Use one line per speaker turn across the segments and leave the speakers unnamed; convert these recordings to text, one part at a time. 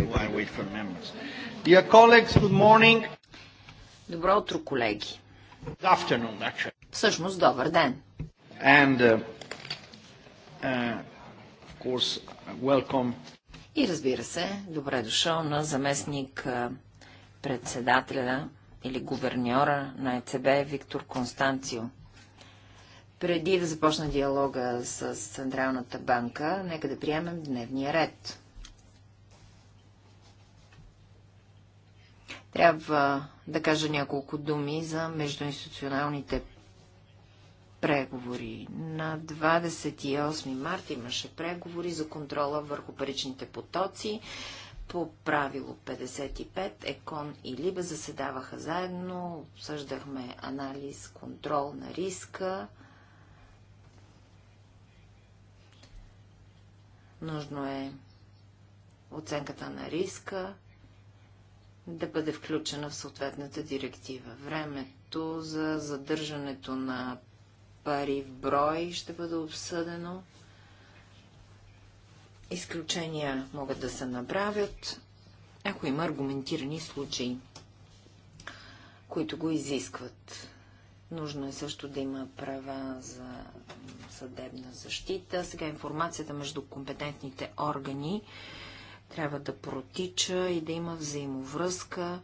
Okay, wait for members. Dear colleagues, good morning. Добро утро, колеги. Good afternoon, actually. Всъщност, добър ден. And, uh, uh, of course, welcome. И разбира се, добре дошъл на заместник председателя или гуверньора на ЕЦБ Виктор Констанцио преди да започна диалога с Централната банка, нека да приемем дневния ред. Трябва да кажа няколко думи за междуинституционалните преговори. На 28 март имаше преговори за контрола върху паричните потоци. По правило 55 ЕКОН и ЛИБА заседаваха заедно, обсъждахме анализ, контрол на риска. Нужно е оценката на риска, да бъде включена в съответната директива. Времето за задържането на пари в брой ще бъде обсъдено. Изключения могат да се направят, ако има аргументирани случаи, които го изискват. Нужно е също да има права за съдебна защита. Сега информацията между компетентните органи трябва да протича и да има взаимовръзка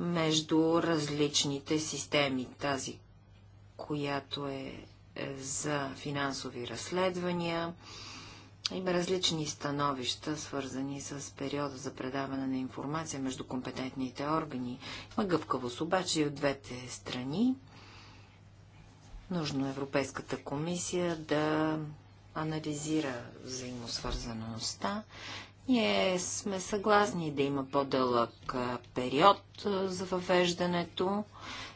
между различните системи. Тази, която е, е за финансови разследвания. Има различни становища, свързани с периода за предаване на информация между компетентните органи. Има гъвкавост обаче и от двете страни. Нужно е Европейската комисия да анализира взаимосвързаността ние сме съгласни да има по-дълъг период за въвеждането.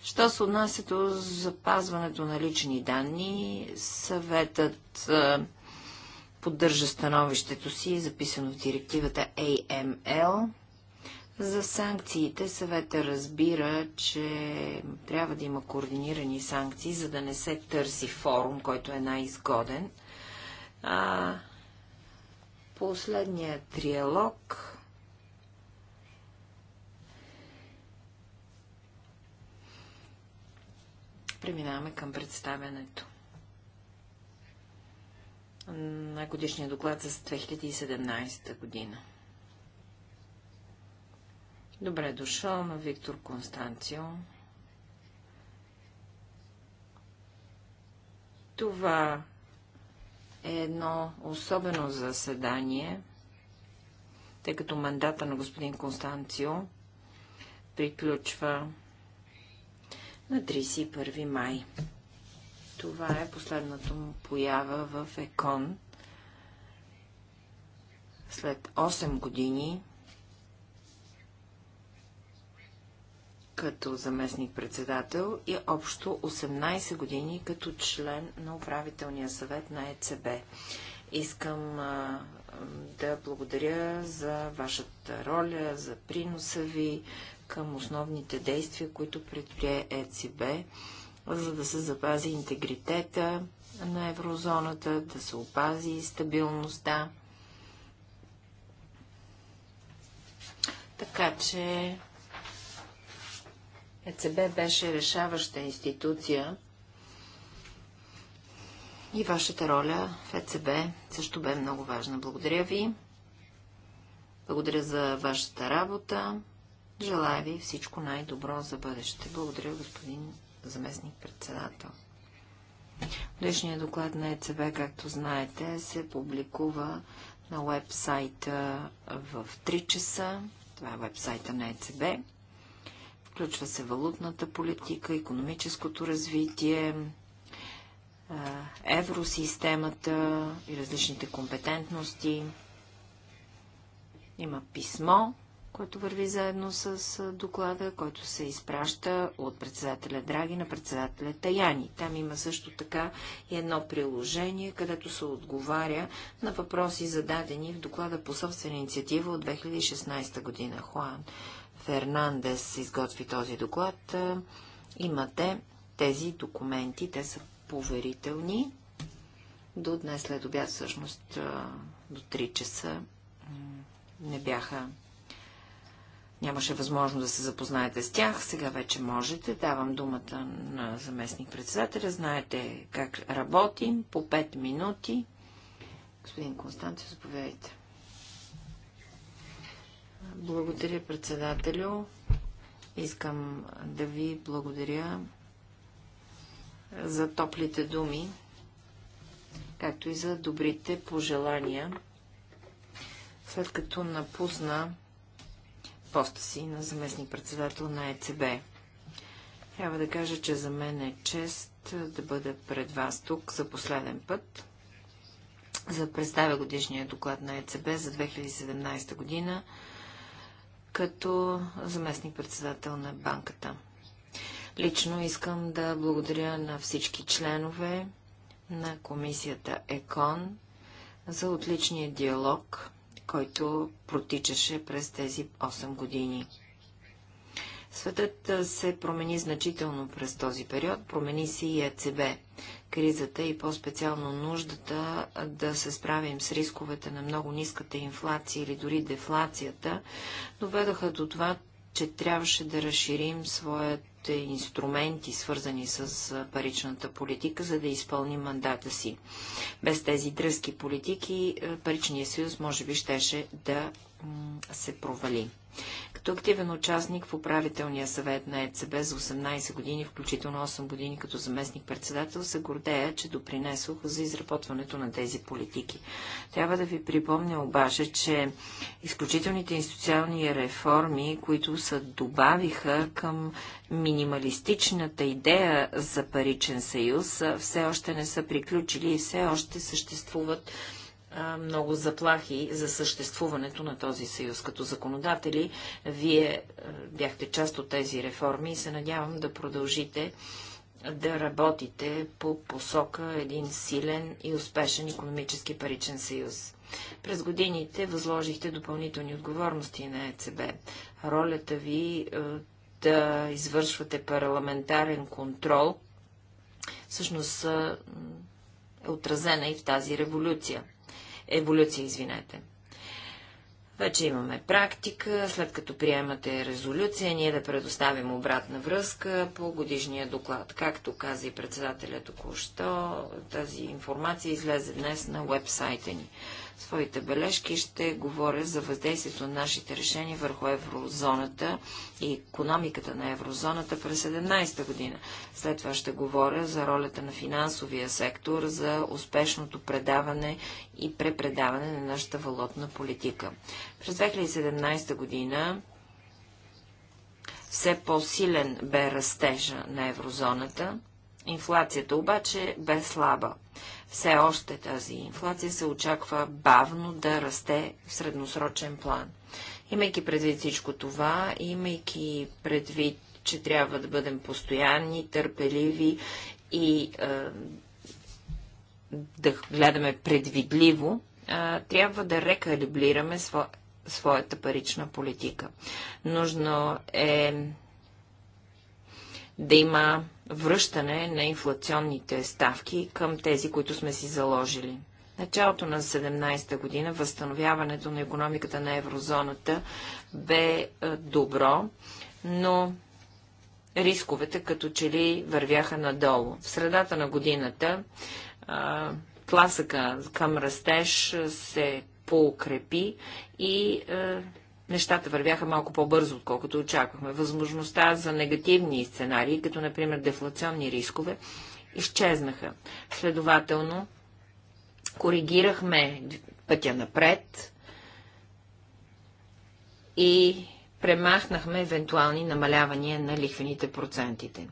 Що се отнася до запазването на лични данни, съветът поддържа становището си, записано в директивата AML. За санкциите съвета разбира, че трябва да има координирани санкции, за да не се търси форум, който е най-изгоден. Последния триалог преминаваме към представянето на годишния доклад за 2017 година. Добре дошъл на Виктор Констанцио. Това е едно особено заседание, тъй като мандата на господин Констанцио приключва на 31 май. Това е последната му поява в ЕКОН след 8 години като заместник-председател и общо 18 години като член на управителния съвет на ЕЦБ. Искам а, да благодаря за вашата роля, за приноса ви към основните действия, които предприе ЕЦБ, за да се запази интегритета на еврозоната, да се опази стабилността. Така че ЕЦБ беше решаваща институция и вашата роля в ЕЦБ също бе много важна. Благодаря ви. Благодаря за вашата работа. Желая ви всичко най-добро за бъдеще. Благодаря, господин заместник-председател. Днешният доклад на ЕЦБ, както знаете, се публикува на веб-сайта в 3 часа. Това е веб-сайта на ЕЦБ. Включва се валутната политика, економическото развитие, е, евросистемата и различните компетентности. Има писмо, което върви заедно с е, доклада, който се изпраща от председателя Драги на председателя Таяни. Там има също така и едно приложение, където се отговаря на въпроси зададени в доклада по собствена инициатива от 2016 година. Хуан Фернандес изготви този доклад. Е, имате тези документи, те са поверителни. До днес след обяд, всъщност, е, до 3 часа не бяха
Нямаше възможност да се
запознаете с тях. Сега вече можете. Давам думата на заместник-председателя. Знаете как работим. По 5 минути. Господин Константин, заповядайте. Благодаря, председателю. Искам да ви благодаря за топлите думи, както и за добрите пожелания, след като напусна поста си на заместник-председател на ЕЦБ. Трябва да кажа, че за мен е чест да бъда пред вас тук за последен път, за да представя годишния доклад на ЕЦБ за 2017 година, като заместник-председател на банката. Лично искам да благодаря на всички членове на комисията ЕКОН за отличния диалог, който протичаше през тези 8 години. Светът се промени значително през този период, промени се и ЕЦБ кризата и по-специално нуждата да се справим с рисковете на много ниската инфлация или дори дефлацията, доведаха до това, че трябваше да разширим своите инструменти, свързани с паричната политика, за да изпълним мандата си. Без тези дръзки политики паричният съюз може би щеше да се провали. Като активен участник в управителния съвет на ЕЦБ за 18 години, включително 8 години като заместник-председател, се гордея, че допринесох за изработването на тези политики. Трябва да ви припомня обаче, че изключителните институционални реформи, които се добавиха към минималистичната идея за паричен съюз, все още не са приключили и все още съществуват много заплахи за съществуването на този съюз. Като законодатели, вие бяхте част от тези реформи и се надявам да продължите да работите по посока един силен и успешен економически паричен съюз. През годините възложихте допълнителни отговорности на ЕЦБ. Ролята ви да извършвате парламентарен контрол всъщност е отразена и в тази революция еволюция, извинете. Вече имаме практика, след като приемате резолюция, ние да предоставим обратна връзка по годишния доклад. Както каза и председателя току-що, тази информация излезе днес на вебсайта ни своите бележки ще говоря за въздействието на нашите решения върху еврозоната и економиката на еврозоната през 17-та година. След това ще говоря за ролята на финансовия сектор за успешното предаване и препредаване на нашата валутна политика. През 2017 година все по-силен бе растежа на еврозоната, инфлацията обаче бе слаба. Все още тази инфлация се очаква бавно да расте в средносрочен план. Имайки предвид всичко това, имайки предвид, че трябва да бъдем постоянни, търпеливи и е, да гледаме предвидливо, е, трябва да рекалибрираме своята парична политика. Нужно е да има връщане на инфлационните ставки към тези, които сме си заложили. Началото на 17-та година възстановяването на економиката на еврозоната бе е, добро, но рисковете като че ли вървяха надолу. В средата на годината а, е, тласъка към растеж се поукрепи и е, нещата вървяха малко по-бързо, отколкото очаквахме. Възможността за негативни сценарии, като например дефлационни рискове, изчезнаха. Следователно, коригирахме пътя напред и премахнахме евентуални намалявания на лихвените процентите.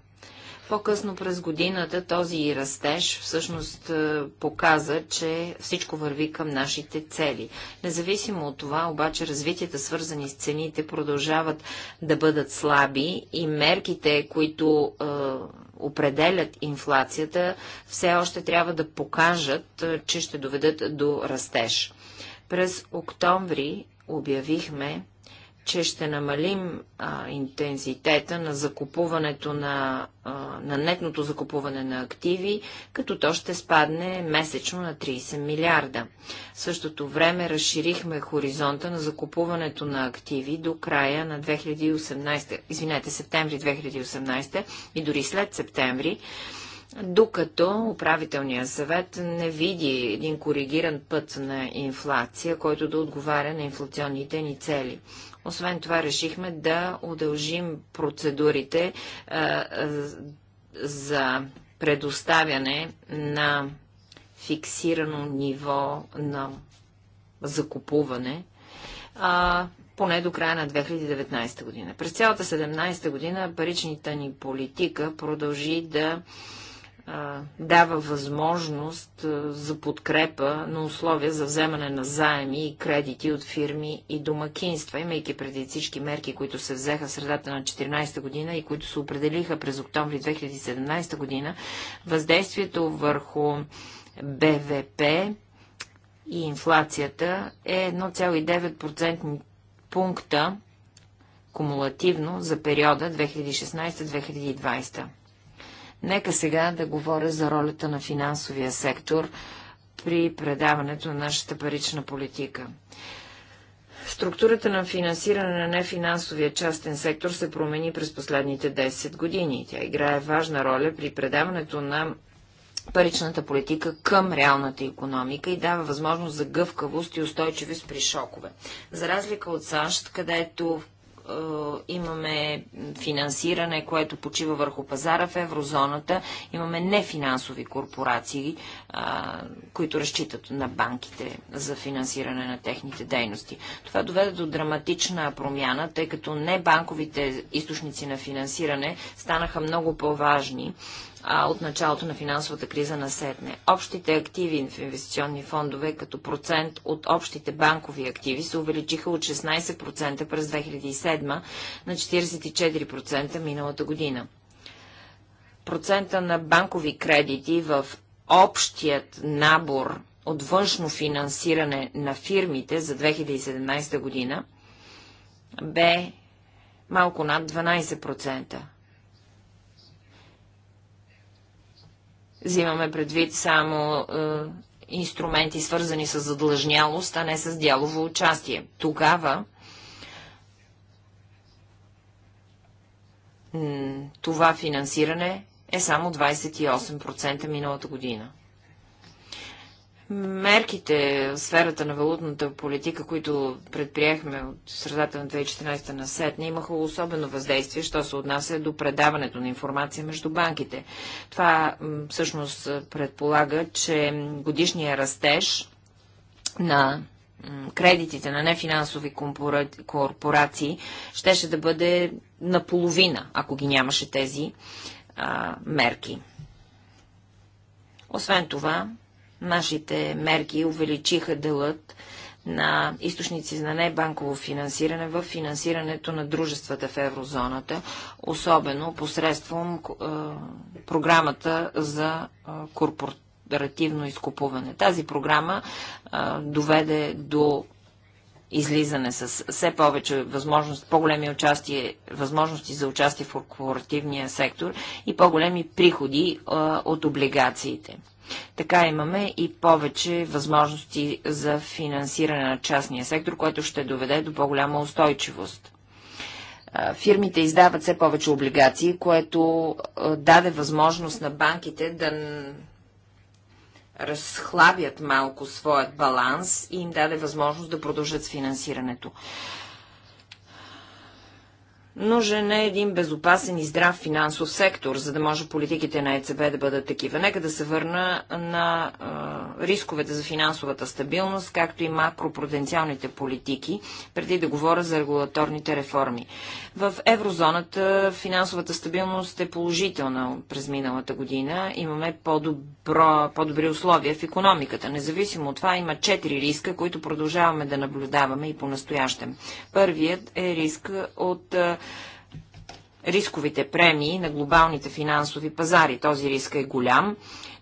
По-късно през годината този растеж всъщност е, показа, че всичко върви към нашите цели. Независимо от това, обаче развитията, свързани с цените, продължават да бъдат слаби и мерките, които е, определят инфлацията, все още трябва да покажат, е, че ще доведат до растеж. През октомври обявихме, че ще намалим а, интензитета на закупуването на, а, на нетното закупуване на активи, като то ще спадне месечно на 30 милиарда. В същото време разширихме хоризонта на закупуването на активи до края на 2018, извинете, септември 2018 и дори след септември, докато управителният съвет не види един коригиран път на инфлация, който да отговаря на инфлационните ни цели. Освен това решихме да удължим процедурите е, е, за предоставяне на фиксирано ниво на закупуване а, поне до края на 2019 година. През цялата 2017 година паричната ни политика продължи да дава възможност за подкрепа на условия за вземане на заеми и кредити от фирми и домакинства, имайки преди всички мерки, които се взеха в средата на 2014 година и които се определиха през октомври 2017 година, въздействието върху БВП и инфлацията е 1,9% пункта кумулативно за периода 2016-2020. Нека сега да говоря за ролята на финансовия сектор при предаването на нашата парична политика. Структурата на финансиране на нефинансовия частен сектор се промени през последните 10 години. Тя играе важна роля при предаването на паричната политика към реалната економика и дава възможност за гъвкавост и устойчивост при шокове. За разлика от САЩ, където е, имаме финансиране, което почива върху пазара в еврозоната, имаме нефинансови корпорации, е, които разчитат на банките за финансиране на техните дейности. Това доведе до драматична промяна, тъй като небанковите източници на финансиране станаха много по-важни а, от началото на финансовата криза на сетне. Общите активи в инвестиционни фондове като процент от общите банкови активи се увеличиха от 16% през 2007 на 44% миналата година. Процента на банкови кредити в общият набор от външно финансиране на фирмите за 2017 година бе малко над 12%. взимаме предвид само е, инструменти, свързани с задлъжнялост, а не с дялово участие. Тогава това финансиране е само 28% миналата година мерките в сферата на валутната политика, които предприехме от средата на 2014 на сетне, имаха особено въздействие, що се отнася до предаването на информация между банките. Това всъщност предполага, че годишния растеж на кредитите на нефинансови корпорации щеше да бъде наполовина, ако ги нямаше тези а, мерки. Освен това, Нашите мерки увеличиха делът на източници на небанково финансиране в финансирането на дружествата в еврозоната, особено посредством е, програмата за е, корпоративно изкупуване. Тази програма е, доведе до излизане с все повече възможност, по-големи участие, възможности за участие в корпоративния сектор и по-големи приходи е, от облигациите. Така имаме и повече възможности за финансиране на частния сектор, което ще доведе до по-голяма устойчивост. Фирмите издават все повече облигации, което даде възможност на банките да разхлабят малко своят баланс и им даде възможност да продължат с финансирането. Нужен е един безопасен и здрав финансов сектор, за да може политиките на ЕЦБ да бъдат такива. Нека да се върна на е, рисковете за финансовата стабилност, както и макропруденциалните политики, преди да говоря за регулаторните реформи. В еврозоната финансовата стабилност е положителна през миналата година. Имаме по-добри по условия в економиката. Независимо от това има четири риска, които продължаваме да наблюдаваме и по-настоящем. Първият е риск от рисковите премии на глобалните финансови пазари. Този риск е голям,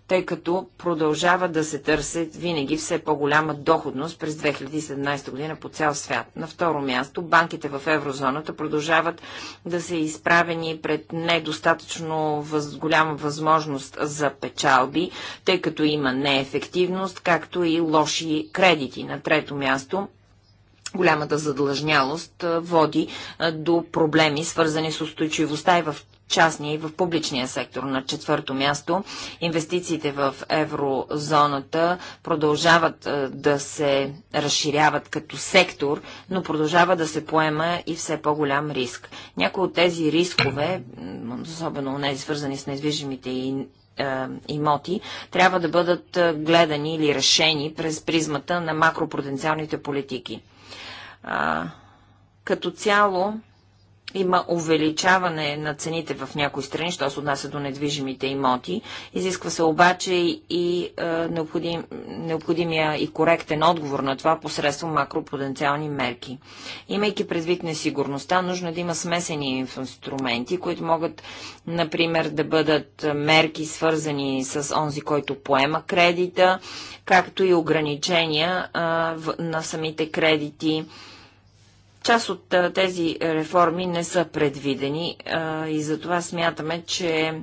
тъй като продължава да се търсят винаги все по-голяма доходност през 2017 година по цял свят. На второ място, банките в еврозоната продължават да се изправени пред недостатъчно въз... голяма възможност за печалби, тъй като има неефективност, както и лоши кредити. На трето място, голямата задлъжнялост води до проблеми, свързани с устойчивостта и в частния и в публичния сектор. На четвърто място инвестициите в еврозоната продължават да се разширяват като сектор, но продължава да се поема и все по-голям риск. Някои от тези рискове, особено тези свързани с недвижимите и имоти, трябва да бъдат гледани или решени през призмата на макропруденциалните политики а, като цяло има увеличаване на цените в някои страни, що се отнася до недвижимите имоти. Изисква се обаче и е, необходим, необходимия и коректен отговор на това посредством макропотенциални мерки. Имайки предвид несигурността, нужно е да има смесени инструменти, които могат, например, да бъдат мерки свързани с онзи, който поема кредита, както и ограничения е, в, на самите кредити Част от тези реформи не са предвидени и затова смятаме, че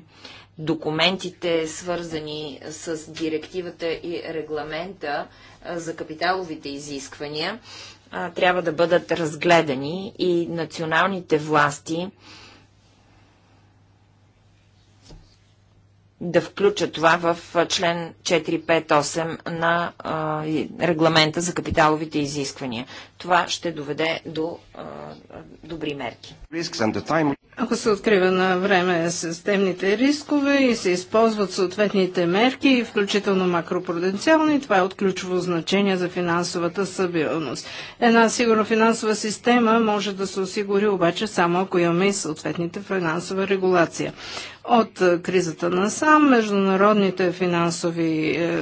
документите, свързани с директивата и регламента за капиталовите изисквания, трябва да бъдат разгледани и националните власти да включа това в член 458 на а, регламента за капиталовите изисквания. Това
ще доведе до а, добри мерки. Ако се открива на време системните рискове и се използват съответните мерки, включително макропруденциални, това е от ключово значение за финансовата стабилност. Една сигурна финансова система може да се осигури обаче само ако имаме и съответните финансова регулация. От е, кризата на САМ, международните финансови е,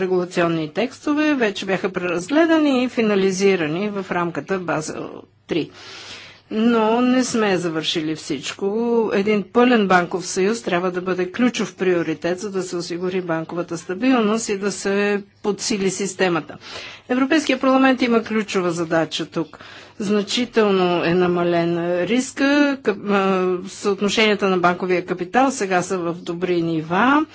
регулационни текстове вече бяха преразгледани и финализирани в рамката Базел 3. Но не сме завършили всичко. Един пълен банков съюз трябва да бъде ключов приоритет, за да се осигури банковата стабилност и да се подсили системата. Европейския парламент има ключова задача тук – значително е намален риска. Съотношенията на банковия капитал сега са в добри нива.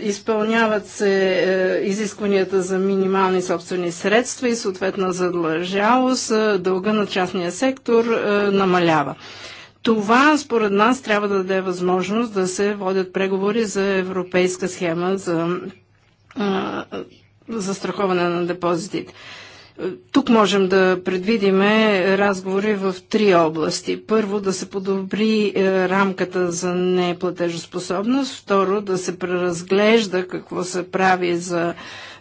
Изпълняват се е, изискванията за минимални собствени средства и съответна задължалост. Е, дълга на частния сектор е, намалява. Това, според нас, трябва да даде възможност да се водят преговори за европейска схема за застраховане на депозитите. Тук можем да предвидиме разговори в три области. Първо, да се подобри е, рамката за неплатежоспособност. Второ, да се преразглежда какво се прави за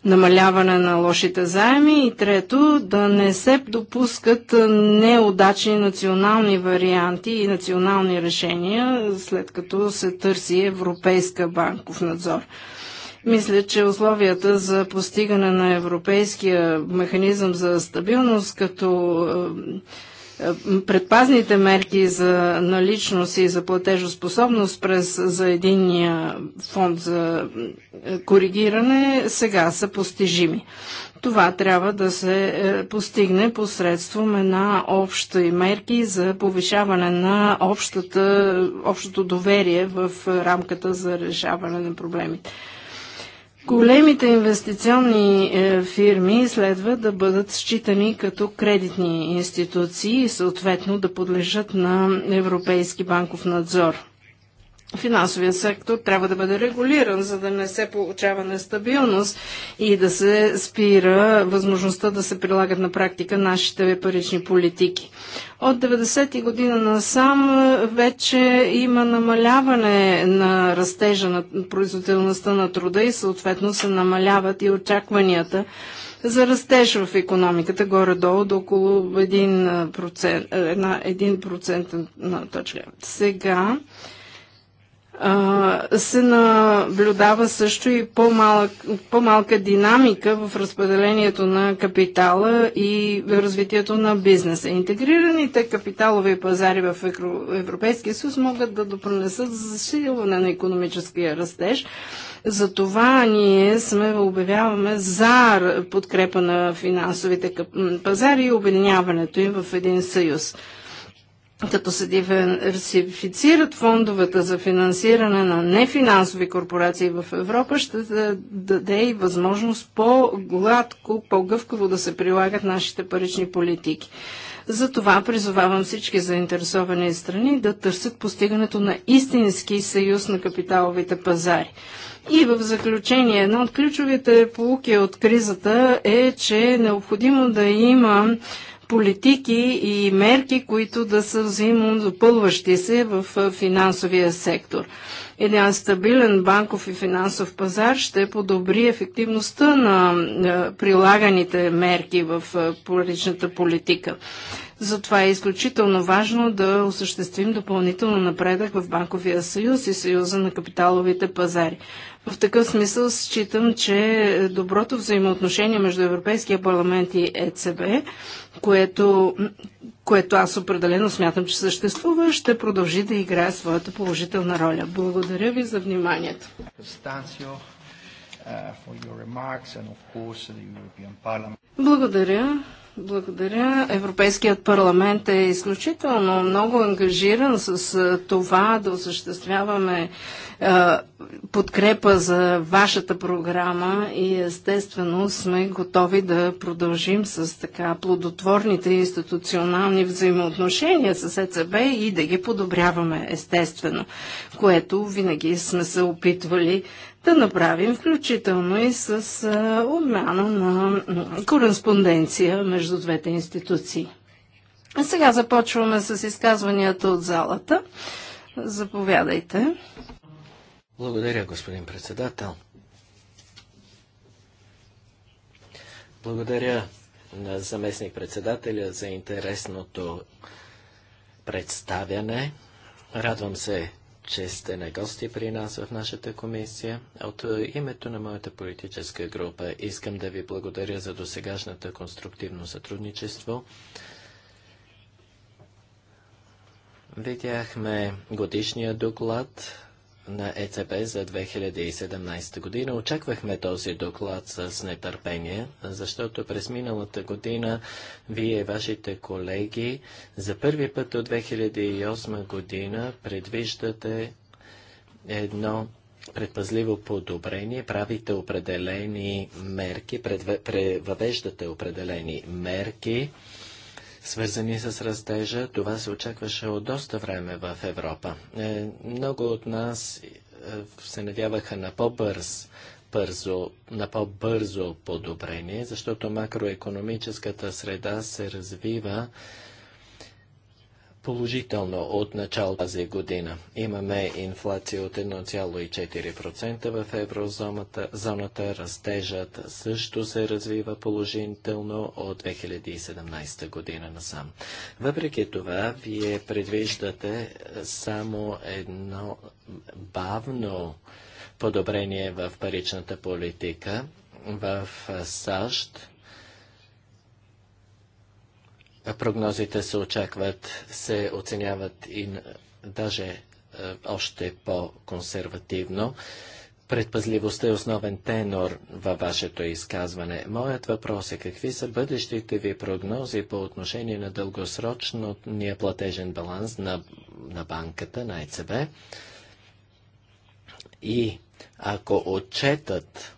намаляване на лошите заеми. И трето, да не се допускат неудачни национални варианти и национални решения, след като се търси Европейска банков надзор. Мисля, че условията за постигане на европейския механизъм за стабилност, като е, е, предпазните мерки за наличност и за платежоспособност през за единния фонд за е, коригиране сега са постижими. Това трябва да се постигне посредством една обща и мерки за повишаване на общата, общото доверие в рамката за решаване на проблемите. Големите инвестиционни е, фирми следва да бъдат считани като кредитни институции и съответно да подлежат на европейски банков надзор финансовия сектор трябва да бъде регулиран, за да не се получава нестабилност и да се спира възможността да се прилагат на практика нашите парични политики. От 90-ти година насам вече има намаляване на растежа на производителността на труда и съответно се намаляват и очакванията за растеж в економиката горе-долу до около 1%, 1%, 1 точка. Сега се наблюдава също и по-малка по динамика в разпределението на капитала и развитието на бизнеса. Интегрираните капиталови пазари в Европейския съюз могат да допринесат за засилване на економическия растеж. Затова ние сме обявяваме за подкрепа на финансовите пазари и обединяването им в един съюз като се диверсифицират фондовете за финансиране на нефинансови корпорации в Европа, ще даде и възможност по-гладко, по-гъвкаво да се прилагат нашите парични политики. Затова призовавам всички заинтересовани страни да търсят постигането на истински съюз на капиталовите пазари. И в заключение, една от ключовите полуки от кризата е, че е необходимо да има политики и мерки, които да са взаимно допълващи се в финансовия сектор. Един стабилен банков и финансов пазар ще подобри ефективността на прилаганите мерки в паричната политика. Затова е изключително важно да осъществим допълнително напредък в Банковия съюз и Съюза на капиталовите пазари. В такъв смисъл считам, че доброто взаимоотношение между Европейския парламент и ЕЦБ, което, което аз определено смятам, че съществува, ще продължи да играе своята положителна роля. Благодаря ви за вниманието. Uh, Благодаря. Благодаря. Европейският парламент е изключително много ангажиран с това да осъществяваме е, подкрепа за вашата програма и естествено сме готови да продължим с така плодотворните институционални взаимоотношения с ЕЦБ и да ги подобряваме естествено, което винаги сме се опитвали да направим, включително и с обмяна на кореспонденция между двете институции. А сега започваме с изказванията от залата.
Заповядайте. Благодаря, господин председател. Благодаря на заместник-председателя за интересното представяне. Радвам се, че сте на гости при нас в нашата комисия. От е, името на моята политическа група искам да ви благодаря за досегашната конструктивно сътрудничество. Видяхме годишния доклад на ЕЦБ за 2017 година. Очаквахме този доклад с нетърпение, защото през миналата година вие и вашите колеги за първи път от 2008 година предвиждате едно предпазливо подобрение, правите определени мерки, пред, въвеждате определени мерки свързани с растежа. Това се очакваше от доста време в Европа. Е, много от нас е, се надяваха на по-бърз бързо, на по-бързо подобрение, защото макроекономическата среда се развива положително от начало тази година. Имаме инфлация от 1,4% в еврозоната. Зоната растежът също се развива положително от 2017 година насам. Въпреки това, вие предвиждате само едно бавно подобрение в паричната политика в САЩ Прогнозите се очакват, се оценяват и даже е, още по-консервативно. Предпазливостта е основен тенор във вашето изказване. Моят въпрос е какви са бъдещите ви прогнози по отношение на дългосрочния платежен баланс на, на банката, на ЕЦБ? И ако отчетът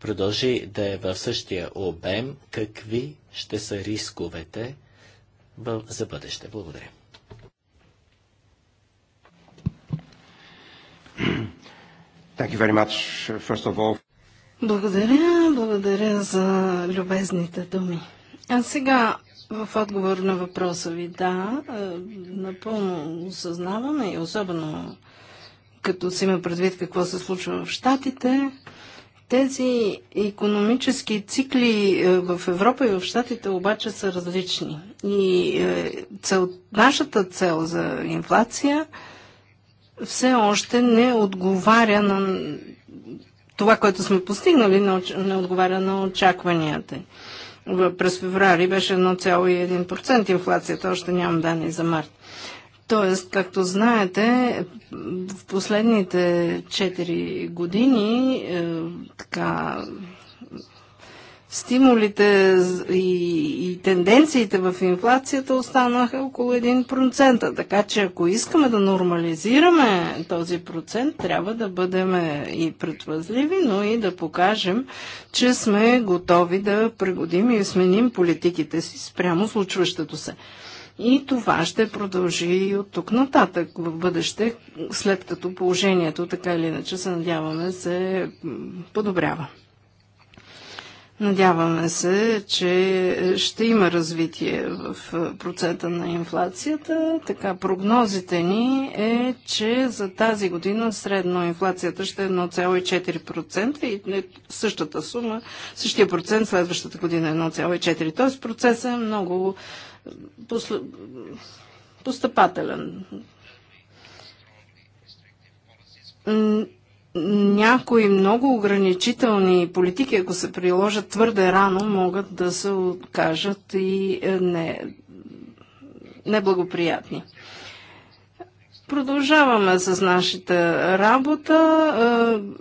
продължи да е в същия обем, какви ще са рисковете в... за бъдеще? Благодаря.
Thank you very much, first of all. Благодаря, благодаря за любезните думи. А сега в отговор на въпроса ви, да, е, напълно осъзнаваме и особено като си има предвид какво се случва в Штатите, тези економически цикли е, в Европа и в Штатите обаче са различни. И е, цел, нашата цел за инфлация все още не отговаря на това, което сме постигнали, не отговаря на очакванията. През феврари беше 1,1% инфлацията, още нямам данни за март. Тоест, както знаете, в последните 4 години е, така, стимулите и, и тенденциите в инфлацията останаха около 1%. Така че ако искаме да нормализираме този процент, трябва да бъдем и предпазливи, но и да покажем, че сме готови да пригодим и сменим политиките си спрямо случващото се. И това ще продължи и от тук нататък в бъдеще, след като положението така или иначе се надяваме се подобрява. Надяваме се, че ще има развитие в процента на инфлацията. Така, прогнозите ни е, че за тази година средно инфлацията ще е 1,4% и е същата сума, същия процент следващата година е 1,4%. Тоест процесът е много постъпателен. Някои много ограничителни политики, ако се приложат твърде рано, могат да се окажат и е, не, неблагоприятни. Продължаваме с нашата работа.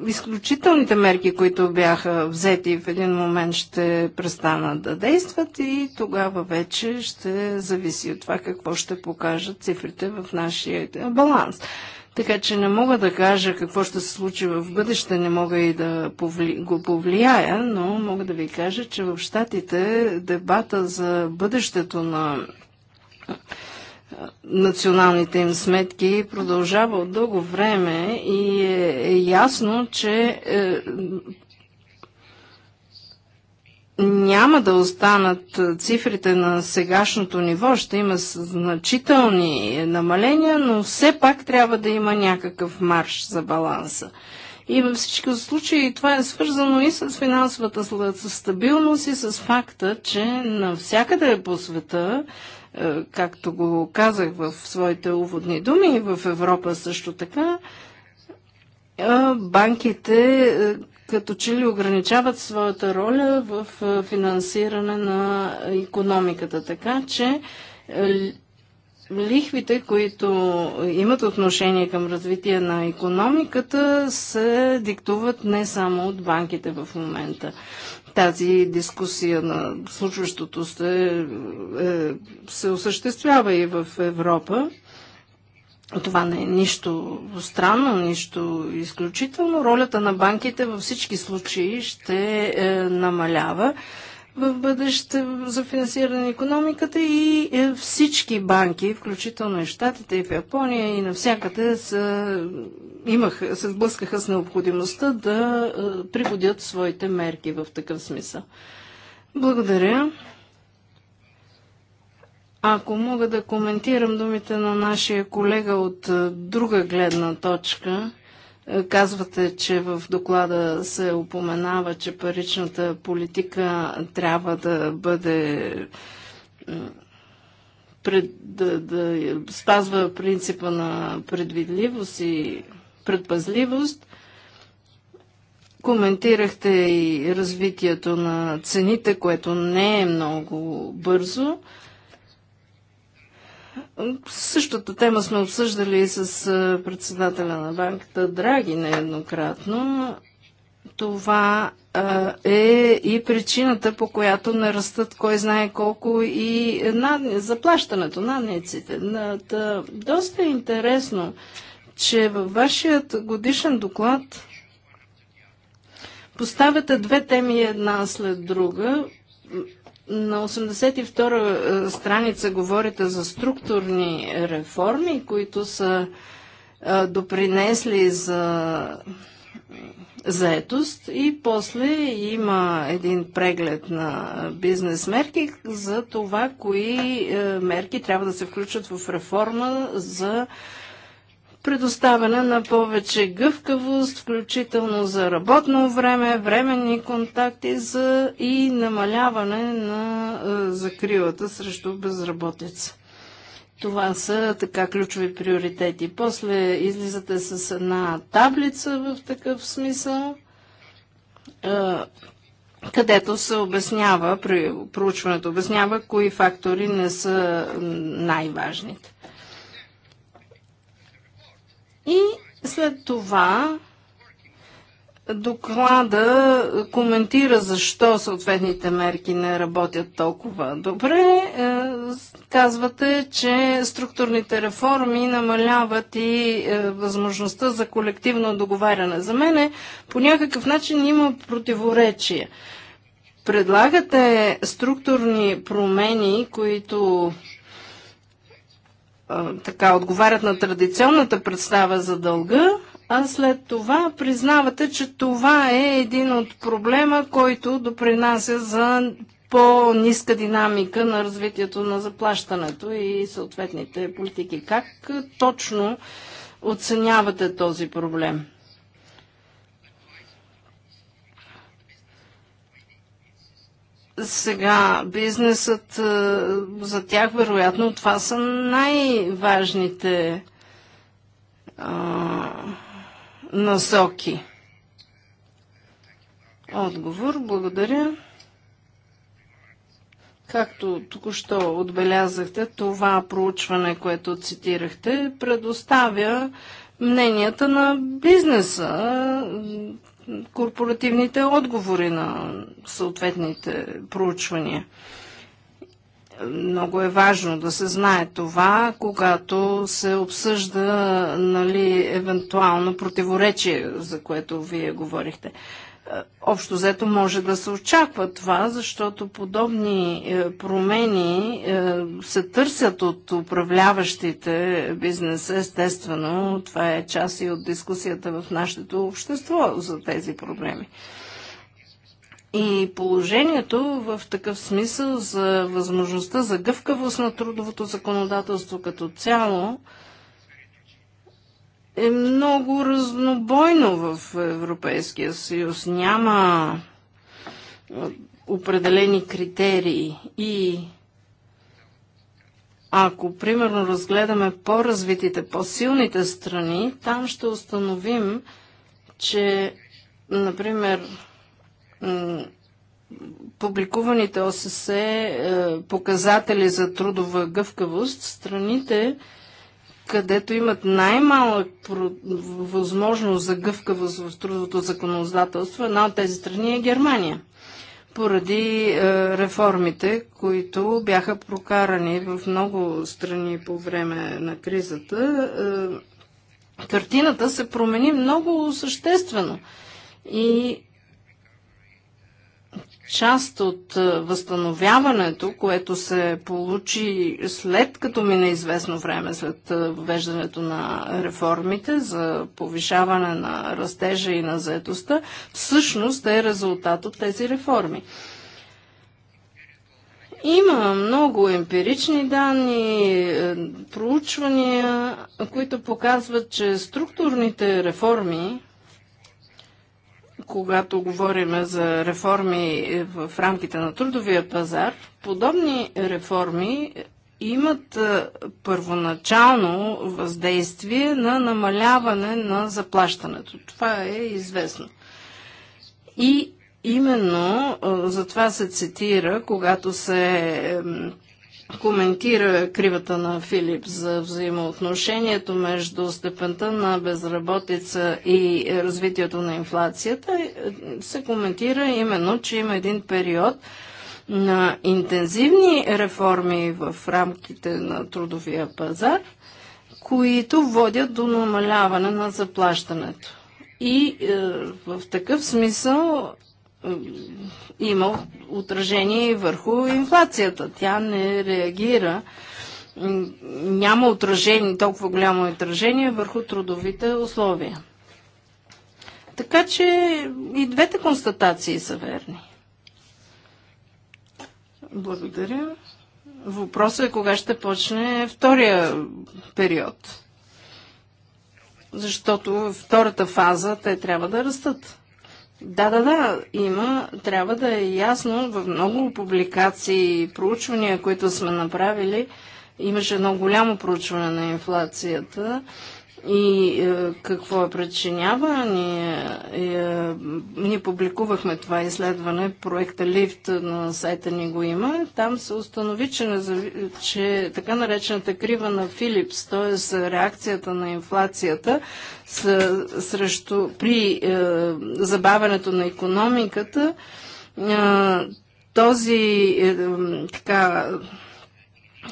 Е, изключителните мерки, които бяха взети в един момент, ще престанат да действат и тогава вече ще зависи от това какво ще покажат цифрите в нашия баланс. Така че не мога да кажа какво ще се случи в бъдеще, не мога и да повли... го повлияя, но мога да ви кажа, че в Штатите дебата за бъдещето на националните им сметки продължава от дълго време и е, е, ясно, че е, няма да останат цифрите на сегашното ниво. Ще има значителни намаления, но все пак трябва да има някакъв марш за баланса. И във всички случаи това е свързано и с финансовата стабилност и с факта, че навсякъде по света е, както го казах в своите уводни думи, в Европа също така, е, банките е, като че ли ограничават своята роля в финансиране на економиката. Така че лихвите, които имат отношение към развитие на економиката, се диктуват не само от банките в момента тази дискусия на случващото се, е, се осъществява и в Европа. Това не е нищо странно, нищо изключително. Ролята на банките във всички случаи ще е, намалява в бъдеще за финансиране на економиката и е, всички банки, включително и Штатите, и в Япония, и навсякъде са, имах, се сблъскаха с необходимостта да е, пригодят своите мерки в такъв смисъл. Благодаря. Ако мога да коментирам думите на нашия колега от е, друга гледна точка, Казвате, че в доклада се упоменава, че паричната политика трябва да бъде пред, да, да спазва принципа на предвидливост и предпазливост. Коментирахте и развитието на цените, което не е много бързо. Същата тема сме обсъждали и с председателя на банката Драги нееднократно. Това а, е и причината, по която не растат кой знае колко и над... заплащането, надниците. Над... Доста е интересно, че във вашият годишен доклад поставяте две теми една след друга на 82 е, страница говорите за структурни реформи, които са е, допринесли за заетост и после има един преглед на бизнес мерки за това, кои е, мерки трябва да се включат в реформа за предоставяне на повече гъвкавост, включително за работно време, временни контакти за и намаляване на е, закрилата срещу безработица. Това са така ключови приоритети. После излизате с една таблица в такъв смисъл, е, където се обяснява, при проучването обяснява, кои фактори не са най-важните. И след това доклада коментира защо съответните мерки не работят толкова добре. Е, казвате, че структурните реформи намаляват и е, възможността за колективно договаряне. За мене по някакъв начин има противоречие. Предлагате структурни промени, които така отговарят на традиционната представа за дълга, а след това признавате, че това е един от проблема, който допринася за по-ниска динамика на развитието на заплащането и съответните политики. Как точно оценявате този проблем? Сега бизнесът, е, за тях вероятно това са най-важните е, насоки. Отговор, благодаря. Както току-що отбелязахте, това проучване, което цитирахте, предоставя мненията на бизнеса, корпоративните отговори на съответните проучвания. Много е важно да се знае това, когато се обсъжда нали, евентуално противоречие, за което вие говорихте. Е, общо взето може да се очаква това, защото подобни е, промени е, се търсят от управляващите бизнеса Естествено, това е част и от дискусията в нашето общество за тези проблеми. И положението в такъв смисъл за възможността за гъвкавост на трудовото законодателство като цяло – е много разнобойно в Европейския съюз. Няма определени критерии и ако, примерно, разгледаме по-развитите, по-силните страни, там ще установим, че, например, публикуваните ОССЕ показатели за трудова гъвкавост, страните където имат най-малък възможност за гъвкавост в трудовото законодателство, една от тези страни е Германия. Поради е, реформите, които бяха прокарани в много страни по време на кризата, е, картината се промени много съществено. И част от е, възстановяването, което се получи след като мине известно време след е, въвеждането на реформите за повишаване на растежа и на заедостта, всъщност е резултат от тези реформи. Има много емпирични данни, е, проучвания, които показват, че структурните реформи, когато говорим за реформи в рамките на трудовия пазар, подобни реформи имат е, първоначално въздействие на намаляване на заплащането. Това е известно. И именно е, за това се цитира, когато се коментира кривата на Филип за взаимоотношението между степента на безработица и развитието на инфлацията, се коментира именно, че има един период на интензивни реформи в рамките на трудовия пазар, които водят до намаляване на заплащането. И е, в такъв смисъл има отражение и върху инфлацията. Тя не реагира. Няма отражение, толкова голямо отражение върху трудовите условия. Така че и двете констатации са верни. Благодаря. Въпросът е кога ще почне втория период. Защото втората фаза те трябва да растат. Да, да, да, има. Трябва да е ясно в много публикации и проучвания, които сме направили. Имаше едно голямо проучване на инфлацията и е, какво е причинява. Ние, е, ние публикувахме това изследване, проекта Лифт на сайта ни го има. Там се установи, че, че така наречената крива на Филипс, т.е. реакцията на инфлацията с, срещу, при е, забавянето на економиката, е, този е, така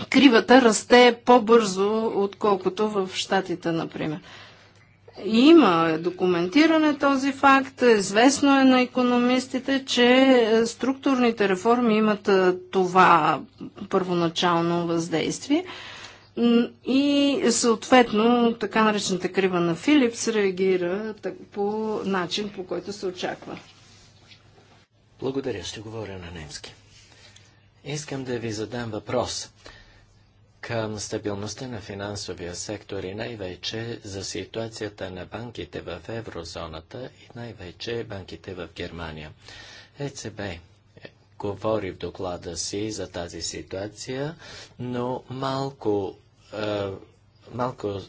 кривата расте по-бързо, отколкото в Штатите, например. Има документиране този факт. Известно е на економистите, че е, структурните реформи имат е, това първоначално въздействие. И съответно така наречената крива на Филипс реагира по начин, по който се очаква.
Благодаря, ще говоря на немски. Искам да ви задам въпрос към стабилността на финансовия сектор и най-вече за ситуацията на банките в еврозоната и най-вече банките в Германия. ЕЦБ говори в доклада си за тази ситуация, но малко, е, малко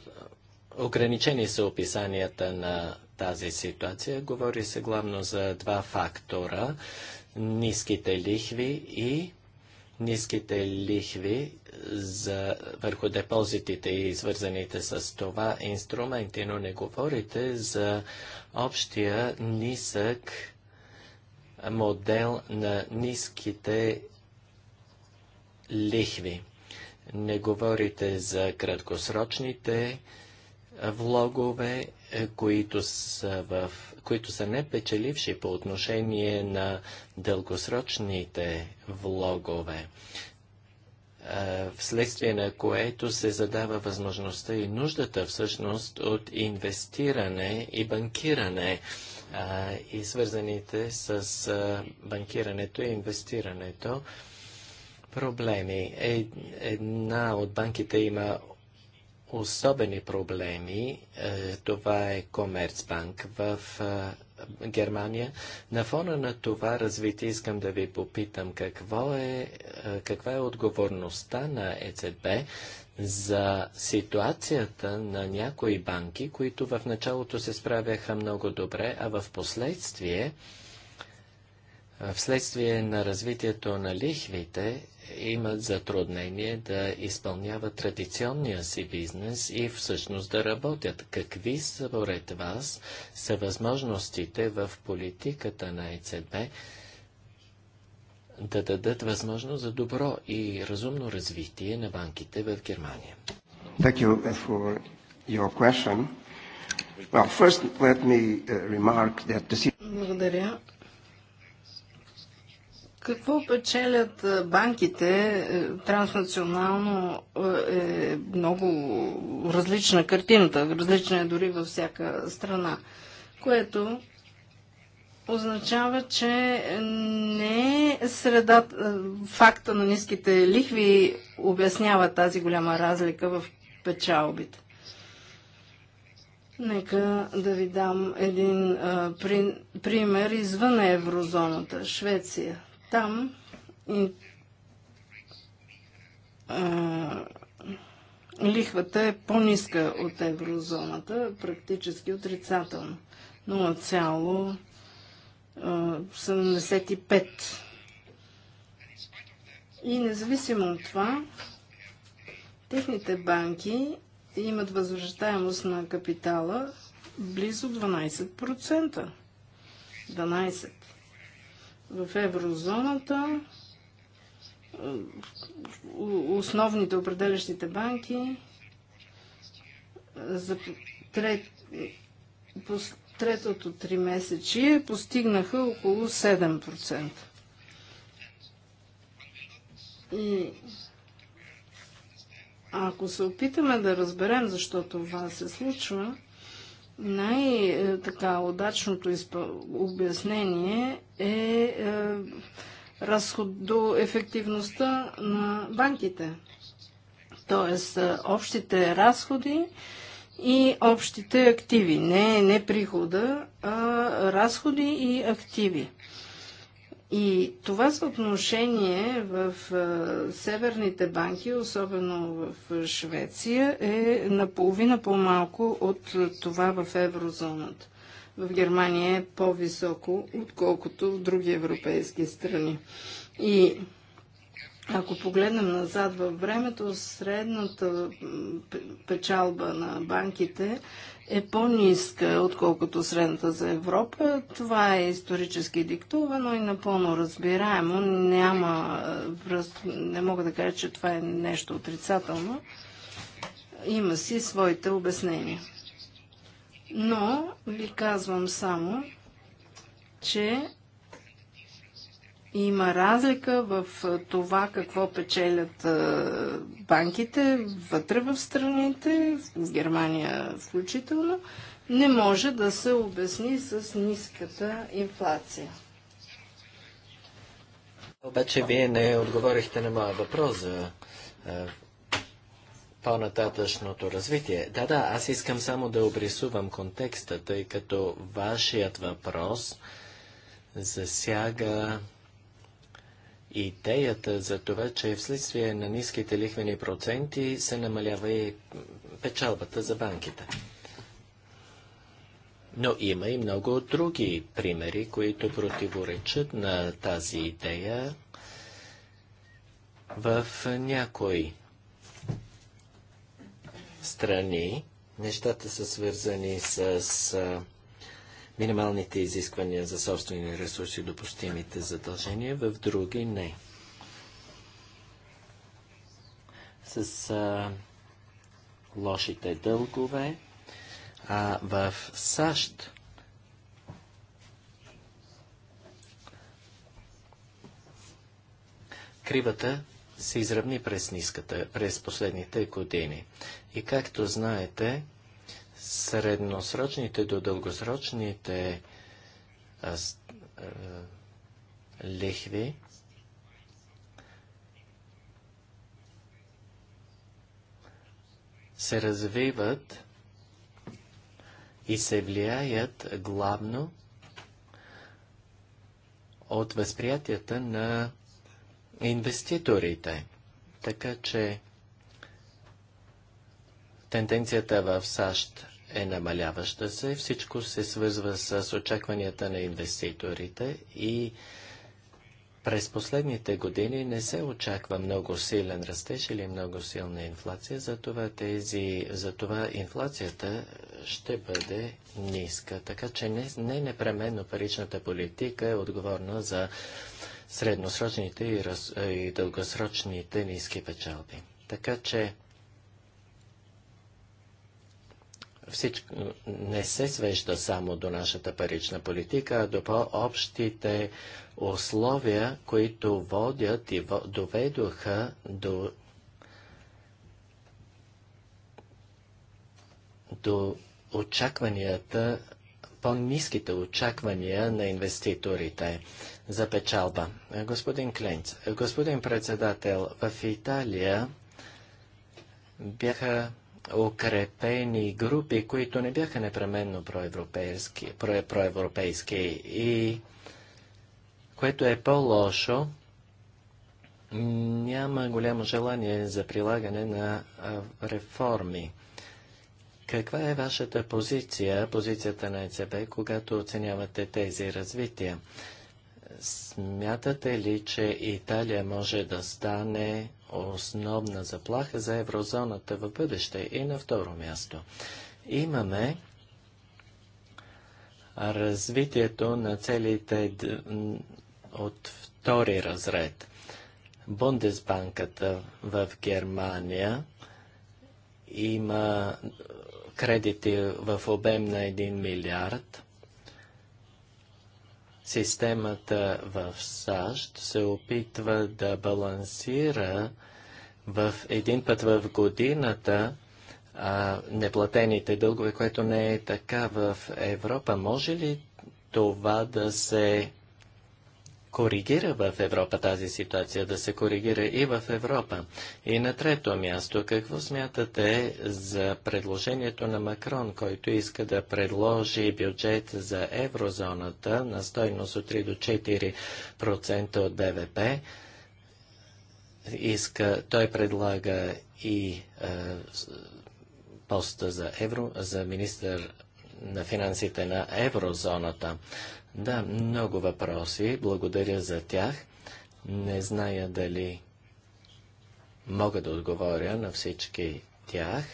ограничени са описанията на тази ситуация. Говори се главно за два фактора – ниските лихви и ниските лихви за, върху депозитите и свързаните с това инструменти, но не говорите за общия нисък модел на ниските лихви. Не говорите за краткосрочните влогове, е, които са, в, които са непечеливши по отношение на дългосрочните влогове, е, вследствие на което се задава възможността и нуждата всъщност от инвестиране и банкиране е, и свързаните с банкирането и инвестирането проблеми. една от банките има особени проблеми. Е, това е Комерцбанк в е, Германия. На фона на това развитие искам да ви попитам какво е, е каква е отговорността на ЕЦБ за ситуацията на някои банки, които в началото се справяха много добре, а в последствие, вследствие на развитието на лихвите, имат затруднение да изпълняват традиционния си бизнес и всъщност да работят. Какви според вас са възможностите в политиката на ЕЦБ да дадат възможност за добро и разумно развитие на банките в Германия?
Thank you for your question. Well, first let me uh, remark that the... Благодаря. Какво печелят банките? Е, транснационално е, е много различна картината, различна е дори във всяка страна, което означава, че не е среда, факта на ниските лихви обяснява тази голяма разлика в печалбите. Нека да ви дам един а, при, пример извън еврозоната Швеция. Там а, лихвата е по-ниска от еврозоната, практически отрицателно. 0,75. И независимо от това, техните банки имат възвръщаемост на капитала близо 12%. 12% в еврозоната, основните определящите банки за трет, по третото три месечие постигнаха около 7%. И ако се опитаме да разберем защо това се случва, най-така удачното обяснение е, е разход до ефективността на банките. Тоест, е, общите разходи и общите активи. Не, не прихода, а разходи и активи. И това съотношение в северните банки, особено в Швеция, е наполовина по-малко от това в еврозоната. В Германия е по-високо, отколкото в други европейски страни. И ако погледнем назад във времето, средната печалба на банките е по-ниска, отколкото средната за Европа. Това е исторически диктувано и напълно разбираемо. Няма, е, не мога да кажа, че това е нещо отрицателно. Има си своите обяснения. Но ви казвам само, че има разлика в това какво печелят банките вътре в страните, в Германия включително, не може да се обясни с ниската инфлация.
Обаче вие не отговорихте на моя въпрос за по-нататъчното развитие. Да, да, аз искам само да обрисувам контекста, тъй като вашият въпрос засяга идеята за това, че вследствие на ниските лихвени проценти се намалява и печалбата за банките. Но има и много други примери, които противоречат на тази идея в някои страни. Нещата са свързани с минималните изисквания за собствени ресурси, допустимите задължения, в други не. С а, лошите дългове, а в САЩ кривата се изравни през ниската през последните години. И както знаете, средносрочните до дългосрочните лихви се развиват и се влияят главно от възприятията на инвеститорите. Така че тенденцията в САЩ е намаляваща се. Всичко се свързва с очакванията на инвеститорите и през последните години не се очаква много силен растеж или много силна инфлация, затова, тези, затова инфлацията ще бъде ниска. Така че не, не непременно паричната политика е отговорна за средносрочните и, раз, и дългосрочните ниски печалби. Така че всичко не се свежда само до нашата парична политика, а до по-общите условия, които водят и доведоха до, до очакванията, по-низките очаквания на инвеститорите за печалба. Господин Кленц, господин председател, в Италия бяха укрепени групи, които не бяха непременно проевропейски, про, проевропейски и което е по-лошо, няма голямо желание за прилагане на реформи. Каква е вашата позиция, позицията на ЕЦБ, когато оценявате тези развития? Смятате ли, че Италия може да стане основна заплаха за еврозоната в бъдеще. И на второ място имаме развитието на целите от втори разред. Бундесбанката в Германия има кредити в обем на 1 милиард. Системата в САЩ се опитва да балансира в един път в годината а, неплатените дългове, което не е така в Европа. Може ли това да се коригира в Европа тази ситуация, да се коригира и в Европа. И на трето място, какво смятате за предложението на Макрон, който иска да предложи бюджет за еврозоната на стойност от 3 до 4% от БВП? Иска, той предлага и е, поста за, евро, за министър на финансите на еврозоната. Да, много въпроси. Благодаря за тях. Не зная дали мога да отговоря на всички тях.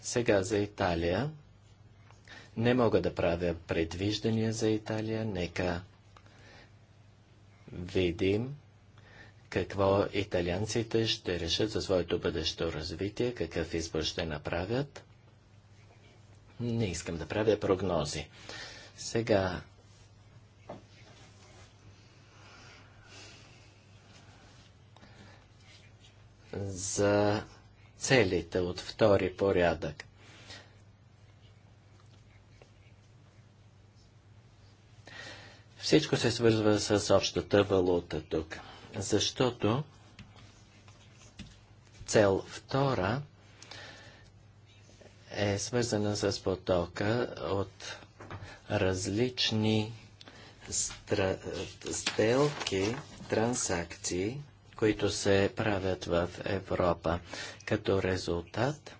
Сега за Италия. Не мога да правя предвиждания за Италия. Нека видим какво италианците ще решат за своето бъдещо развитие, какъв избор ще направят. Не искам да правя прогнози. Сега за целите от втори порядък. Всичко се свързва с общата валута тук, защото цел втора е свързана с потока от различни стра... сделки, трансакции, които се правят в Европа. Като резултат,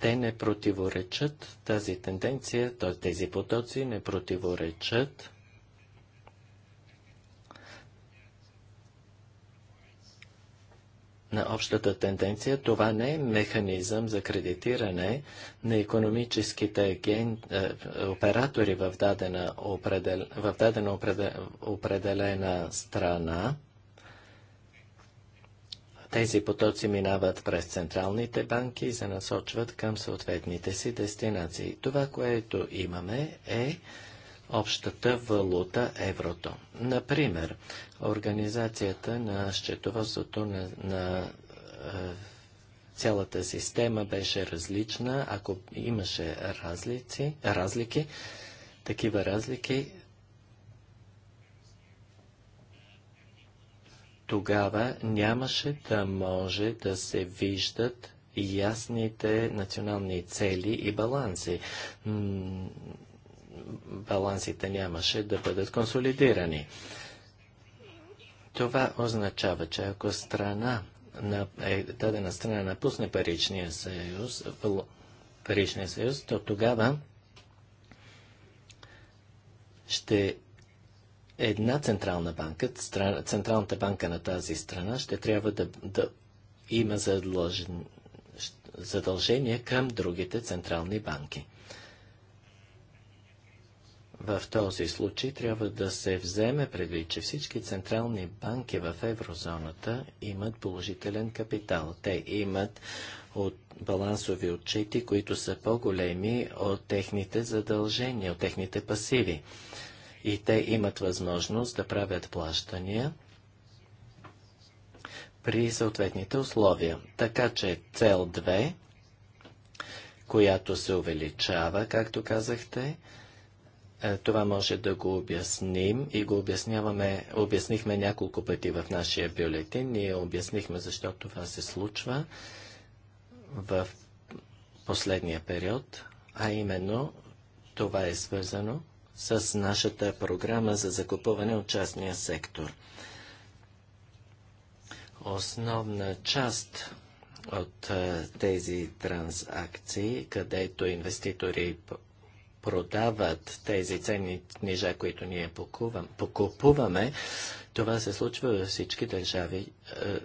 те не противоречат тази тенденция, т.е. тези потоци не противоречат на общата тенденция, това не е механизъм за кредитиране на економическите ген... Е, оператори в дадена, определ... в дадена определ... определена страна. Тези потоци минават през централните банки и се насочват към съответните си дестинации. Това, което имаме е общата валута еврото. Например, организацията на счетоводството на, на е, цялата система беше различна. Ако имаше разлици, разлики, такива разлики, тогава нямаше да може да се виждат ясните национални цели и баланси балансите нямаше да бъдат консолидирани. Това означава, че ако страна на, е, дадена страна напусне паричния съюз, паричния съюз, то тогава ще една централна банка, страна, централната банка на тази страна ще трябва да, да има задължение към другите централни банки. В този случай трябва да се вземе предвид, че всички централни банки в еврозоната имат положителен капитал. Те имат от балансови отчети, които са по-големи от техните задължения, от техните пасиви. И те имат възможност да правят плащания при съответните условия. Така че цел 2, която се увеличава, както казахте, е, това може да го обясним и го обясняваме, обяснихме няколко пъти в нашия бюлетин. Ние обяснихме защо това се случва в последния период, а именно това е свързано с нашата програма за закупуване от частния сектор. Основна част от е, тези транзакции, където инвеститори продават тези ценни книжа, които ние покупуваме, това се случва във всички държави, е,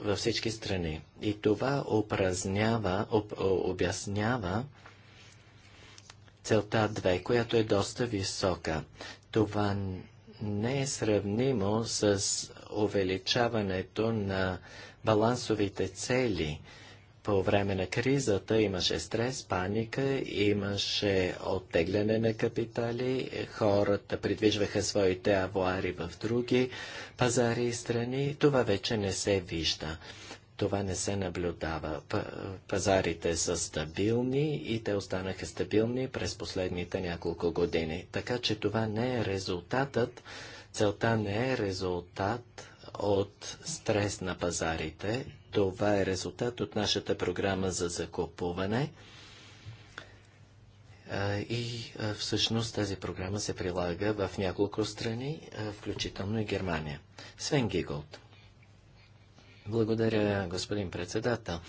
във всички страни. И това упразнява, об, обяснява целта 2, която е доста висока. Това не е сравнимо с увеличаването на балансовите цели – по време на кризата имаше стрес, паника, имаше оттегляне на капитали, хората придвижваха своите авуари в други пазари и страни. Това вече не се вижда. Това не се наблюдава. Пазарите са стабилни и те останаха стабилни през последните няколко години. Така че това не е резултатът, целта не е резултат от стрес на пазарите, това е резултат от нашата програма за закупуване. И всъщност тази програма се прилага в няколко страни, включително и Германия. Свен Гиголд. Благодаря, господин председател.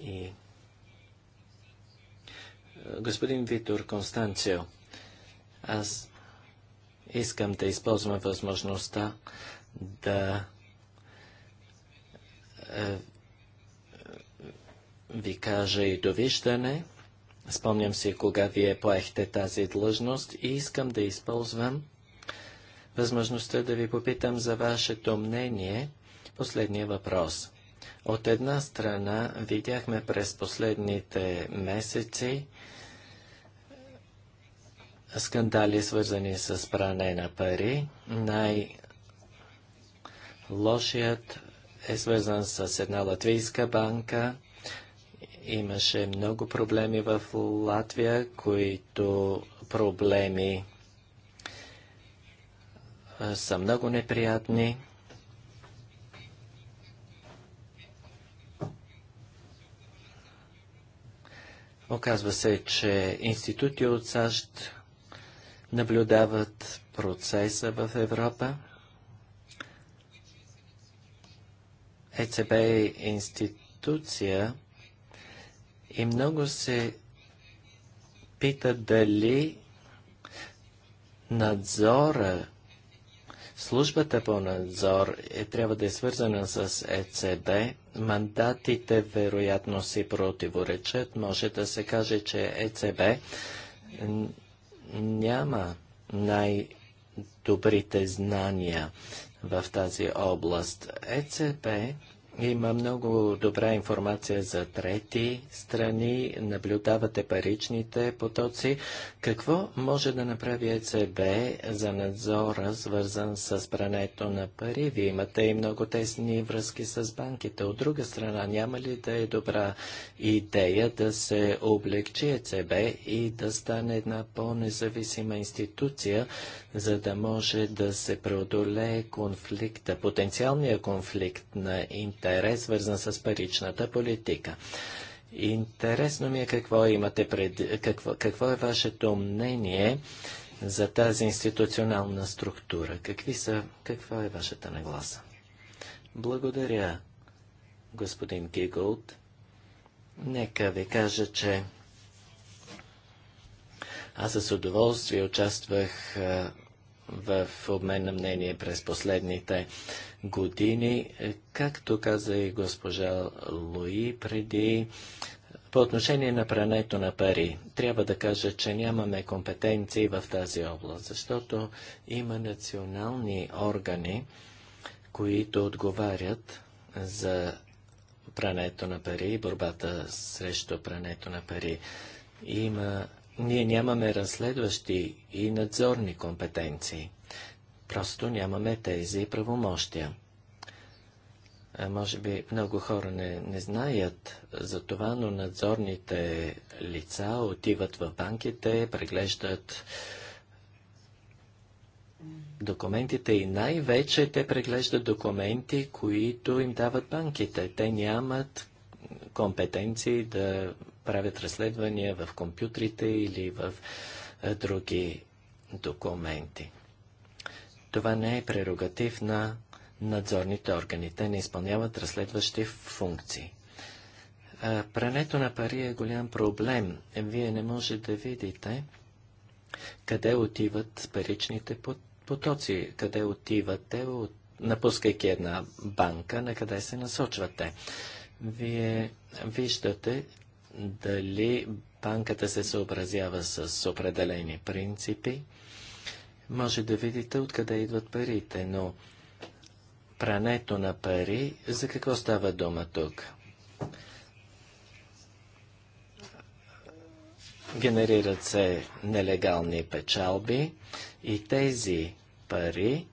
И господин Витор Констанцио, аз искам да използвам възможността да е, ви кажа и довиждане. Спомням си, кога вие поехте тази длъжност и искам да използвам възможността да ви попитам за вашето мнение. Последния въпрос. От една страна видяхме през последните месеци скандали, свързани с пране на пари. Най-лошият е свързан с една латвийска банка. Имаше много проблеми в Латвия, които проблеми са много неприятни. Оказва се, че институти от САЩ наблюдават процеса в Европа. ЕЦБ е институция и много се пита дали надзора, службата по надзор е, трябва да е свързана с ЕЦБ. Мандатите вероятно си противоречат. Може да се каже, че ЕЦБ няма най-добрите знания в тази област. ЕЦП има много добра информация за трети страни, наблюдавате паричните потоци. Какво може да направи ЕЦБ за надзора, свързан с прането на пари? Вие имате и много тесни връзки с банките. От друга страна, няма ли да е добра идея да се облегчи ЕЦБ и да стане една по-независима институция, за да може да се преодолее конфликта, потенциалния конфликт на интернет? интерес, свързан с паричната политика. Интересно ми е какво имате пред... Какво, какво е вашето мнение за тази институционална структура? Какви са... Каква е вашата нагласа? Благодаря, господин Гиголд. Нека ви кажа, че аз с удоволствие участвах в обмен на мнение през последните години. Е, както каза и госпожа Луи преди, по отношение на прането на пари, трябва да кажа, че нямаме компетенции в тази област, защото има национални органи, които отговарят за прането на пари и борбата срещу прането на пари. Има ние нямаме разследващи и надзорни компетенции. Просто нямаме тези правомощия. А може би много хора не, не знаят за това, но надзорните лица отиват в банките, преглеждат документите и най-вече те преглеждат документи, които им дават банките. Те нямат компетенции да правят разследвания в компютрите или в е, други документи. Това не е прерогатив на надзорните органи. Те не изпълняват разследващи функции. Е, прането на пари е голям проблем. Вие не можете да видите къде отиват паричните потоци, къде отиват те, напускайки една банка, на къде се насочвате. Вие виждате, дали банката се съобразява с определени принципи. Може да видите откъде идват парите, но прането на пари, за какво става дума тук? Генерират се нелегални печалби и тези пари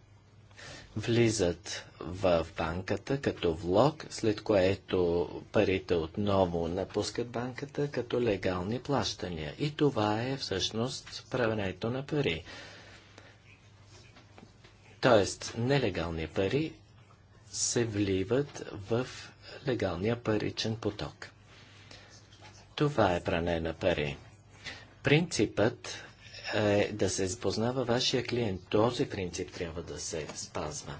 влизат в банката като влог, след което парите отново напускат банката като легални плащания. И това е всъщност правенето на пари. Тоест, нелегални пари се вливат в легалния паричен поток. Това е пране на пари. Принципът е да се познава вашия клиент. Този принцип трябва да се спазва.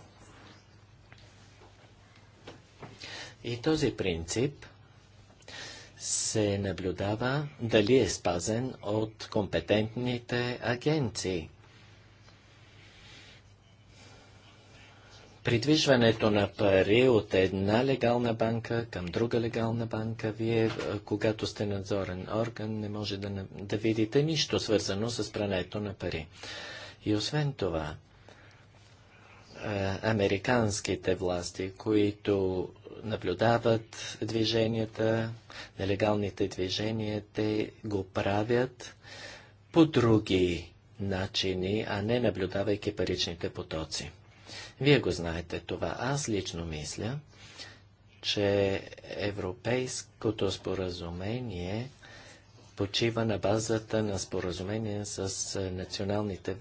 И този принцип се наблюдава дали е спазен от компетентните агенции. Придвижването на пари от една легална банка към друга легална банка, вие, е, когато сте надзорен орган, не може да, да видите нищо свързано с прането на пари. И освен това, е, американските власти, които наблюдават движенията, нелегалните движения, те го правят по други начини, а не наблюдавайки паричните потоци. Вие го знаете това. Аз лично мисля, че европейското споразумение почива на базата на споразумение с националните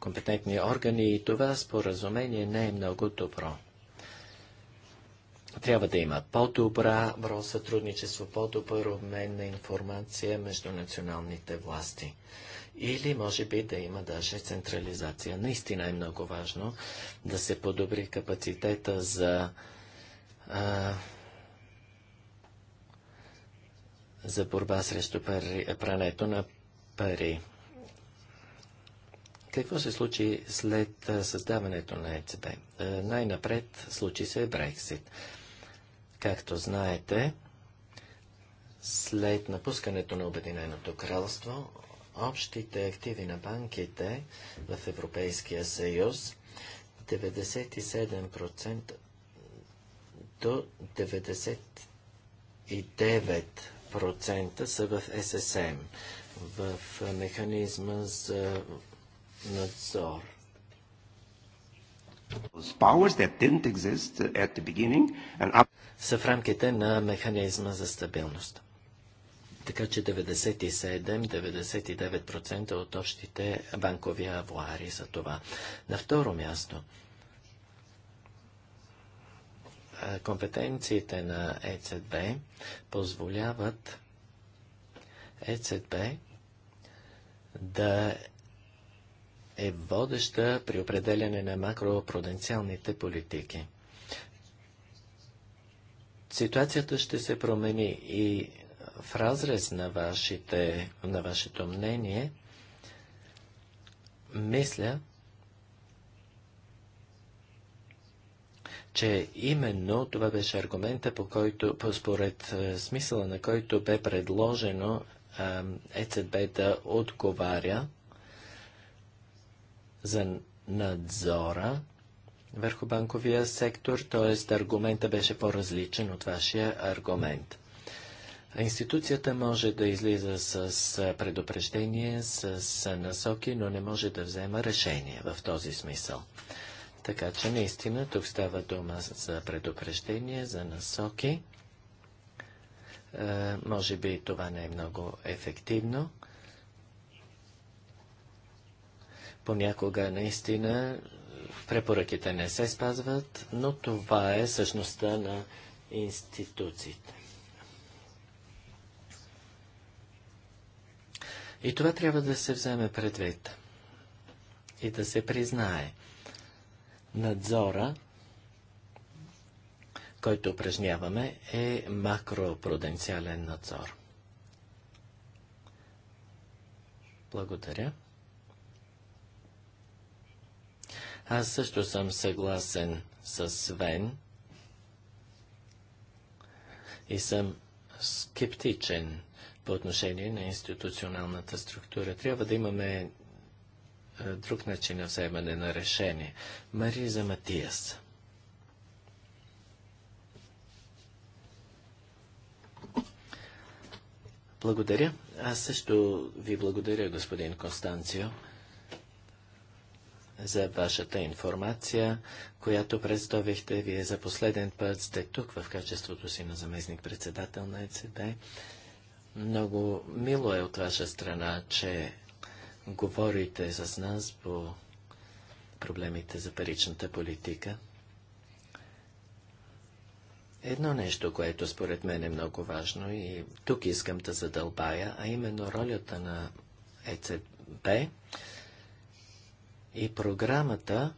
компетентни органи и това споразумение не е много добро. Трябва да има по бро сътрудничество, по-добър обмен на информация между националните власти. Или може би да има даже централизация. Наистина е много важно да се подобри капацитета за, а, за борба срещу пари, прането на пари. Какво се случи след създаването на ЕЦБ? Най-напред случи се Брексит. Както знаете, след напускането на Обединеното кралство, общите активи на банките в Европейския съюз 97% до 99% са в ССМ, в механизма за надзор са в рамките на механизма за стабилност. Така че 97-99% от общите банкови авуари за това. На второ място, компетенциите на ЕЦБ позволяват ЕЦБ да е водеща при определяне на макропруденциалните политики. Ситуацията ще се промени и в разрез на, вашите, на вашето мнение, мисля, че именно това беше аргумента, по който, по според е, смисъла на който бе предложено ЕЦБ да отговаря за надзора върху банковия сектор, т.е. аргумента беше по-различен от вашия аргумент. Институцията може да излиза с предупреждение, с насоки, но не може да взема решение в този смисъл. Така че наистина тук става дума за предупреждение, за насоки. Е, може би това не е много ефективно. Понякога наистина препоръките не се спазват, но това е същността на институциите. И това трябва да се вземе предвид и да се признае. Надзора, който упражняваме, е макропруденциален надзор. Благодаря. Аз също съм съгласен с Свен и съм скептичен по отношение на институционалната структура. Трябва да имаме е, друг начин на вземане на решение. Мариза Матиас. Благодаря. Аз също ви благодаря, господин Констанцио за вашата информация, която представихте. Вие за последен път сте тук в качеството си на заместник-председател на ЕЦБ. Много мило е от ваша страна, че говорите с нас по проблемите за паричната политика. Едно нещо, което според мен е много важно и тук искам да задълбая, а именно ролята на ЕЦБ и програмата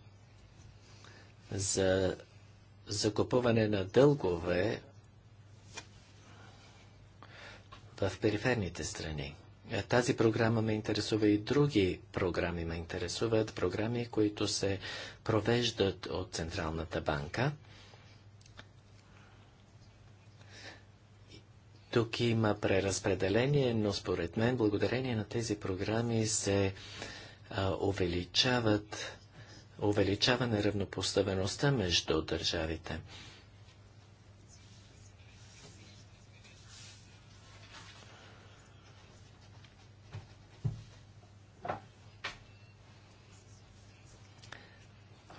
за закупуване на дългове в периферните страни. Е, тази програма ме интересува и други програми ме интересуват. Програми, които се провеждат от Централната банка. Тук има преразпределение, но според мен, благодарение на тези програми се увеличават, увеличава неравнопоставеността между държавите.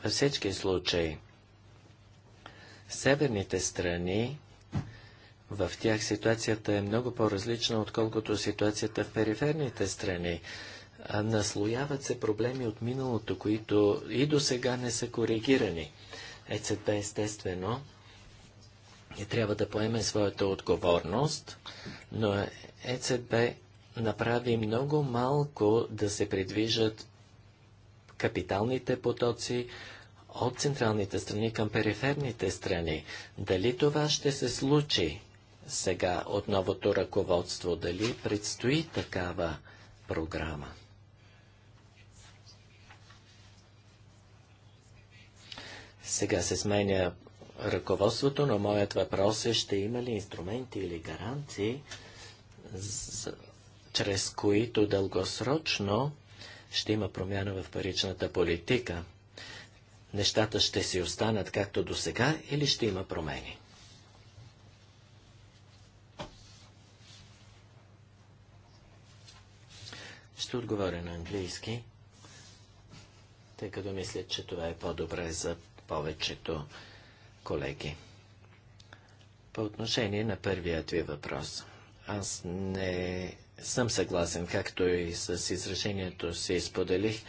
Във всички случаи, северните страни, в тях ситуацията е много по-различна, отколкото ситуацията в периферните страни наслояват се проблеми от миналото, които и до сега не са коригирани. ЕЦБ естествено и е, трябва да поеме своята отговорност, но ЕЦБ направи много малко да се придвижат капиталните потоци от централните страни към периферните страни. Дали това ще се случи сега от новото ръководство? Дали предстои такава програма? Сега се сменя ръководството, но моят въпрос е, ще има ли инструменти или гаранции, чрез които дългосрочно ще има промяна в паричната политика? Нещата ще си останат както до сега или ще има промени? Ще отговоря на английски, тъй като мисля, че това е по-добре за повечето колеги. По отношение на първият ви въпрос, аз не съм съгласен, както и с изражението си споделих,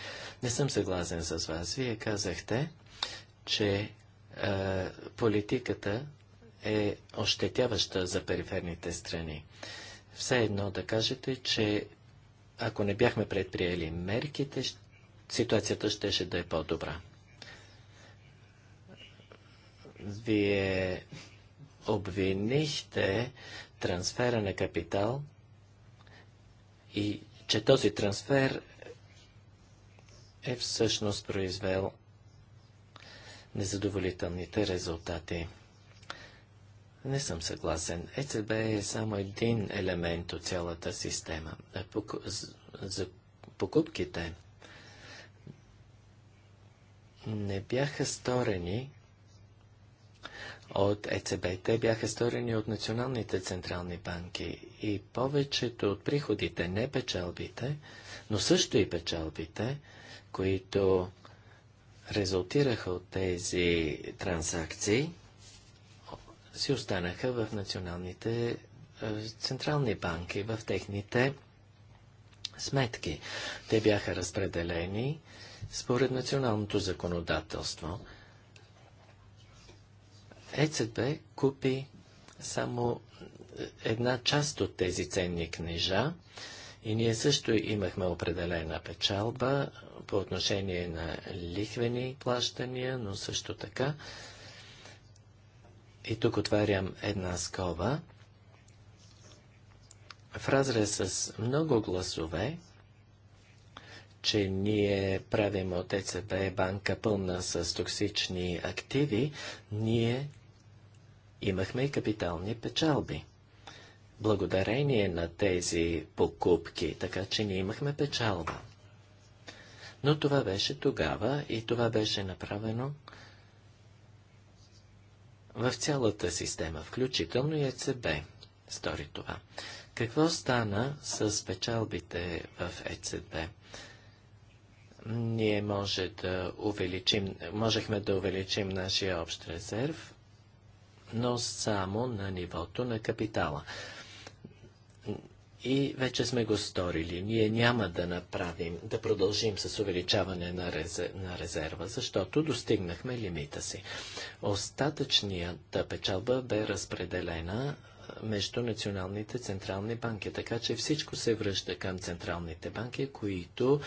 не съм съгласен с вас. Вие казахте, че е, политиката е ощетяваща за периферните страни. Все едно да кажете, че ако не бяхме предприели мерките, ситуацията щеше да е по-добра. Вие обвинихте трансфера на капитал и че този трансфер е всъщност произвел незадоволителните резултати. Не съм съгласен. ЕЦБ е само един елемент от цялата система. За покупките не бяха сторени от ЕЦБ. Те бяха сторени от националните централни банки и повечето от приходите, не печалбите, но също и печалбите, които резултираха от тези транзакции, си останаха в националните е, централни банки, в техните сметки. Те бяха разпределени според националното законодателство – ЕЦБ купи само е, една част от тези ценни книжа и ние също имахме определена печалба по отношение на лихвени плащания, но също така. И тук отварям една скоба. В разрез с много гласове, че ние правим от ЕЦБ банка пълна с токсични активи, ние имахме и капитални печалби. Благодарение на тези покупки, така че ние имахме печалба. Но това беше тогава и това беше направено в цялата система, включително и ЕЦБ стори това. Какво стана с печалбите в ЕЦБ? Ние може да увеличим, можехме да увеличим нашия общ резерв но само на нивото на капитала. И вече сме го сторили. Ние няма да направим, да продължим с увеличаване на, резер, на резерва, защото достигнахме лимита си. Остатъчният печалба бе разпределена между националните централни банки, така че всичко се връща към централните банки, които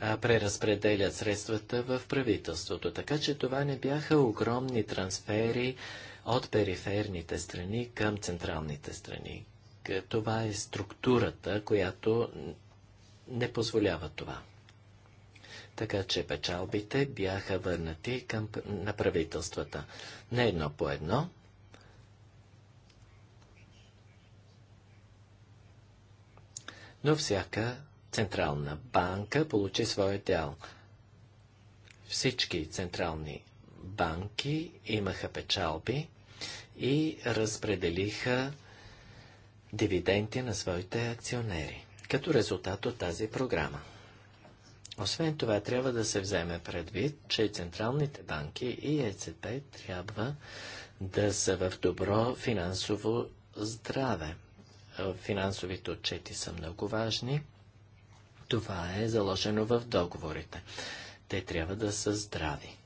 а, преразпределят средствата в правителството. Така че това не бяха огромни трансфери, от периферните страни към централните страни. Това е структурата, която не позволява това. Така че печалбите бяха върнати към, на правителствата. Не едно по едно, но всяка централна банка получи своя дял. Всички централни банки имаха печалби и разпределиха дивиденти на своите акционери, като резултат от тази програма. Освен това, трябва да се вземе предвид, че централните банки и ЕЦП трябва да са в добро финансово здраве. Финансовите отчети са много важни. Това е заложено в договорите. Те трябва да са здрави.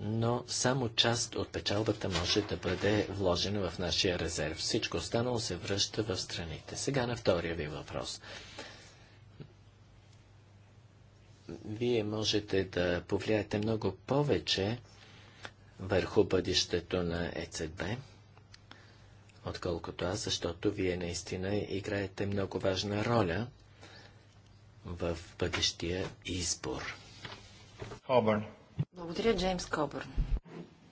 но само част от печалбата може да бъде вложена в нашия резерв. Всичко останало се връща в страните. Сега на втория ви въпрос. Вие можете да повлияете много повече върху бъдещето на ЕЦБ, отколкото аз, защото вие наистина играете много важна роля в бъдещия избор. Обърн.
Благодаря, Джеймс Кобърн.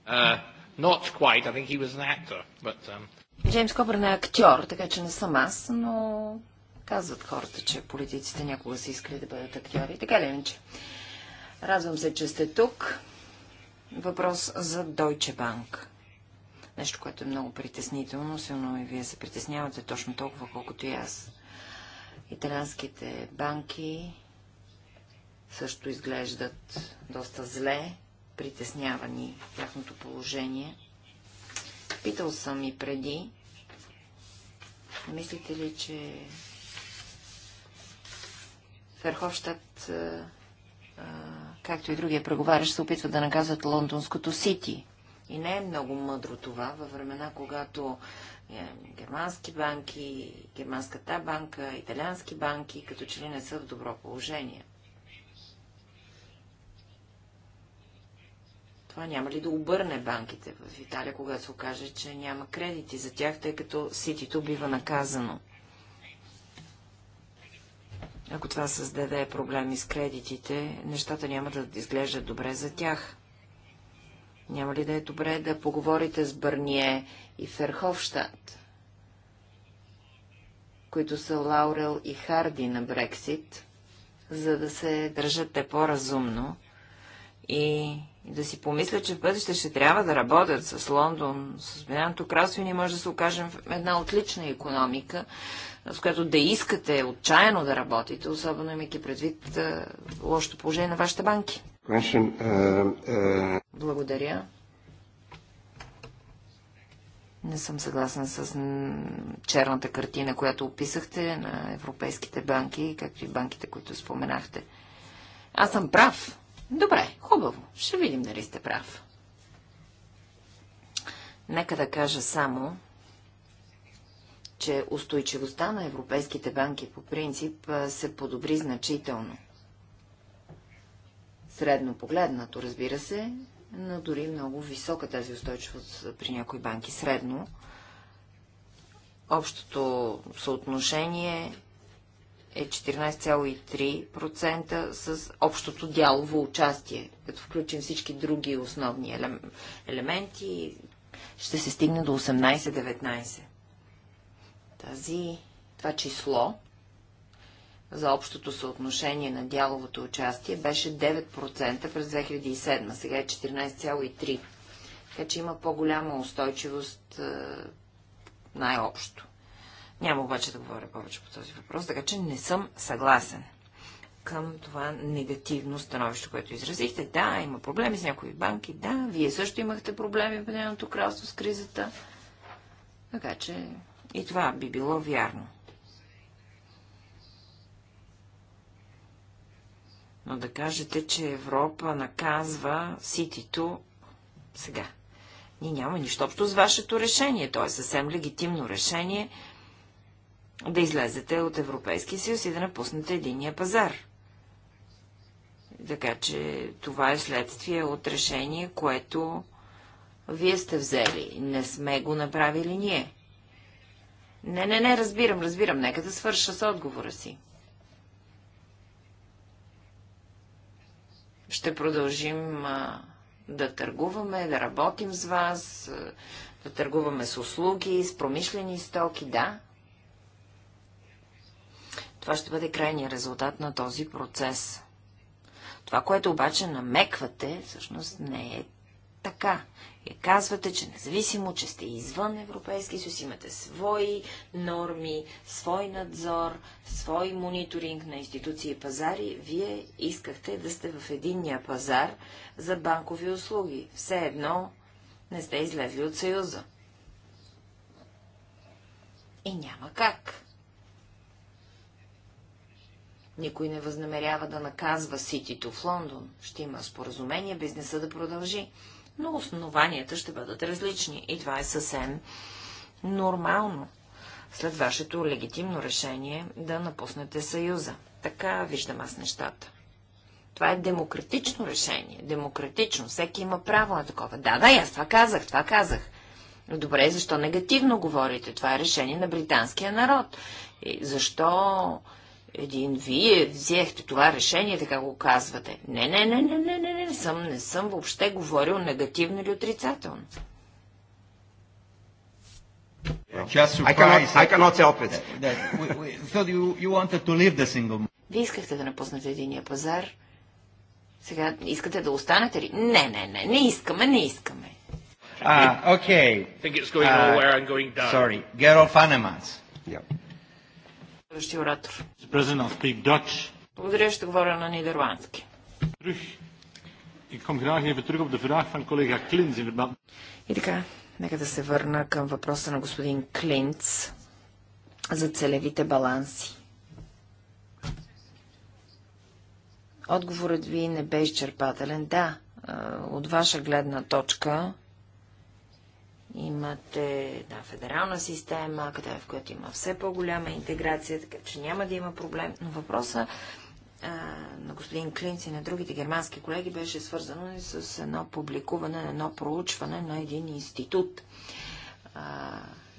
Uh,
actor,
but, um...
Джеймс Кобърн е актьор, така че не съм аз, но казват хората, че политиците някога са искали да бъдат актьори. Така ли иначе? Радвам се, че сте тук. Въпрос за Deutsche Bank. Нещо, което е много притеснително. Силно и вие се притеснявате точно толкова, колкото и аз. Италианските банки също изглеждат доста зле, притеснявани тяхното положение. Питал съм и преди, мислите ли, че Ферховщад, както и другия преговарящ, се опитва да наказват лондонското Сити. И не е много мъдро това във времена, когато е, германски банки, германската банка, италиански банки, като че ли не са в добро положение. това няма ли да обърне банките в Италия, когато се окаже, че няма кредити за тях, тъй като ситито бива наказано? Ако това създаде проблеми с кредитите, нещата няма да изглеждат добре за тях. Няма ли да е добре да поговорите с Бърние и Ферховщад, които са Лаурел и Харди на Брексит, за да се държат те по-разумно и и да си помисля, че в бъдеще ще трябва да работят с Лондон, с Обединеното кралство и ние може да се окажем в една отлична економика, с която да искате отчаяно да работите, особено имайки предвид лошото положение на вашите банки. Благодаря. Не съм съгласна с черната картина, която описахте на европейските банки, както и банките, които споменахте. Аз съм прав. Добре, хубаво. Ще видим дали сте прав. Нека да кажа само, че устойчивостта на европейските банки по принцип се подобри значително. Средно погледнато, разбира се, но дори много висока тази устойчивост при някои банки. Средно общото съотношение е 14,3% с общото дялово участие. Като включим всички други основни елементи, ще се стигне до 18-19. Тази, това число за общото съотношение на дяловото участие беше 9% през 2007, сега е 14,3%. Така че има по-голяма устойчивост е, най-общо. Няма обаче да говоря повече по този въпрос, така че не съм съгласен към това негативно становище, което изразихте. Да, има проблеми с някои банки, да, вие също имахте проблеми в Обединеното кралство с кризата, така че и това би било вярно. Но да кажете, че Европа наказва ситито сега. Ние няма нищо общо с вашето решение. То е съвсем легитимно решение да излезете от Европейския съюз и да напуснете единия пазар. Така че това е следствие от решение, което вие сте взели. Не сме го направили ние. Не, не, не, разбирам, разбирам. Нека да свърша с отговора си. Ще продължим а, да търгуваме, да работим с вас, а, да търгуваме с услуги, с промишлени стоки, да. Това ще бъде крайният резултат на този процес. Това, което обаче намеквате, всъщност не е така. И казвате, че независимо, че сте извън Европейски съюз, имате свои норми, свой надзор, свой мониторинг на институции и пазари, вие искахте да сте в единния пазар за банкови услуги. Все едно не сте излезли от Съюза. И няма как. Никой не възнамерява да наказва ситито в Лондон. Ще има споразумение бизнеса да продължи. Но основанията ще бъдат различни и това е съвсем нормално след вашето легитимно решение да напуснете Съюза. Така виждам аз нещата. Това е демократично решение. Демократично. Всеки има право на такова. Да, да, аз това казах, това казах. Но добре, защо негативно говорите? Това е решение на британския народ. И защо един вие взехте това решение, така го казвате. Не, не, не, не, не, не, не, не съм, не съм въобще говорил негативно или отрицателно. Вие искахте да напуснете единия пазар. Сега искате да останете ли? Не, не, не, не искаме, не искаме.
Ah, okay. uh, sorry, get off animals. Yeah.
Следващия оратор. Благодаря, ще говоря на нидерландски. И така, нека да се върна към въпроса на господин Клинц за целевите баланси. Отговорът ви не бе изчерпателен. Да, от ваша гледна точка Имате една федерална система, къде, в която има все по-голяма интеграция, така че няма да има проблем. Но въпроса а, на господин Клинц и на другите германски колеги беше свързано и с едно публикуване, едно проучване на един институт а,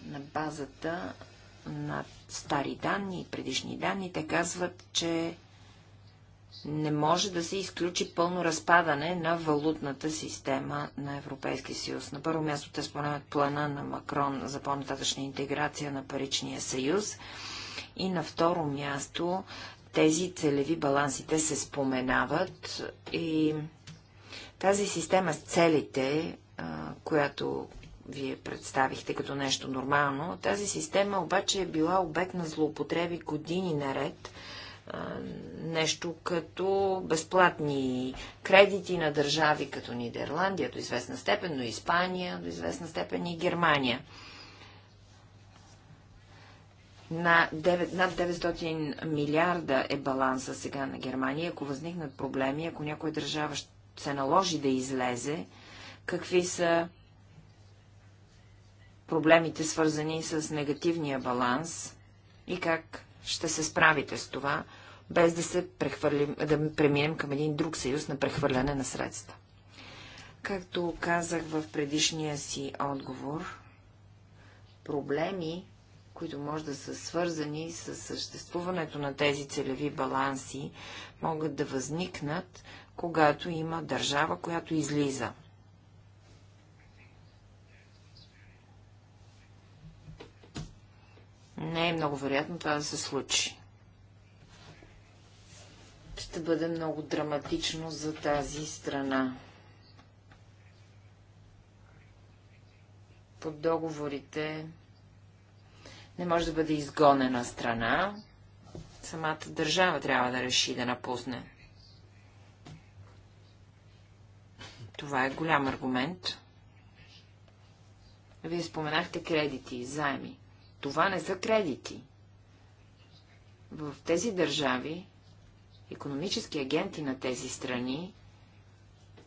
на базата на стари данни и предишни данни. Те казват, че не може да се изключи пълно разпадане на валутната система на Европейския съюз. На първо място те споменават плана на Макрон за по-нататъчна интеграция на паричния съюз. И на второ място тези целеви балансите се споменават и тази система с целите, която вие представихте като нещо нормално, тази система обаче е била обект на злоупотреби години наред – нещо като безплатни кредити на държави като Нидерландия до известна степен, но Испания до известна степен и Германия. На 9, над 900 милиарда е баланса сега на Германия. Ако възникнат проблеми, ако някоя държава се наложи да излезе, какви са проблемите, свързани с негативния баланс и как ще се справите с това, без да, се прехвърлим, да преминем към един друг съюз на прехвърляне на средства. Както казах в предишния си отговор, проблеми, които може да са свързани с съществуването на тези целеви баланси, могат да възникнат, когато има държава, която излиза. Не е много вероятно това да се случи ще бъде много драматично за тази страна. По договорите не може да бъде изгонена страна. Самата държава трябва да реши да напусне. Това е голям аргумент. Вие споменахте кредити, заеми. Това не са кредити. В тези държави економически агенти на тези страни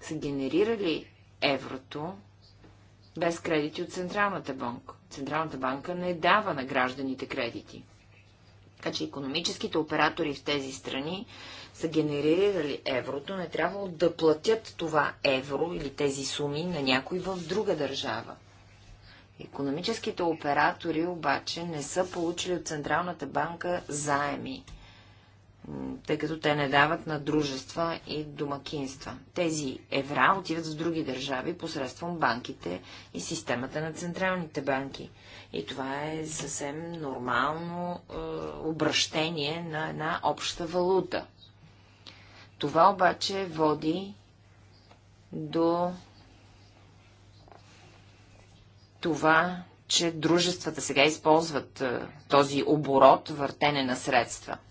са генерирали еврото без кредити от Централната банка. Централната банка не дава на гражданите кредити. Така че економическите оператори в тези страни са генерирали еврото, не трябвало да платят това евро или тези суми на някой в друга държава. Економическите оператори обаче не са получили от Централната банка заеми тъй като те не дават на дружества и домакинства. Тези евра отиват в други държави посредством банките и системата на централните банки. И това е съвсем нормално е, обращение на една обща валута. Това обаче води до това, че дружествата сега използват е, този оборот, въртене на средства –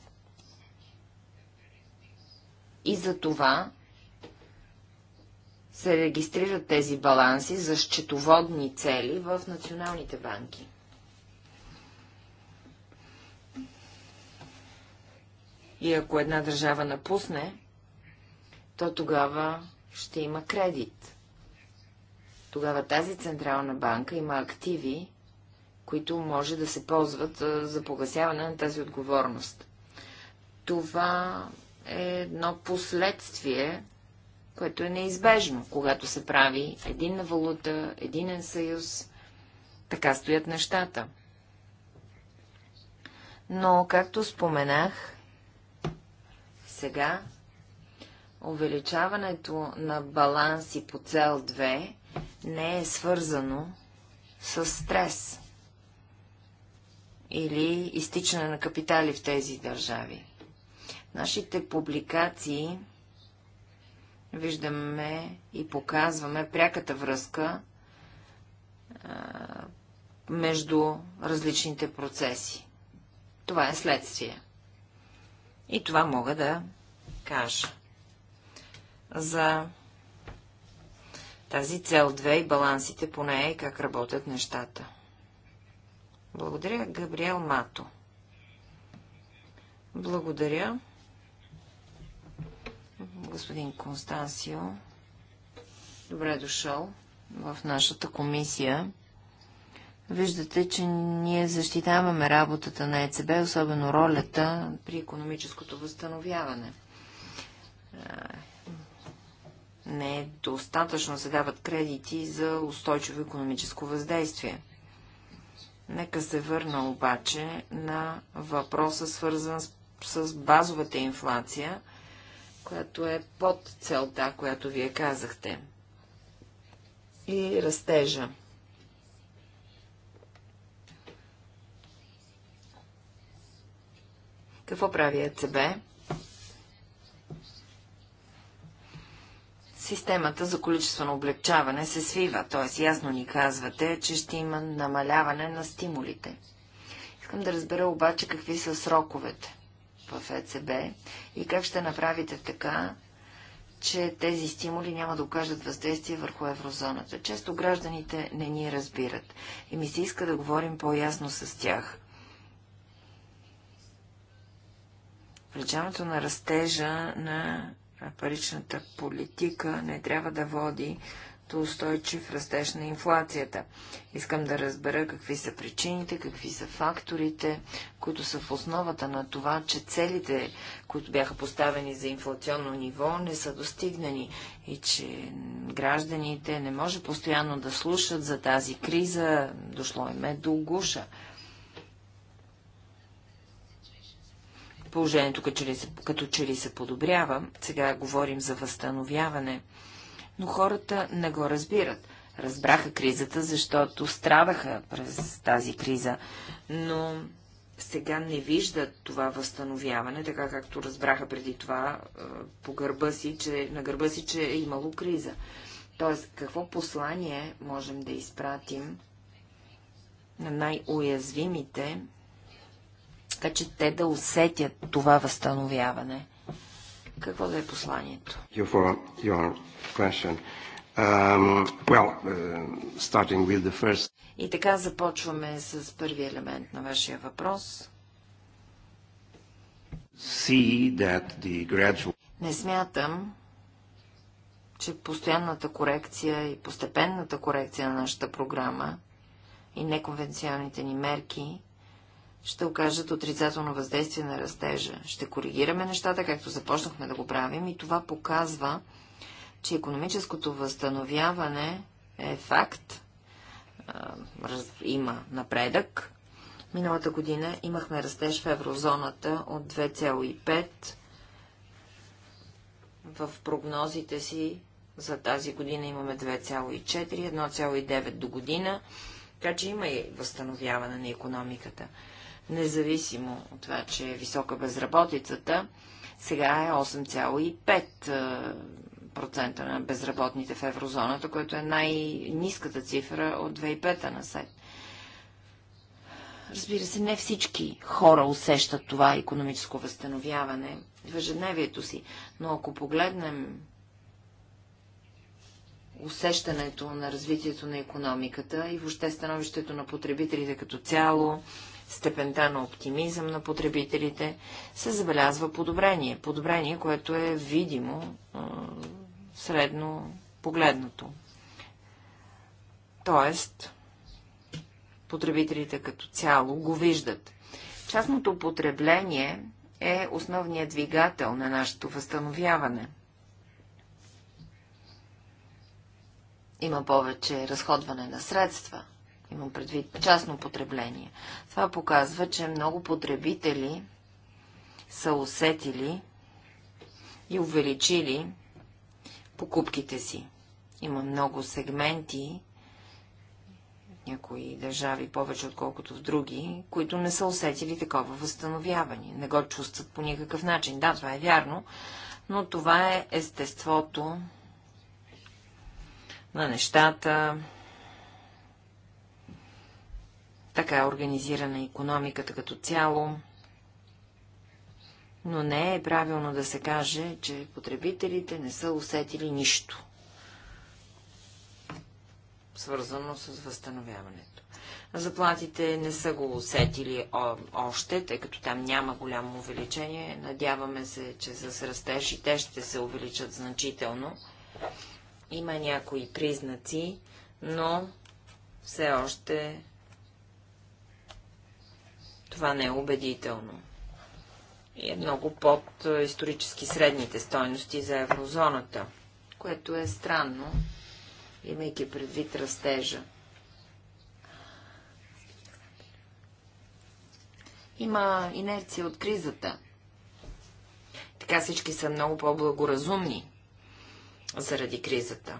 и за това се регистрират тези баланси за счетоводни цели в националните банки. И ако една държава напусне, то тогава ще има кредит. Тогава тази централна банка има активи, които може да се ползват за погасяване на тази отговорност. Това е едно последствие, което е неизбежно, когато се прави единна валута, единен съюз. Така стоят нещата. Но, както споменах, сега увеличаването на баланси по цел 2 не е свързано с стрес или изтичане на капитали в тези държави. Нашите публикации виждаме и показваме пряката връзка а, между различните процеси. Това е следствие. И това мога да кажа. За тази цел 2 и балансите по нея и как работят нещата. Благодаря, Габриел Мато. Благодаря господин Констансио. Добре е дошъл в нашата комисия. Виждате, че ние защитаваме работата на ЕЦБ, особено ролята при економическото възстановяване. Не е достатъчно се дават кредити за устойчиво економическо въздействие. Нека се върна обаче на въпроса, свързан с базовата инфлация която е под целта, която вие казахте. И растежа. Какво прави ЕЦБ? Системата за количество на облегчаване се свива, т.е. ясно ни казвате, че ще има намаляване на стимулите. Искам да разбера обаче какви са сроковете в ЕЦБ и как ще направите така, че тези стимули няма да окажат въздействие върху еврозоната. Често гражданите не ни разбират и ми се иска да говорим по-ясно с тях. Влечаването на растежа на паричната политика не трябва да води от устойчив растеж на инфлацията. Искам да разбера какви са причините, какви са факторите, които са в основата на това, че целите, които бяха поставени за инфлационно ниво, не са достигнани и че гражданите не може постоянно да слушат за тази криза, дошло им е до гуша. положението като че ли се подобрява. Сега говорим за възстановяване но хората не го разбират. Разбраха кризата, защото страдаха през тази криза, но сега не виждат това възстановяване, така както разбраха преди това е, по гърба си, че, на гърба си, че е имало криза. Тоест, какво послание можем да изпратим на най-уязвимите, така че те да усетят това възстановяване – какво да е посланието?
Um,
well, uh, first...
И така започваме с първи елемент на вашия въпрос.
Gradual...
Не смятам, че постоянната корекция и постепенната корекция на нашата програма и неконвенционалните ни мерки ще окажат отрицателно въздействие на растежа. Ще коригираме нещата, както започнахме да го правим и това показва, че економическото възстановяване е факт, има напредък. Миналата година имахме растеж в еврозоната от 2,5. В прогнозите си за тази година имаме 2,4, 1,9 до година, така че има и възстановяване на економиката независимо от това, че е висока безработицата, сега е 8,5% е, на безработните в еврозоната, което е най-низката цифра от 2005-та на сет. Разбира се, не всички хора усещат това економическо възстановяване в ежедневието си, но ако погледнем усещането на развитието на економиката и въобще становището на потребителите като цяло, степента на оптимизъм на потребителите, се забелязва подобрение. Подобрение, което е видимо средно погледнато. Тоест, потребителите като цяло го виждат. Частното потребление е основният двигател на нашето възстановяване. Има повече разходване на средства – Имам предвид частно потребление. Това показва, че много потребители са усетили и увеличили покупките си. Има много сегменти, някои държави повече отколкото в други, които не са усетили такова възстановяване, не го чувстват по никакъв начин. Да, това е вярно, но това е естеството на нещата, така е организирана економиката като цяло. Но не е правилно да се каже, че потребителите не са усетили нищо, свързано с възстановяването. Заплатите не са го усетили още, тъй като там няма голямо увеличение. Надяваме се, че с растеж и те ще се увеличат значително. Има някои признаци, но все още това не е убедително. И е много под е, исторически средните стойности за еврозоната, което е странно, имайки предвид растежа. Има инерция от кризата. Така всички са много по-благоразумни заради кризата.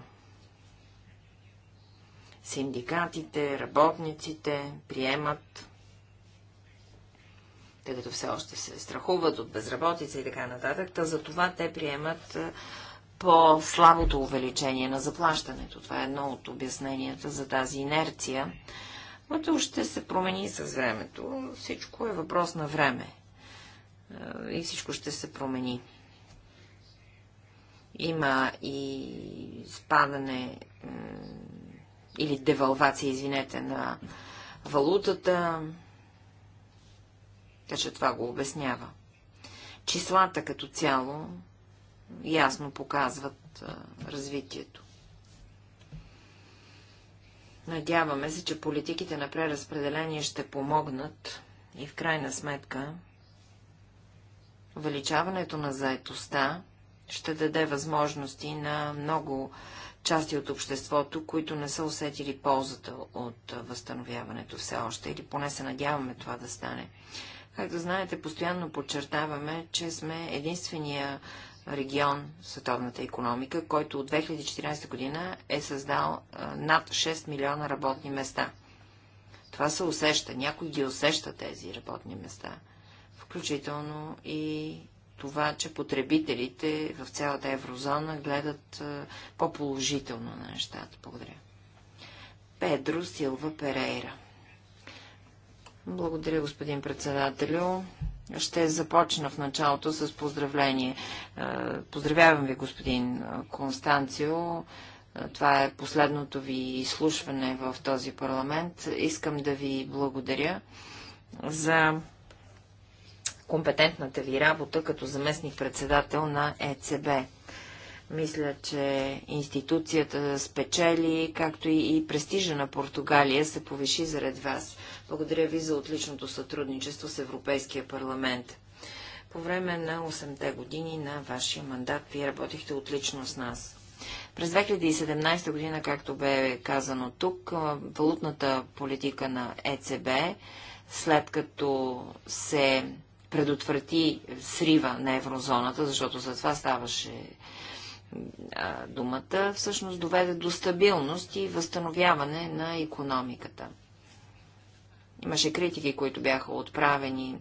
Синдикатите, работниците приемат тъй като все още се страхуват от безработица и така нататък, та за това те приемат по-слабото увеличение на заплащането. Това е едно от обясненията за тази инерция, което ще се промени с времето. Всичко е въпрос на време. И всичко ще се промени. Има и спадане или девалвация, извинете, на валутата, че, това го обяснява. Числата като цяло ясно показват а, развитието. Надяваме се, че политиките на преразпределение ще помогнат и в крайна сметка увеличаването на заетостта ще даде възможности на много части от обществото, които не са усетили ползата от възстановяването все още, или поне се надяваме това да стане. Както знаете, постоянно подчертаваме, че сме единствения регион в световната економика, който от 2014 година е създал над 6 милиона работни места. Това се усеща, някой ги усеща тези работни места, включително и това, че потребителите в цялата еврозона гледат по-положително на нещата. Благодаря. Педро Силва Перейра благодаря, господин председателю. Ще започна в началото с поздравление. Е, поздравявам ви, господин е, Констанцио. Е, това е последното ви изслушване в този парламент. Искам да ви благодаря за компетентната ви работа като заместник-председател на ЕЦБ. Мисля, че институцията спечели, както и престижа на Португалия се повиши заред вас. Благодаря ви за отличното сътрудничество с Европейския парламент. По време на 8-те години на вашия мандат вие работихте отлично с нас. През 2017 година, както бе казано тук, валутната политика на ЕЦБ, след като се предотврати срива на еврозоната, защото за това ставаше а, думата, всъщност доведе до стабилност и възстановяване на економиката. Имаше критики, които бяха отправени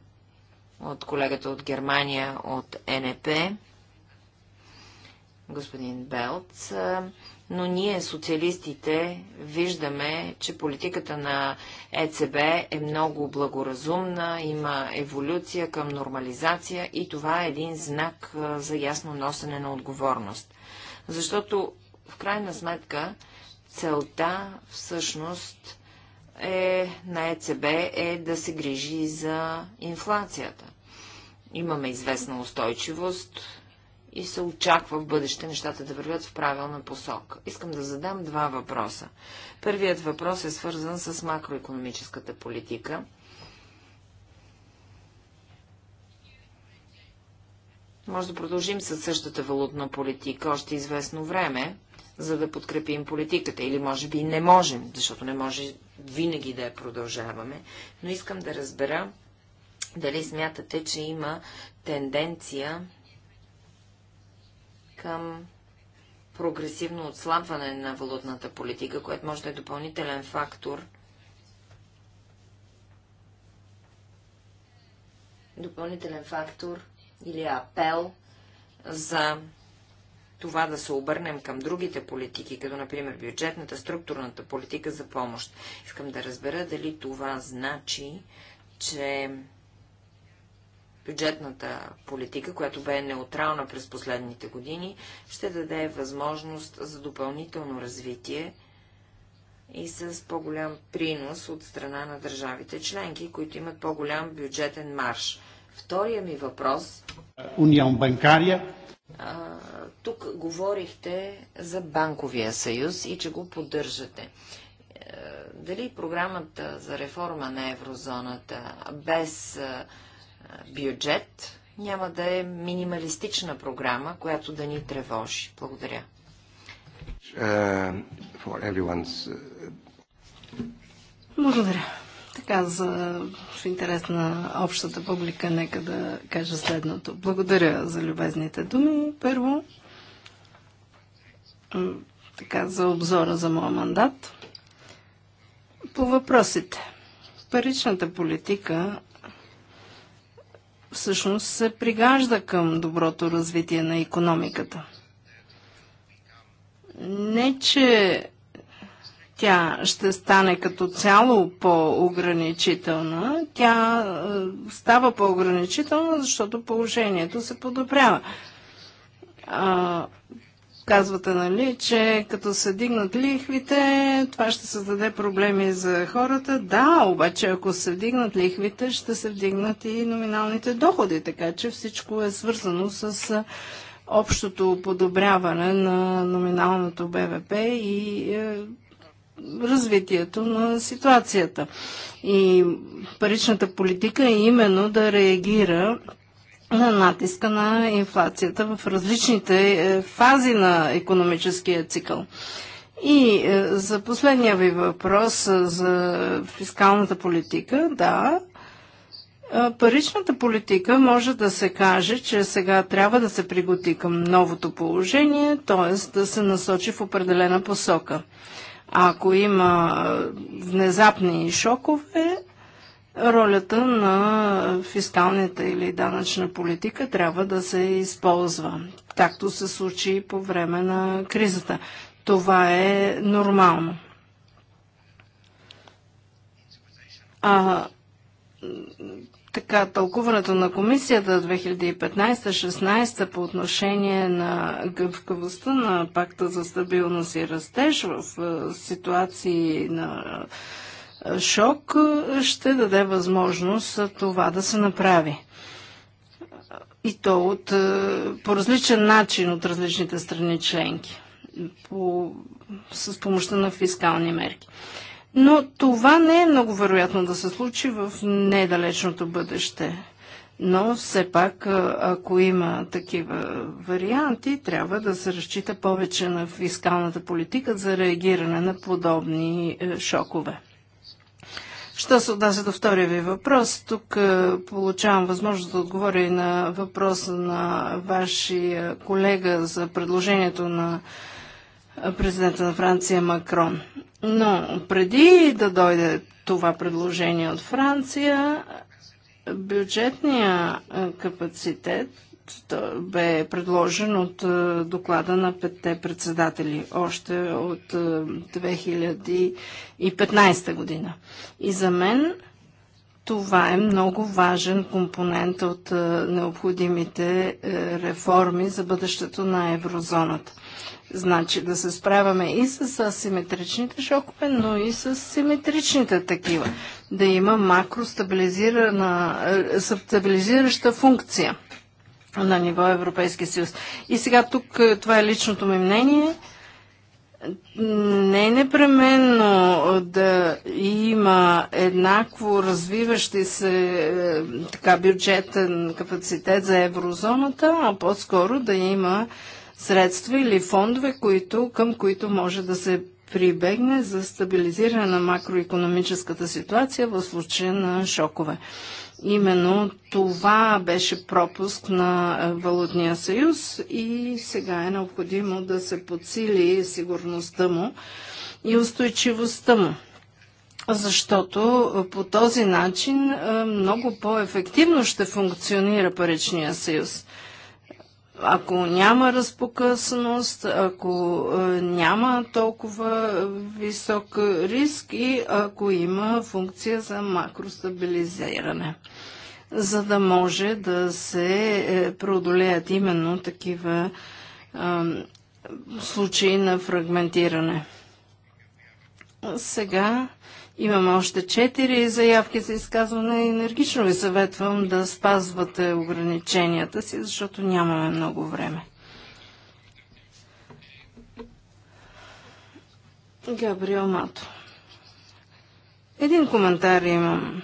от колегата от Германия, от НП, господин Белц. Но ние, социалистите, виждаме, че политиката на ЕЦБ е много благоразумна, има еволюция към нормализация и това е един знак за ясно носене на отговорност. Защото, в крайна сметка, целта всъщност е, на ЕЦБ е да се грижи за инфлацията. Имаме известна устойчивост и се очаква в бъдеще нещата да вървят в правилна посока. Искам да задам два въпроса. Първият въпрос е свързан с макроекономическата политика. Може да продължим със същата валутна политика още известно време, за да подкрепим политиката. Или може би не можем, защото не може винаги да я продължаваме, но искам да разбера дали смятате, че има тенденция към прогресивно отслабване на валутната политика, което може да е допълнителен фактор, допълнителен фактор или апел за това да се обърнем към другите политики, като например бюджетната, структурната политика за помощ. Искам да разбера дали това значи, че бюджетната политика, която бе неутрална през последните години, ще даде възможност за допълнително развитие и с по-голям принос от страна на държавите членки, които имат по-голям бюджетен марш. Втория ми въпрос...
Унион банкария
а, тук говорихте за банковия съюз и че го поддържате. Е, дали програмата за реформа на еврозоната без е, бюджет няма да е минималистична програма,
която да ни тревожи? Благодаря.
Uh,
Благодаря. Така, за, в интерес на общата публика, нека да кажа следното. Благодаря за любезните думи. Първо, така, за обзора за моя мандат. По въпросите. Паричната политика всъщност се пригажда към доброто развитие на економиката. Не, че тя ще стане като цяло по-ограничителна. Тя е, става по-ограничителна, защото положението се подобрява. казвате, нали, че като се дигнат лихвите, това ще създаде проблеми за хората. Да, обаче ако се вдигнат лихвите, ще се вдигнат и номиналните доходи, така че всичко е свързано с е, общото подобряване на номиналното БВП и е, развитието на ситуацията. И паричната политика е именно да реагира на натиска на инфлацията в различните е, фази на економическия цикъл. И е, за последния ви въпрос е, за фискалната политика, да, Паричната политика може да се каже, че сега трябва да се приготи към новото положение, т.е. да се насочи в определена посока. Ако има внезапни шокове, ролята на фискалната или данъчна политика трябва да се използва, както се случи по време на кризата. Това е нормално. А така, тълкуването на комисията 2015-16 по отношение на гъвкавостта на пакта за стабилност и растеж в ситуации на шок ще даде възможност това да се направи. И то от, по различен начин от различните страни членки, по, с помощта на фискални мерки но това не е много вероятно да се случи в недалечното бъдеще. Но все пак, ако има такива варианти, трябва да се разчита повече на фискалната политика за реагиране на подобни е, шокове. Що се отнася до втория ви въпрос, тук е, получавам възможност да отговоря и на въпроса на вашия колега за предложението на е, президента на Франция Макрон. Но преди да дойде това предложение от Франция, бюджетния капацитет бе предложен от доклада на петте председатели още от 2015 година. И за мен това е много важен компонент от необходимите е, реформи за бъдещето на еврозоната. Значи да се справяме и с асиметричните шокове, но и с симетричните такива. Да има макростабилизирана, е, стабилизираща функция на ниво Европейски съюз. И сега тук е, това е личното ми мнение. Не е непременно е, да има еднакво развиващи се така бюджетен капацитет за еврозоната, а по-скоро да има средства или фондове, които, към които може да се прибегне за стабилизиране на макроекономическата ситуация в случая на шокове. Именно това беше пропуск на Валутния съюз и сега е необходимо да се подсили сигурността му и устойчивостта му. Защото по този начин е, много по-ефективно ще функционира паричния съюз ако няма разпокъсаност, ако е, няма толкова висок риск и ако има функция за макростабилизиране, за да може да се е, преодолеят именно такива е, случаи на фрагментиране. Сега Имам още четири заявки за изказване и енергично ви съветвам да спазвате ограниченията си, защото нямаме много време. Габриел Мато. Един коментар имам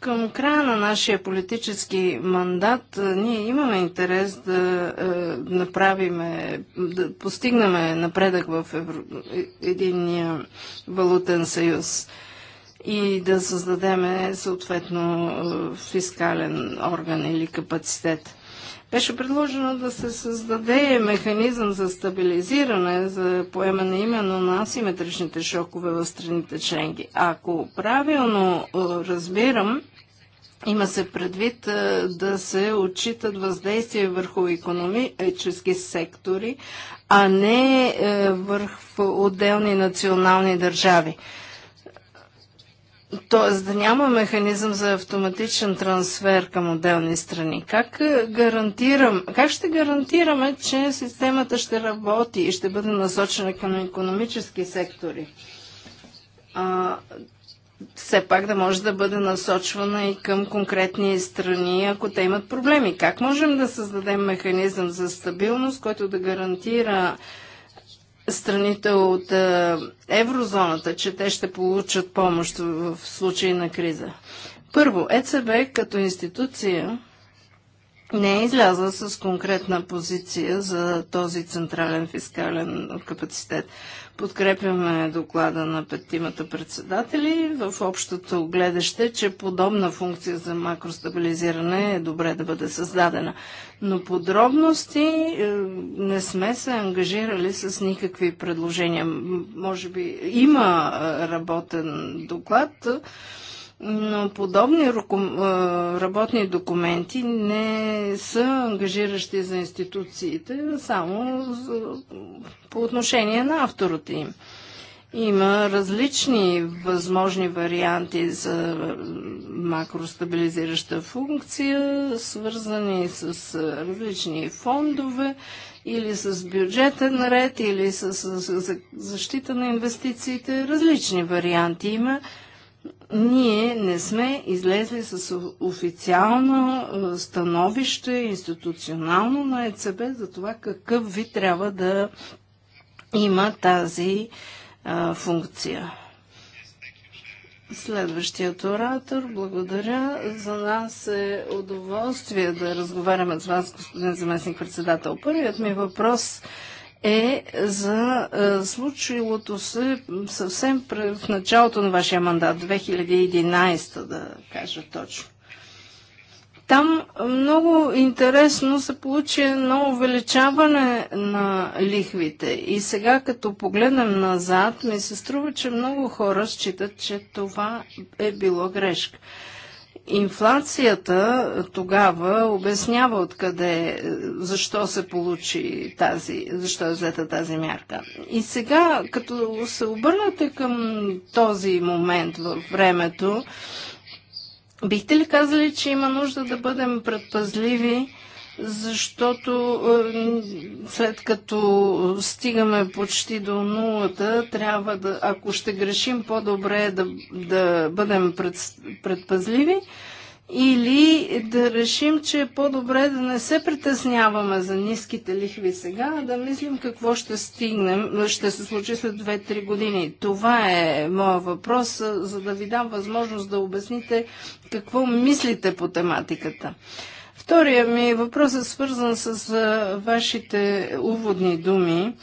към края на нашия политически мандат ние имаме интерес да е, направим, да постигнем напредък в Евро... Е, единния валутен съюз и да създадем съответно е, фискален орган или капацитет. Беше предложено да се създаде механизъм за стабилизиране, за поемане именно на асиметричните шокове в страните членки. Ако правилно е, разбирам, има се предвид е, да се отчитат въздействия върху економически сектори, а не върху отделни национални държави. Тоест да няма механизъм за автоматичен трансфер към отделни страни. Как, е, гарантирам, как ще гарантираме, че системата ще работи и ще бъде насочена към економически сектори? А, все пак да може да бъде насочвана и към конкретни страни, ако те имат проблеми. Как можем да създадем механизъм за стабилност, който да гарантира страните от е, еврозоната, че те ще получат помощ в случай на криза. Първо, ЕЦБ като институция не е излязла с конкретна позиция за този централен фискален капацитет. Подкрепяме доклада на петимата председатели в общото гледаще, че подобна функция за макростабилизиране е добре да бъде създадена. Но подробности е, не сме се ангажирали с никакви предложения. Може би има е, работен доклад, но подобни работни документи не са ангажиращи за институциите, само по отношение на авторите им. Има различни възможни варианти за макростабилизираща функция, свързани с различни фондове или с бюджетен ред, или с защита на инвестициите. Различни варианти има ние не сме излезли с официално становище институционално на ЕЦБ за това какъв ви трябва да има тази а, функция. Следващият оратор, благодаря. За нас е удоволствие да разговаряме с вас, господин заместник председател. Първият ми въпрос е е за е, случилото се съвсем в началото на вашия мандат, 2011, да кажа точно. Там много интересно се получи едно увеличаване на лихвите. И сега, като погледнем назад, ми се струва, че много хора считат, че това е било грешка. Инфлацията тогава обяснява откъде, защо се получи тази, защо е взета тази мярка. И сега, като се обърнете към този момент във времето, бихте ли казали, че има нужда да бъдем предпазливи защото е, след като стигаме почти до нулата, трябва да, ако ще грешим, по-добре е да, да бъдем пред, предпазливи или да решим, че е по-добре да не се притесняваме за ниските лихви сега, а да мислим какво ще стигнем, ще се случи след 2-3 години. Това е моя въпрос, за да ви дам възможност да обясните какво мислите по тематиката. Втория ми въпрос е свързан с вашите уводни думи.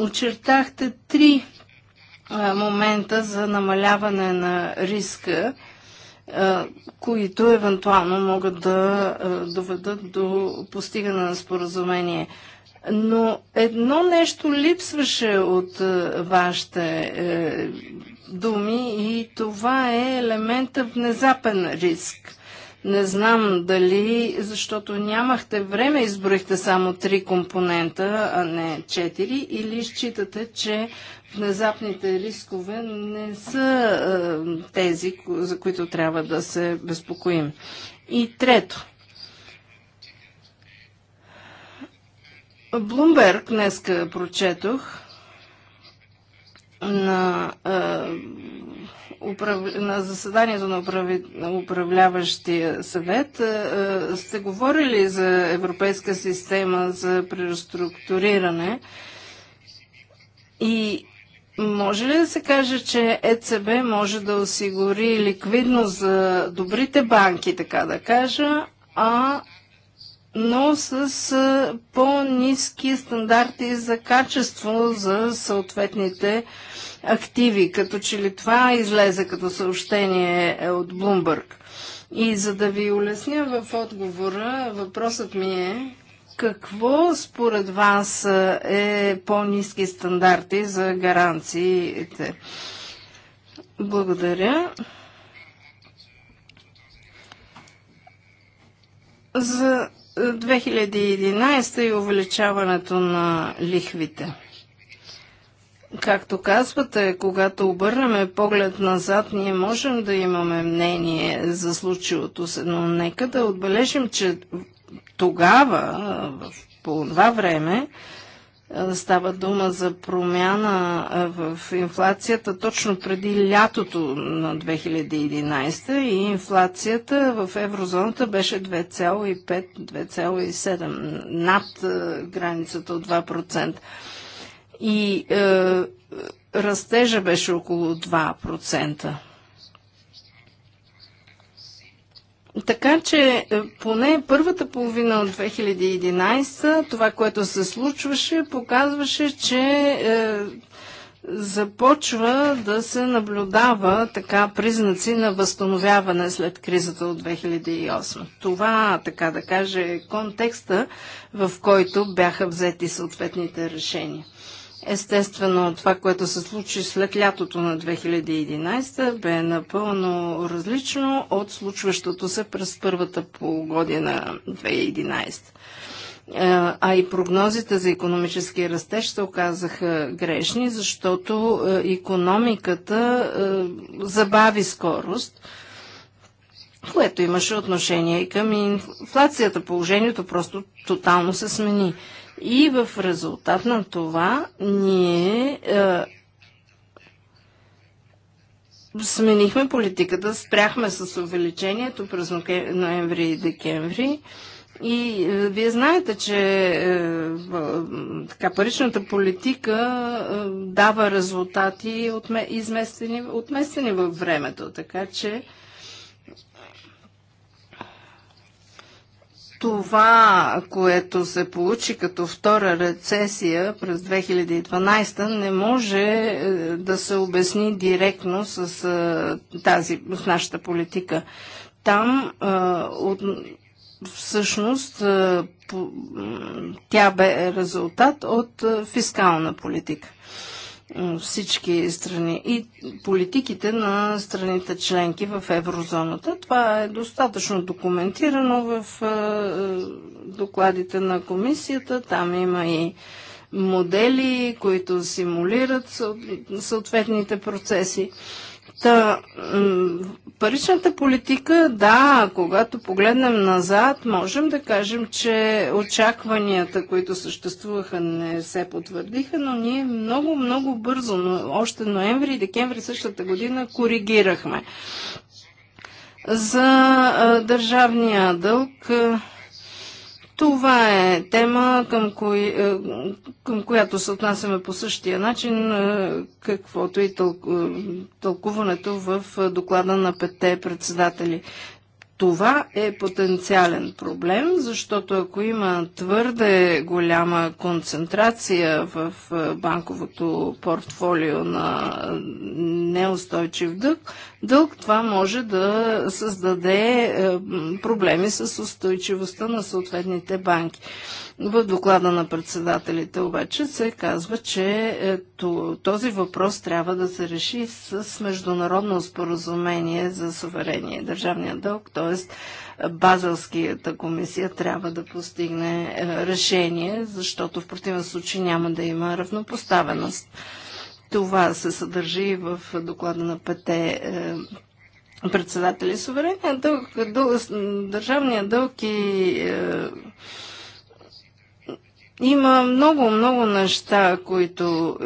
Очертахте три момента за намаляване на риска, които евентуално могат да доведат до постигане на споразумение. Но едно нещо липсваше от вашите е, думи и това е елемента внезапен риск. Не знам дали, защото нямахте време, изброихте само три компонента, а не четири, или считате, че внезапните рискове не са е, тези, за които трябва да се безпокоим. И трето. Блумберг днеска прочетох на е, на заседанието на управляващия съвет е, е, сте говорили за европейска система за преструктуриране и може ли да се каже, че ЕЦБ може да осигури ликвидност за добрите банки, така да кажа, а но с по-низки стандарти за качество за съответните активи. Като че ли това излезе като съобщение е, от Блумбърг. И за да ви улесня в отговора, въпросът ми е какво според вас е по-низки стандарти за гаранциите? Благодаря. За 2011 и увеличаването на лихвите. Както казвате, когато обърнем поглед назад, ние можем да имаме мнение за случилото се, но нека да отбележим, че тогава, по това време, е, става дума за промяна е, в инфлацията точно преди лятото на 2011 и инфлацията в еврозоната беше 2,5-2,7 над е, границата от 2%. И е, растежа беше около 2%. Така че е, поне първата половина от 2011, това, което се случваше, показваше, че е, започва да се наблюдава така признаци на възстановяване след кризата от 2008. Това, така да каже, е контекста, в който бяха взети съответните решения. Естествено, това, което се случи след лятото на 2011, бе напълно различно от случващото се през първата полугодие на 2011 е, а и прогнозите за економически растеж се оказаха грешни, защото економиката е, забави скорост, което имаше отношение и към инфлацията. Положението просто тотално се смени. И в резултат на това ние е, сменихме политиката, спряхме с увеличението през ноември и декември. И е, вие знаете, че е, така, паричната политика е, дава резултати отме, изместени, отместени във времето, така че това, което се получи като втора рецесия през 2012, не може е, да се обясни директно с, е, тази, с нашата политика. Там е, от, всъщност тя бе резултат от фискална политика всички страни и политиките на страните членки в еврозоната. Това е достатъчно документирано в е, е, докладите на комисията. Там има и модели, които симулират съответните процеси. Та, паричната политика, да, когато погледнем назад, можем да кажем, че очакванията, които съществуваха, не се потвърдиха, но ние много, много бързо, но още ноември и декември същата година, коригирахме. За а, държавния дълг а, това е тема, към, кои, е, към която се отнасяме по същия начин, е, каквото и тълку, е, тълкуването в доклада на петте председатели. Това е потенциален проблем, защото ако има твърде голяма концентрация в банковото портфолио на неустойчив дълг, дълг, това може да създаде е, проблеми с устойчивостта на съответните банки. В доклада на председателите обаче се казва, че е, този въпрос трябва да се реши с международно споразумение за суверение държавния дълг, т.е. Базълската комисия трябва да постигне е, решение, защото в противен случай няма да има равнопоставеност. Това се съдържи в доклада на пете е, председатели. Суверенният дълг, дълг, държавния дълг и е, има много, много неща, които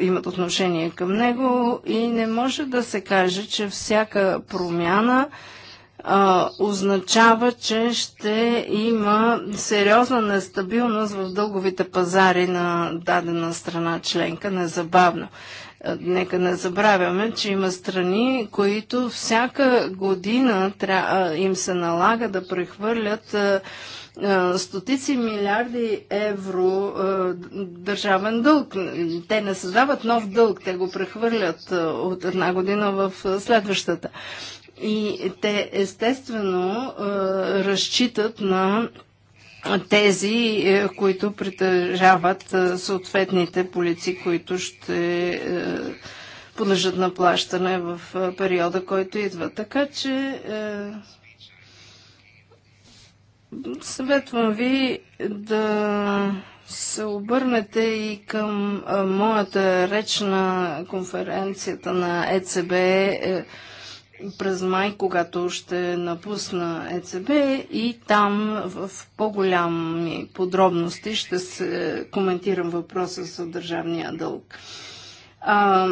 е, имат отношение към него и не може да се каже, че всяка промяна е, а, означава, че ще има сериозна нестабилност в дълговите пазари на дадена страна членка незабавно. Нека не забравяме, че има страни, които всяка година тря... им се налага да прехвърлят а, а, стотици милиарди евро а, държавен дълг. Те не създават нов дълг, те го прехвърлят от една година в следващата. И те естествено е, разчитат на тези, е, които притежават е, съответните полици, които ще подлежат на плащане в периода, който идва. Така че съветвам ви да се обърнете и към моята реч на конференцията на ЕЦБ през май, когато ще напусна ЕЦБ и там в по-голями подробности ще се коментирам въпроса за държавния дълг. А,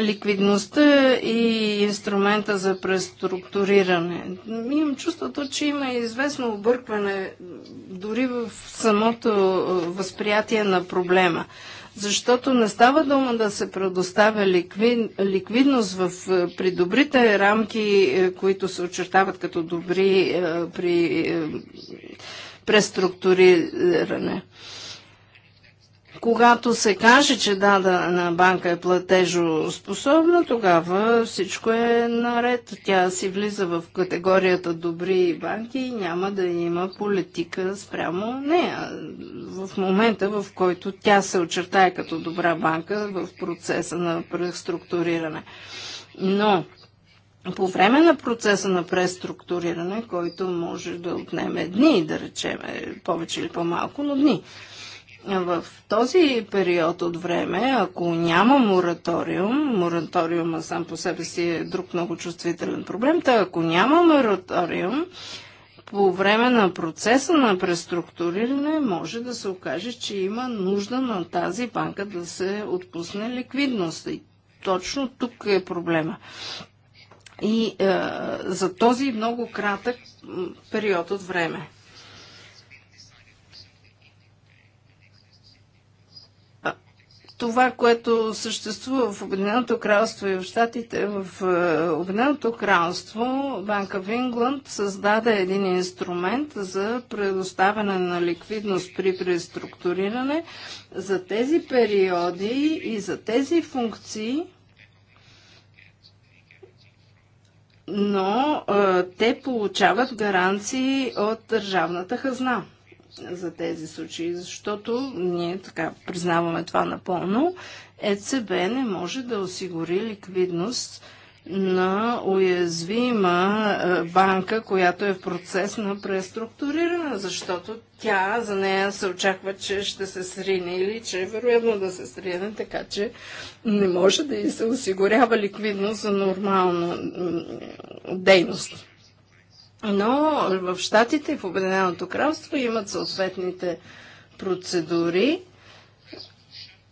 ликвидността и инструмента за преструктуриране. Имам чувството, че има известно объркване дори в самото възприятие на проблема защото не става дума да се предоставя ликвид, ликвидност в, е, при добрите рамки, е, които се очертават като добри е, при преструктуриране когато се каже, че дадена банка е платежоспособна, тогава всичко е наред. Тя си влиза в категорията добри банки и няма да има политика спрямо нея. В момента, в който тя се очертае като добра банка в процеса на преструктуриране. Но по време на процеса на преструктуриране, който може да отнеме дни, да речем повече или по-малко, но дни – в този период от време, ако няма мораториум, мораториума сам по себе си е друг много чувствителен проблем, тъй ако няма мораториум, по време на процеса на преструктуриране може да се окаже, че има нужда на тази банка да се отпусне ликвидност. И точно тук е проблема. И е, за този много кратък период от време. това, което съществува в Обединеното кралство и в Штатите, в е, Обединеното кралство Банка в Ингланд създаде един инструмент за предоставяне на ликвидност при преструктуриране за тези периоди и за тези функции, но е, те получават гаранции от държавната хазна за тези случаи, защото ние така признаваме това напълно. ЕЦБ не може да осигури ликвидност на уязвима е, банка, която е в процес на преструктуриране, защото тя за нея се очаква, че ще се срине или че е вероятно да се срине, така че не може да и се осигурява ликвидност за нормална дейност. Но в Штатите и в Обединеното кралство имат съответните процедури,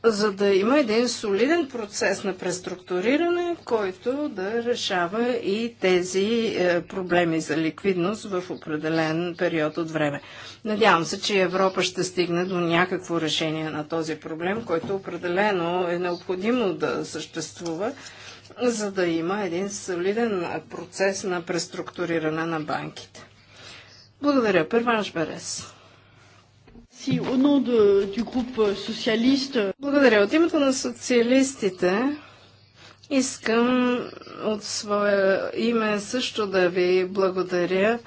за да има един солиден процес на преструктуриране, който да решава и тези е, проблеми за ликвидност в определен период от време. Надявам се, че Европа ще стигне до някакво решение на този проблем, който определено е необходимо да съществува за да има един солиден процес на преструктуриране на банките. Благодаря. Перванш Берес. Благодаря. От името на социалистите искам от свое име също да ви благодаря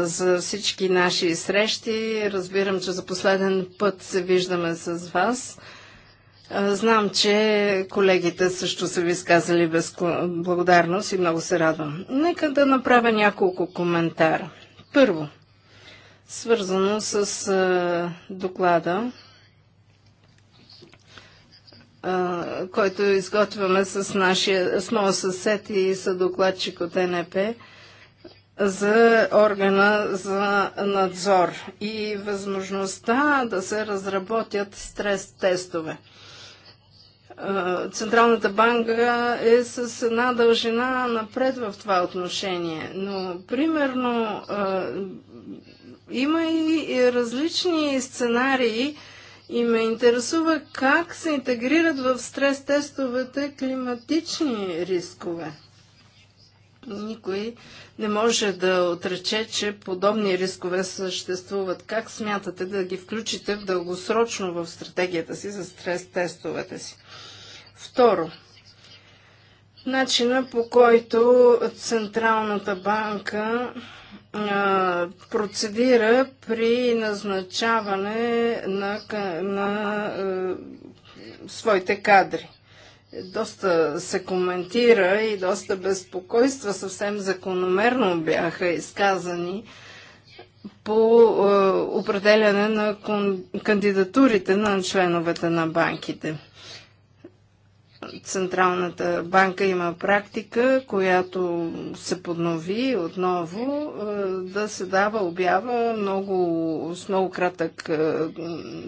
за всички наши срещи. Разбирам, че за последен път се виждаме с вас. Знам, че колегите също са ви изказали без благодарност и много се радвам. Нека да направя няколко коментара. Първо, свързано с а, доклада, а, който изготвяме с, нашия, с моя съсед и съдокладчик от НП за органа за надзор и възможността да се разработят стрес-тестове. Централната банка е с една дължина напред в това отношение. Но, примерно, има и различни сценарии и ме интересува как се интегрират в стрес-тестовете климатични рискове. Никой не може да отрече, че подобни рискове съществуват. Как смятате да ги включите в дългосрочно в стратегията си за стрес-тестовете си? Второ, начина по който Централната банка а, процедира при назначаване на, на а, своите кадри. Доста се коментира и доста безпокойства съвсем закономерно бяха изказани по е, определяне на кандидатурите на членовете на банките. Централната банка има практика, която се поднови отново е, да се дава обява много, с много кратък е,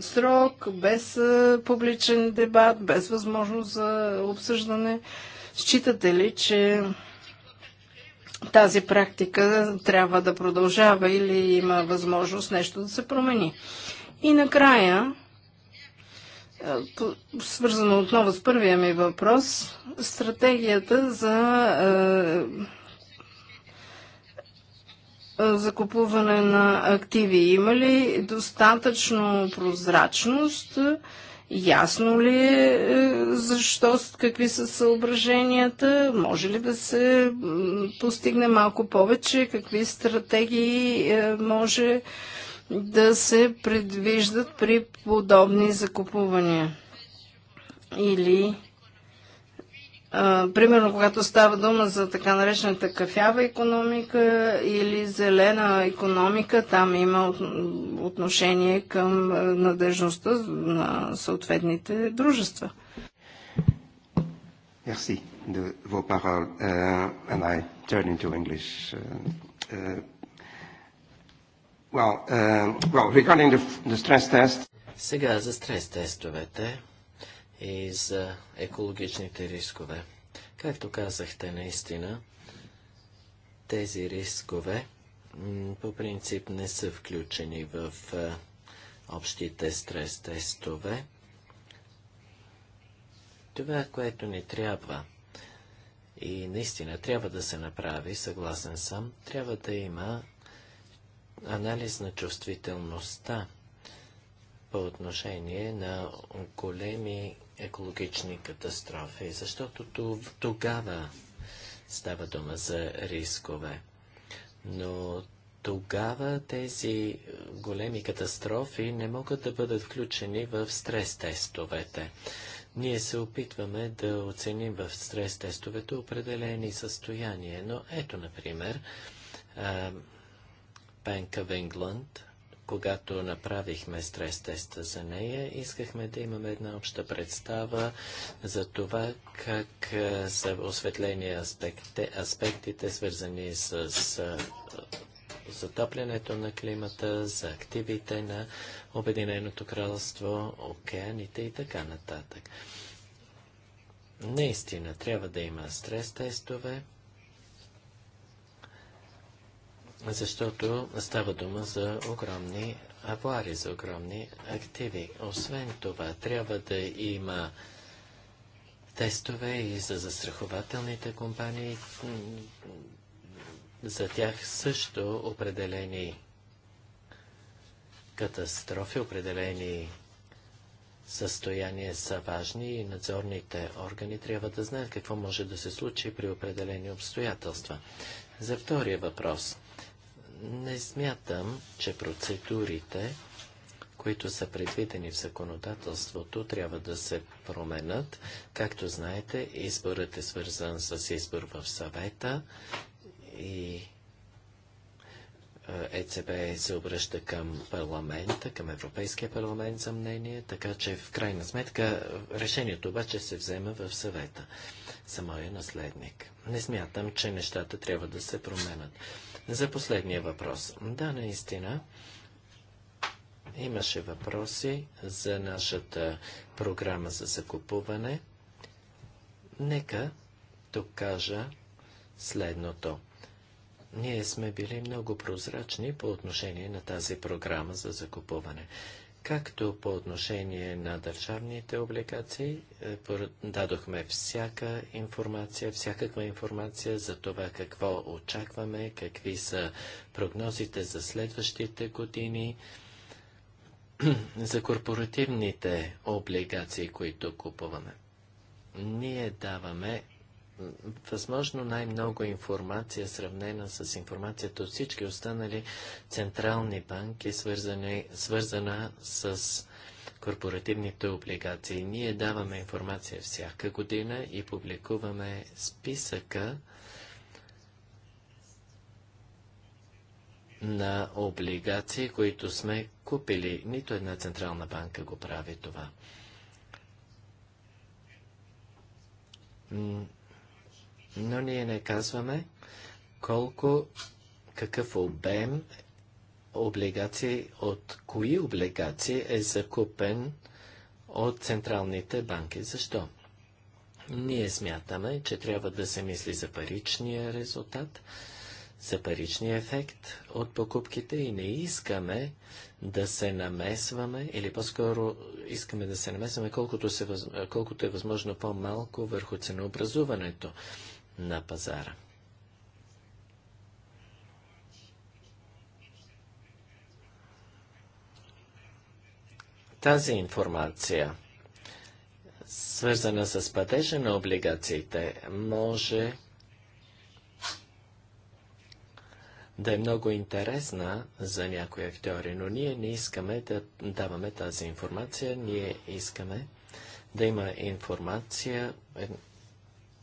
срок, без е, публичен дебат, без възможност за обсъждане. Считате ли, че тази практика трябва да продължава или има възможност нещо да се промени? И накрая, свързано отново с първия ми въпрос, стратегията за е, е, закупуване на активи. Има ли достатъчно прозрачност? Ясно ли е, е защо, какви са съображенията? Може ли да се постигне малко повече? Какви стратегии може да се предвиждат при подобни закупувания. Или а, примерно, когато става дума за така наречената кафява економика или зелена економика, там има отношение към надежността на съответните дружества.
Merci de vos paroles, uh, and I turn into English. Uh,
uh, Well, uh, well, regarding the, the stress test...
Сега за стрес тестовете и за екологичните рискове. Както казахте, наистина, тези рискове по принцип не са включени в а, общите стрес тестове. Това, което ни трябва и наистина трябва да се направи, съгласен съм, трябва да има анализ на чувствителността по отношение на големи екологични катастрофи, защото тогава става дума за рискове. Но тогава тези големи катастрофи не могат да бъдат включени в стрес-тестовете. Ние се опитваме да оценим в стрес-тестовете определени състояния, но ето, например, Bank в England, когато направихме стрес теста за нея, искахме да имаме една обща представа за това как е, са осветлени аспекти, аспектите, свързани с е, затоплянето на климата, за активите на Обединеното кралство, океаните и така нататък. Наистина трябва да има стрес тестове защото става дума за огромни авуари, за огромни активи. Освен това, трябва да има тестове и за застрахователните компании. За тях също определени катастрофи, определени състояния са важни и надзорните органи трябва да знаят какво може да се случи при определени обстоятелства. За втория въпрос – не смятам, че процедурите, които са предвидени в законодателството, трябва да се променят. Както знаете, изборът е свързан с избор в съвета и е, ЕЦБ се обръща към парламента, към Европейския парламент за мнение, така че в крайна сметка решението обаче се взема в съвета за моя наследник. Не смятам, че нещата трябва да се променят. За последния въпрос. Да, наистина. Имаше въпроси за нашата програма за закупуване. Нека тук кажа следното. Ние сме били много прозрачни по отношение на тази програма за закупуване както по отношение на държавните облигации, е, дадохме всяка информация, всякаква информация за това какво очакваме, какви са прогнозите за следващите години, за корпоративните облигации, които купуваме. Ние даваме възможно най-много информация, сравнена с информацията от всички останали централни банки, свързани, свързана с корпоративните облигации. Ние даваме информация всяка година и публикуваме списъка на облигации, които сме купили. Нито една централна банка го прави това но ние не казваме колко, какъв обем облигации, от кои облигации е закупен от централните банки. Защо? Ние смятаме, че трябва да се мисли за паричния резултат, за паричния ефект от покупките и не искаме да се намесваме, или по-скоро искаме да се намесваме колкото, се, колкото е възможно по-малко върху ценообразуването на пазара. Тази информация, свързана с падежа на облигациите, може да е много интересна за някои актьори, но ние не искаме да даваме тази информация, ние искаме да има информация,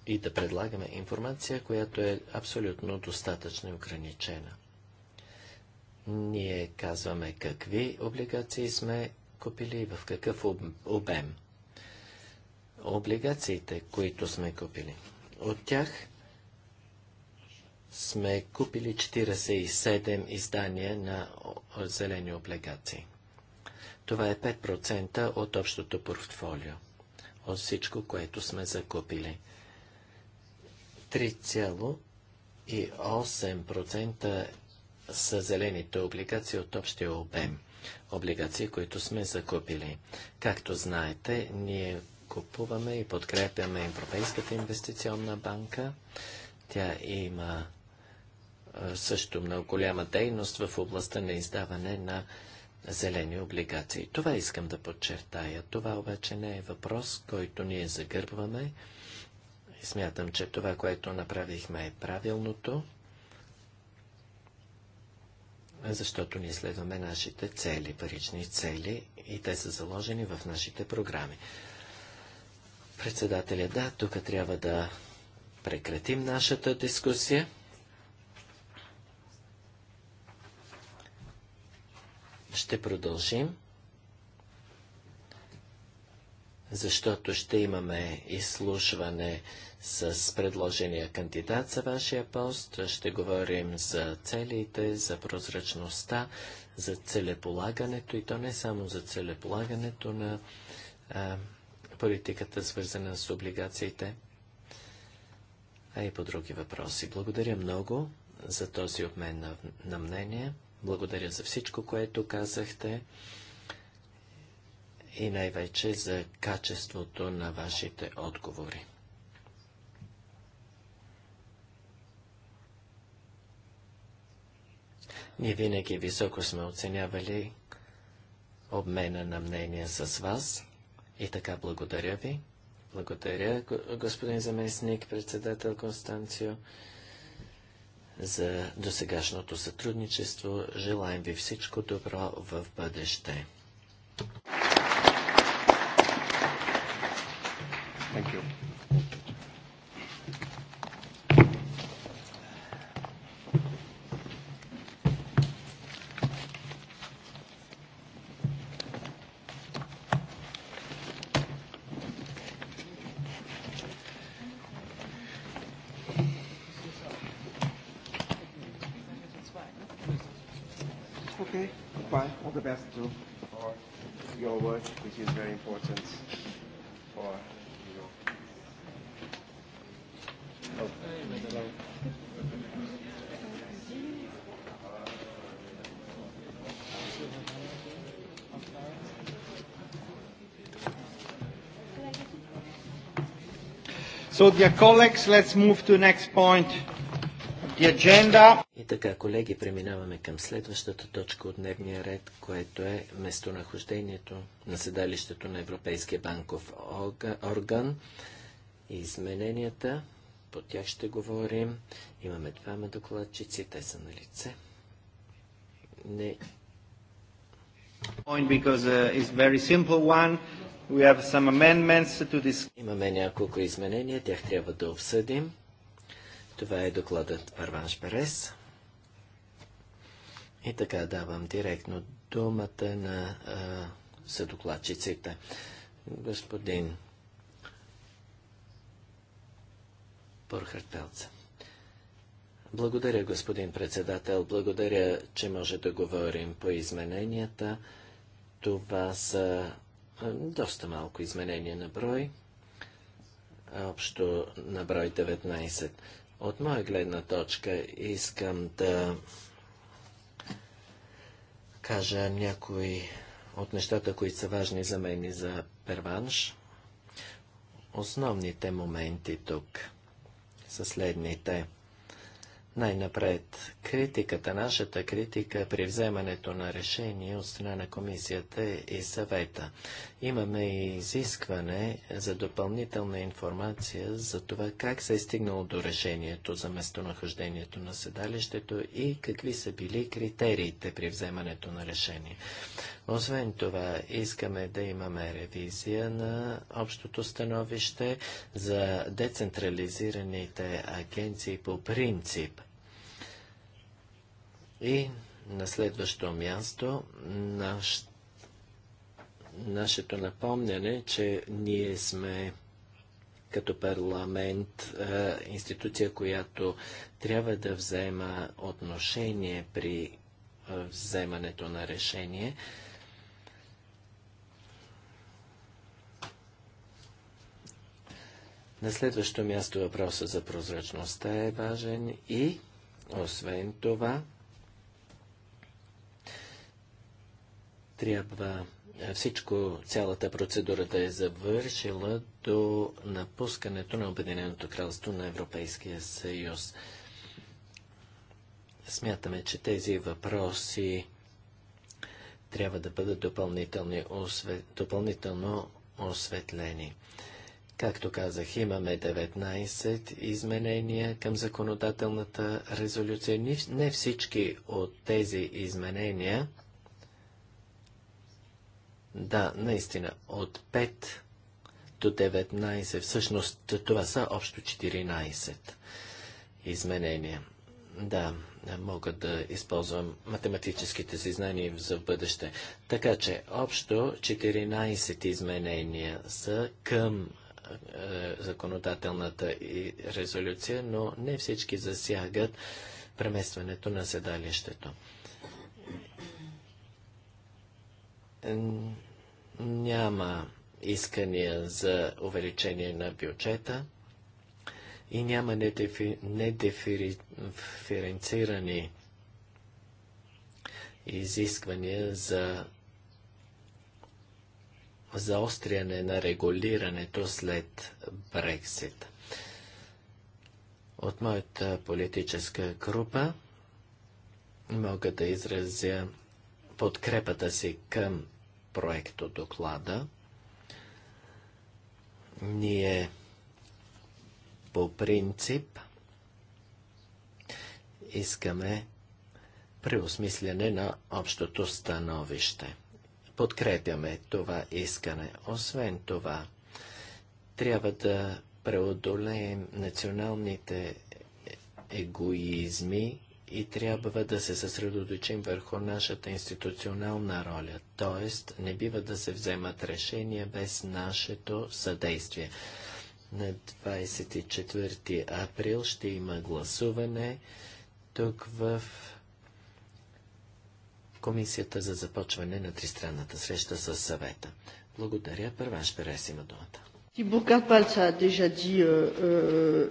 и да предлагаме информация, която е абсолютно достатъчно и ограничена. Ние казваме какви облигации сме купили и в какъв обем. Облигациите, които сме купили, от тях сме купили 47 издания на зелени облигации. Това е 5% от общото портфолио, от всичко, което сме закупили – 3,8% са зелените облигации от общия обем облигации, които сме закупили. Както знаете, ние купуваме и подкрепяме Европейската инвестиционна банка. Тя има е, също много голяма дейност в областта на издаване на зелени облигации. Това искам да подчертая. Това обаче не е въпрос, който ние загърбваме. И Смятам, че това, което направихме е правилното, защото ние следваме нашите цели, парични цели и те са заложени в нашите програми. Председателя, да, тук трябва да прекратим нашата дискусия. Ще продължим, защото ще имаме изслушване с предложения кандидат за вашия пост. Ще говорим за целите, за прозрачността, за целеполагането и то не само за целеполагането на а, политиката, свързана с облигациите, а и по други въпроси. Благодаря много за този обмен на, на мнение. Благодаря за всичко, което казахте и най-вече за качеството на вашите отговори. Ние винаги високо сме оценявали обмена на мнения с вас. И така, благодаря ви. Благодаря, господин заместник, председател Констанцио, за досегашното сътрудничество. Желаем ви всичко добро в бъдеще. Thank you. So, dear colleagues, let's move to next point. The agenda. И така, колеги, преминаваме към следващата точка от дневния ред, което е местонахождението на седалището на Европейския банков орган и измененията. По тях ще говорим. Имаме двама докладчици, те са на лице. Не.
Point Because, uh,
it's very simple one. We have some amendments to this. Имаме няколко изменения, тях трябва да обсъдим. Това е докладът Парванш Перес. И така давам директно думата на а, съдокладчиците. Господин Борхартелца. Благодаря, господин председател. Благодаря, че може да говорим по измененията. Това са доста малко изменение на брой, общо на брой 19. От моя гледна точка искам да кажа някои от нещата, които са важни за мен и за перванш. Основните моменти тук са следните – най-напред, критиката, нашата критика при вземането на решение от страна на комисията и съвета. Имаме и изискване за допълнителна информация за това как се е стигнало до решението за местонахождението на седалището и какви са били критериите при вземането на решение. Освен това, искаме да имаме ревизия на общото становище за децентрализираните агенции по принцип – и на следващо място, наш, нашето напомняне, че ние сме като парламент е, институция, която трябва да взема отношение при е, вземането на решение. На следващо място въпроса за прозрачността е важен и, освен това, трябва всичко, цялата процедура да е завършила до напускането на Обединеното кралство на Европейския съюз. Смятаме, че тези въпроси трябва да бъдат допълнително осветлени. Както казах, имаме 19 изменения към законодателната резолюция. Не всички от тези изменения да, наистина, от 5 до 19, всъщност това са общо 14 изменения. Да, мога да използвам математическите си знания за бъдеще. Така че, общо 14 изменения са към е, законодателната и резолюция, но не всички засягат преместването на седалището. няма искания за увеличение на бюджета и няма недифи... недиференцирани изисквания за заостряне на регулирането след Брексит. От моята политическа група мога да изразя подкрепата си към проекто доклада. Ние по принцип искаме преосмислене на общото становище. Подкрепяме това искане. Освен това, трябва да преодолеем националните егоизми и трябва да се съсредоточим върху нашата институционална роля, т.е. не бива да се вземат решения без нашето съдействие. На 24 април ще има гласуване тук в Комисията за започване на тристранната среща с съвета. Благодаря. първа ще има думата.
Euh,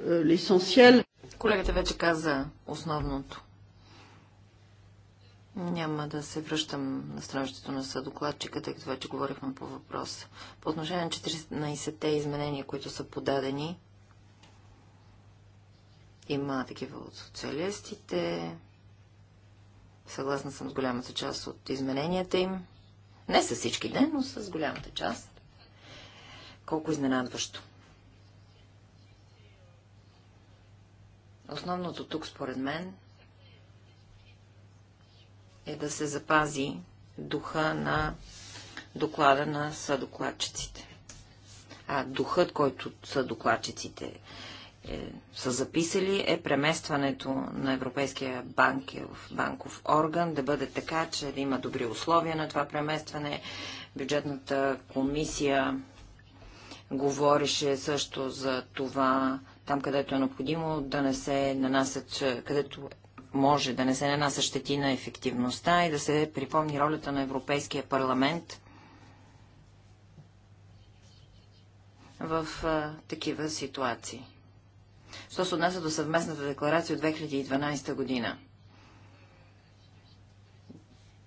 euh, euh, Колегата вече каза основното.
Няма да се връщам на становището на съдокладчика, тъй като вече говорихме по въпроса. По отношение на 14-те изменения, които са подадени, има такива от социалистите. Съгласна съм с голямата част от измененията им. Не с всички ден, но с голямата част. Колко изненадващо. Основното тук, според мен, е да се запази духа на доклада на съдокладчиците. А духът, който съдокладчиците е, са записали, е преместването на Европейския банков, банков орган, да бъде така, че да има добри условия на това преместване. Бюджетната комисия говореше също за това, там където е необходимо, да не се нанасят, където може да не се нанася щети на ефективността и да се припомни ролята на Европейския парламент в а, такива ситуации. Що се отнася до съвместната декларация от 2012 година?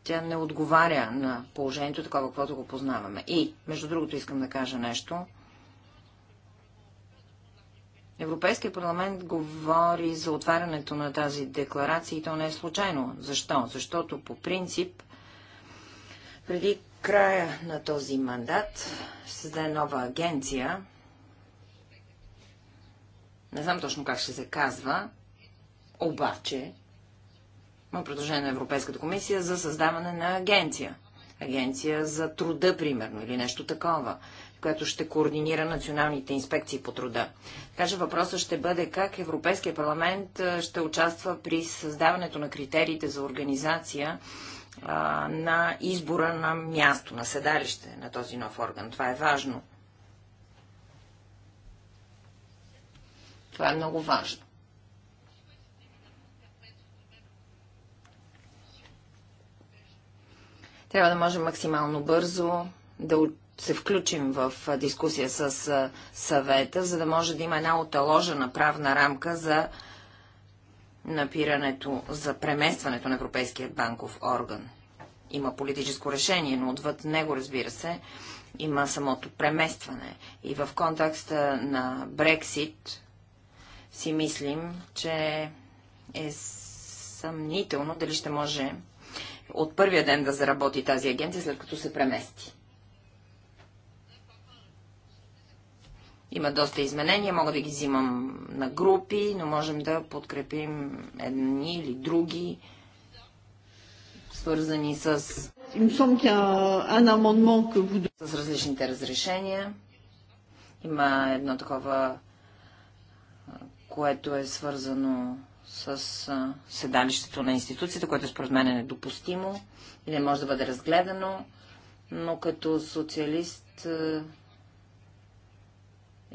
Тя не отговаря на положението такова, каквото го познаваме. И, между другото, искам да кажа нещо – Европейския парламент говори за отварянето на тази декларация и то не е случайно. Защо? Защото по принцип преди края на този мандат се създаде нова агенция. Не знам точно как ще се казва, обаче има предложение на Европейската комисия за създаване на агенция. Агенция за труда, примерно, или нещо такова която ще координира националните инспекции по труда. Така че въпросът ще бъде как Европейския парламент ще участва при създаването на критериите за организация а, на избора на място, на седалище на този нов орган. Това е важно. Това е много важно. Трябва да може максимално бързо да се включим в дискусия с съвета, за да може да има една оталожена правна рамка за напирането, за преместването на Европейския банков орган. Има политическо решение, но отвъд него, разбира се, има самото преместване. И в контекста на Брексит си мислим, че е съмнително дали ще може от първия ден да заработи тази агенция, след като се премести. Има доста изменения, мога да ги взимам на групи, но можем да подкрепим едни или други, свързани с, с различните разрешения. Има едно такова, което е свързано с седалището на институцията, което според мен е недопустимо и не може да бъде разгледано, но като социалист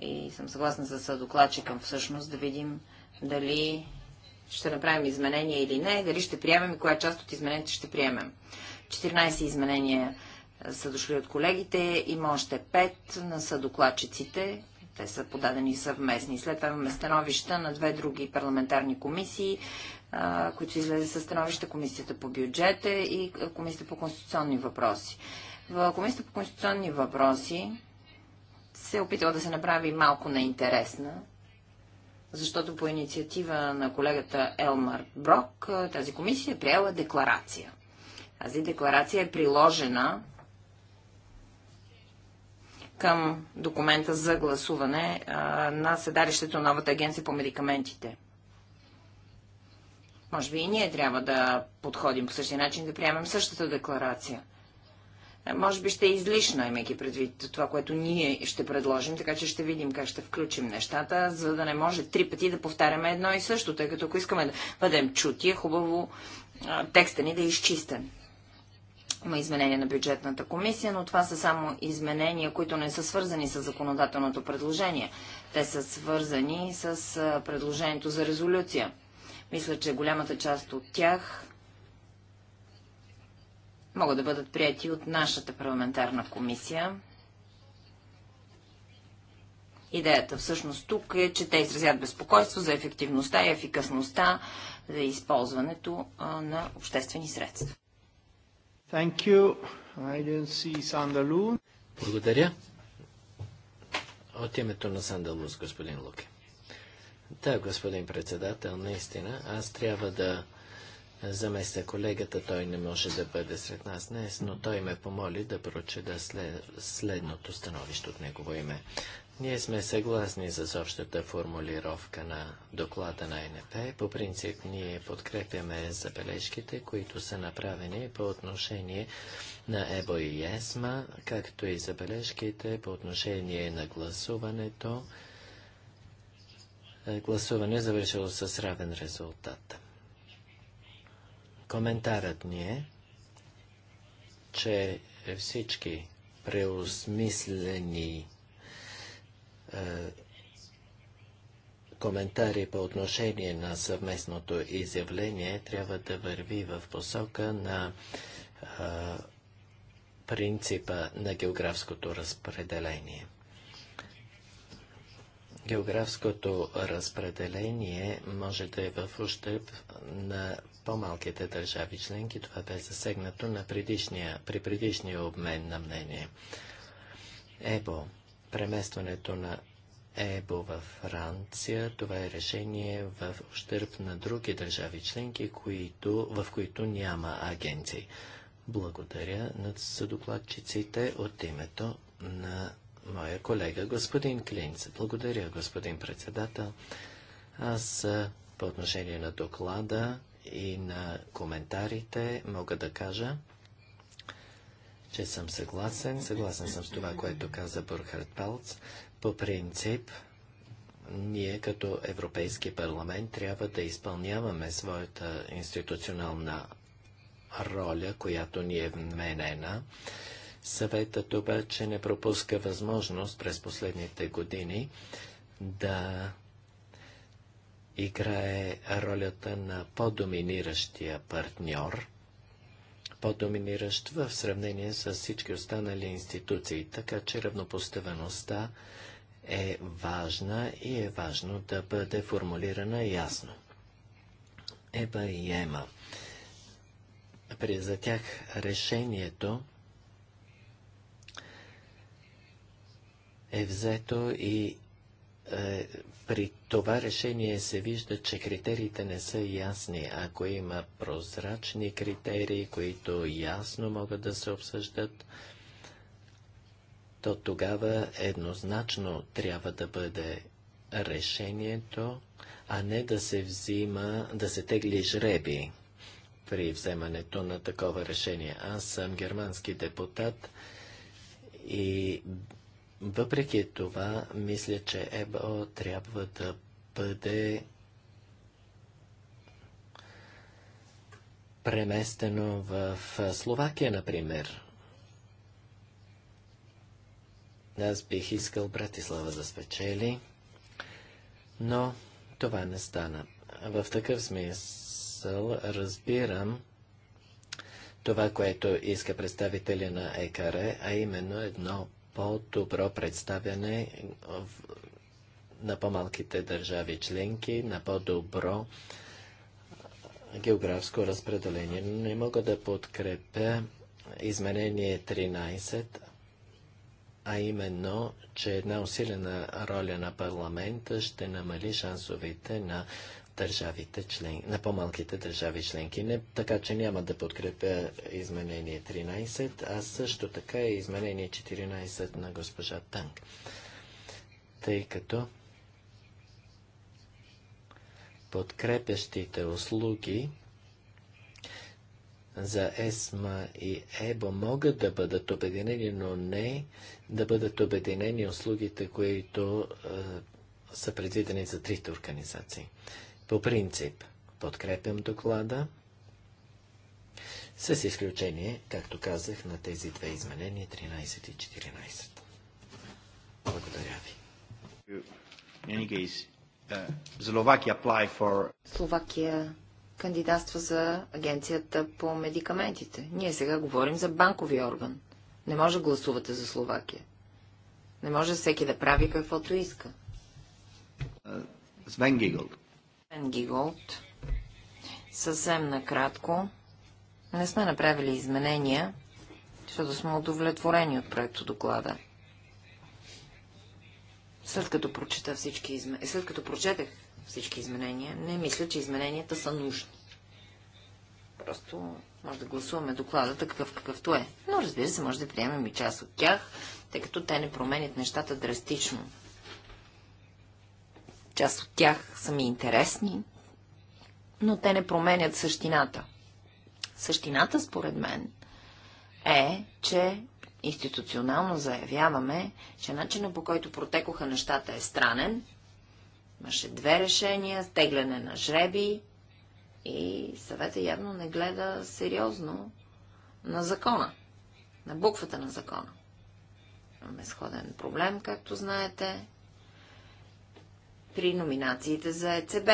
и съм съгласна с съдокладчика всъщност да видим дали ще направим изменения или не, дали ще приемем и коя част от измененията ще приемем. 14 изменения е, са дошли от колегите, има още 5 на съдокладчиците, те са подадени съвместни. След това имаме становища на две други парламентарни комисии, които излезе със становища Комисията по бюджете и Комисията по конституционни въпроси. В Комисията по конституционни въпроси се е опитала да се направи малко неинтересна, защото по инициатива на колегата Елмар Брок тази комисия е приела декларация. Тази декларация е приложена към документа за гласуване на седалището новата агенция по медикаментите. Може би и ние трябва да подходим по същия начин, да приемем същата декларация – е, може би ще е излишно имайки предвид това, което ние ще предложим, така че ще видим как ще включим нещата, за да не може три пъти да повтаряме едно и също, тъй като ако искаме да бъдем чути, е хубаво текста ни да е изчистен. Има изменения на бюджетната комисия, но това са само изменения, които не са свързани с законодателното предложение. Те са свързани с предложението за резолюция. Мисля, че голямата част от тях могат да бъдат прияти от нашата парламентарна комисия. Идеята всъщност тук е, че те изразят безпокойство за ефективността и ефикасността за използването на обществени средства.
Thank you. I see
Благодаря. От името на Сандалус, господин Луки. Да, господин председател, наистина, аз трябва да замества колегата. Той не може да бъде сред нас днес, но той ме помоли да прочеда след, следното становище от негово име. Ние сме съгласни с общата формулировка на доклада на НП. По принцип ние подкрепяме забележките, които са направени по отношение на ЕБО и ЕСМА, както и забележките по отношение на гласуването. Е, гласуване завършило с равен резултат. Коментарът ни е, че всички преосмислени е, коментари по отношение на съвместното изявление трябва да върви в посока на е, принципа на географското разпределение географското разпределение може да е в ущърб на по-малките държави членки. Това бе засегнато на предишния, при предишния обмен на мнение. ЕБО. Преместването на ЕБО във Франция. Това е решение в ущърб на други държави членки, които, в които няма агенции. Благодаря на съдокладчиците от името на моя колега, господин Клинц. Благодаря, господин председател. Аз по отношение на доклада и на коментарите мога да кажа, че съм съгласен. Съгласен съм с това, което каза Бурхард Палц. По принцип, ние като Европейски парламент трябва да изпълняваме своята институционална роля, която ни е вменена. Съветът обаче не пропуска възможност през последните години да играе ролята на по-доминиращия партньор, по-доминиращ в сравнение с всички останали институции, така че равнопоставеността е важна и е важно да бъде формулирана ясно. Еба и Ема. При за тях решението е взето и е, при това решение се вижда, че критериите не са ясни. Ако има прозрачни критерии, които ясно могат да се обсъждат, то тогава еднозначно трябва да бъде решението, а не да се взима, да се тегли жреби при вземането на такова решение. Аз съм германски депутат и въпреки това, мисля, че ЕБО трябва да бъде преместено в Словакия, например. Аз бих искал Братислава да спечели, но това не стана. В такъв смисъл разбирам това, което иска представителя на ЕКР, а именно едно по-добро представяне в, на по-малките държави членки, на по-добро географско разпределение. Не мога да подкрепя изменение 13, а именно, че една усилена роля на парламента ще намали шансовете на държавите член, на по-малките държави членки. Не, така че няма да подкрепя изменение 13, а също така и изменение 14 на госпожа Танк. Тъй като подкрепящите услуги за ЕСМА и ЕБО могат да бъдат обединени, но не да бъдат обединени услугите, които е, са предвидени за трите организации. По принцип, подкрепям доклада, с изключение, както казах, на тези две изменения 13 и 14. Благодаря ви.
Uh,
Словакия кандидатства за агенцията по медикаментите. Ние сега говорим за банковия орган. Не може да гласувате за Словакия. Не може всеки да прави каквото иска. Свен uh, Гиголд. Съвсем накратко. Не сме направили изменения, защото сме удовлетворени от проекто доклада. След като, прочета всички изм... Е, след като прочетах всички изменения, не мисля, че измененията са нужни. Просто може да гласуваме доклада такъв какъвто е. Но разбира се, може да приемем и част от тях, тъй като те не променят нещата драстично. Част от тях са ми интересни, но те не променят същината. Същината, според мен, е, че институционално заявяваме, че начинът по който протекоха нещата е странен. Имаше две решения, стегляне на жреби и съвета явно не гледа сериозно на закона, на буквата на закона. Имаме сходен проблем, както знаете при номинациите за ЕЦБ,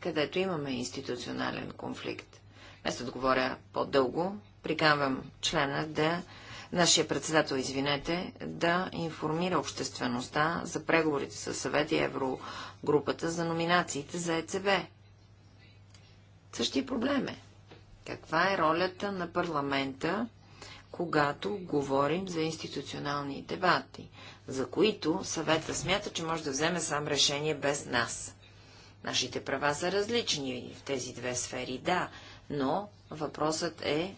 където имаме институционален конфликт. Вместо да говоря по-дълго, приканвам члена да нашия председател, извинете, да информира обществеността за преговорите с съвет и еврогрупата за номинациите за ЕЦБ. Същия проблем е. Каква е ролята на парламента, когато говорим за институционални дебати? за които съвета смята, че може да вземе сам решение без нас. Нашите права са различни в тези две сфери, да, но въпросът е,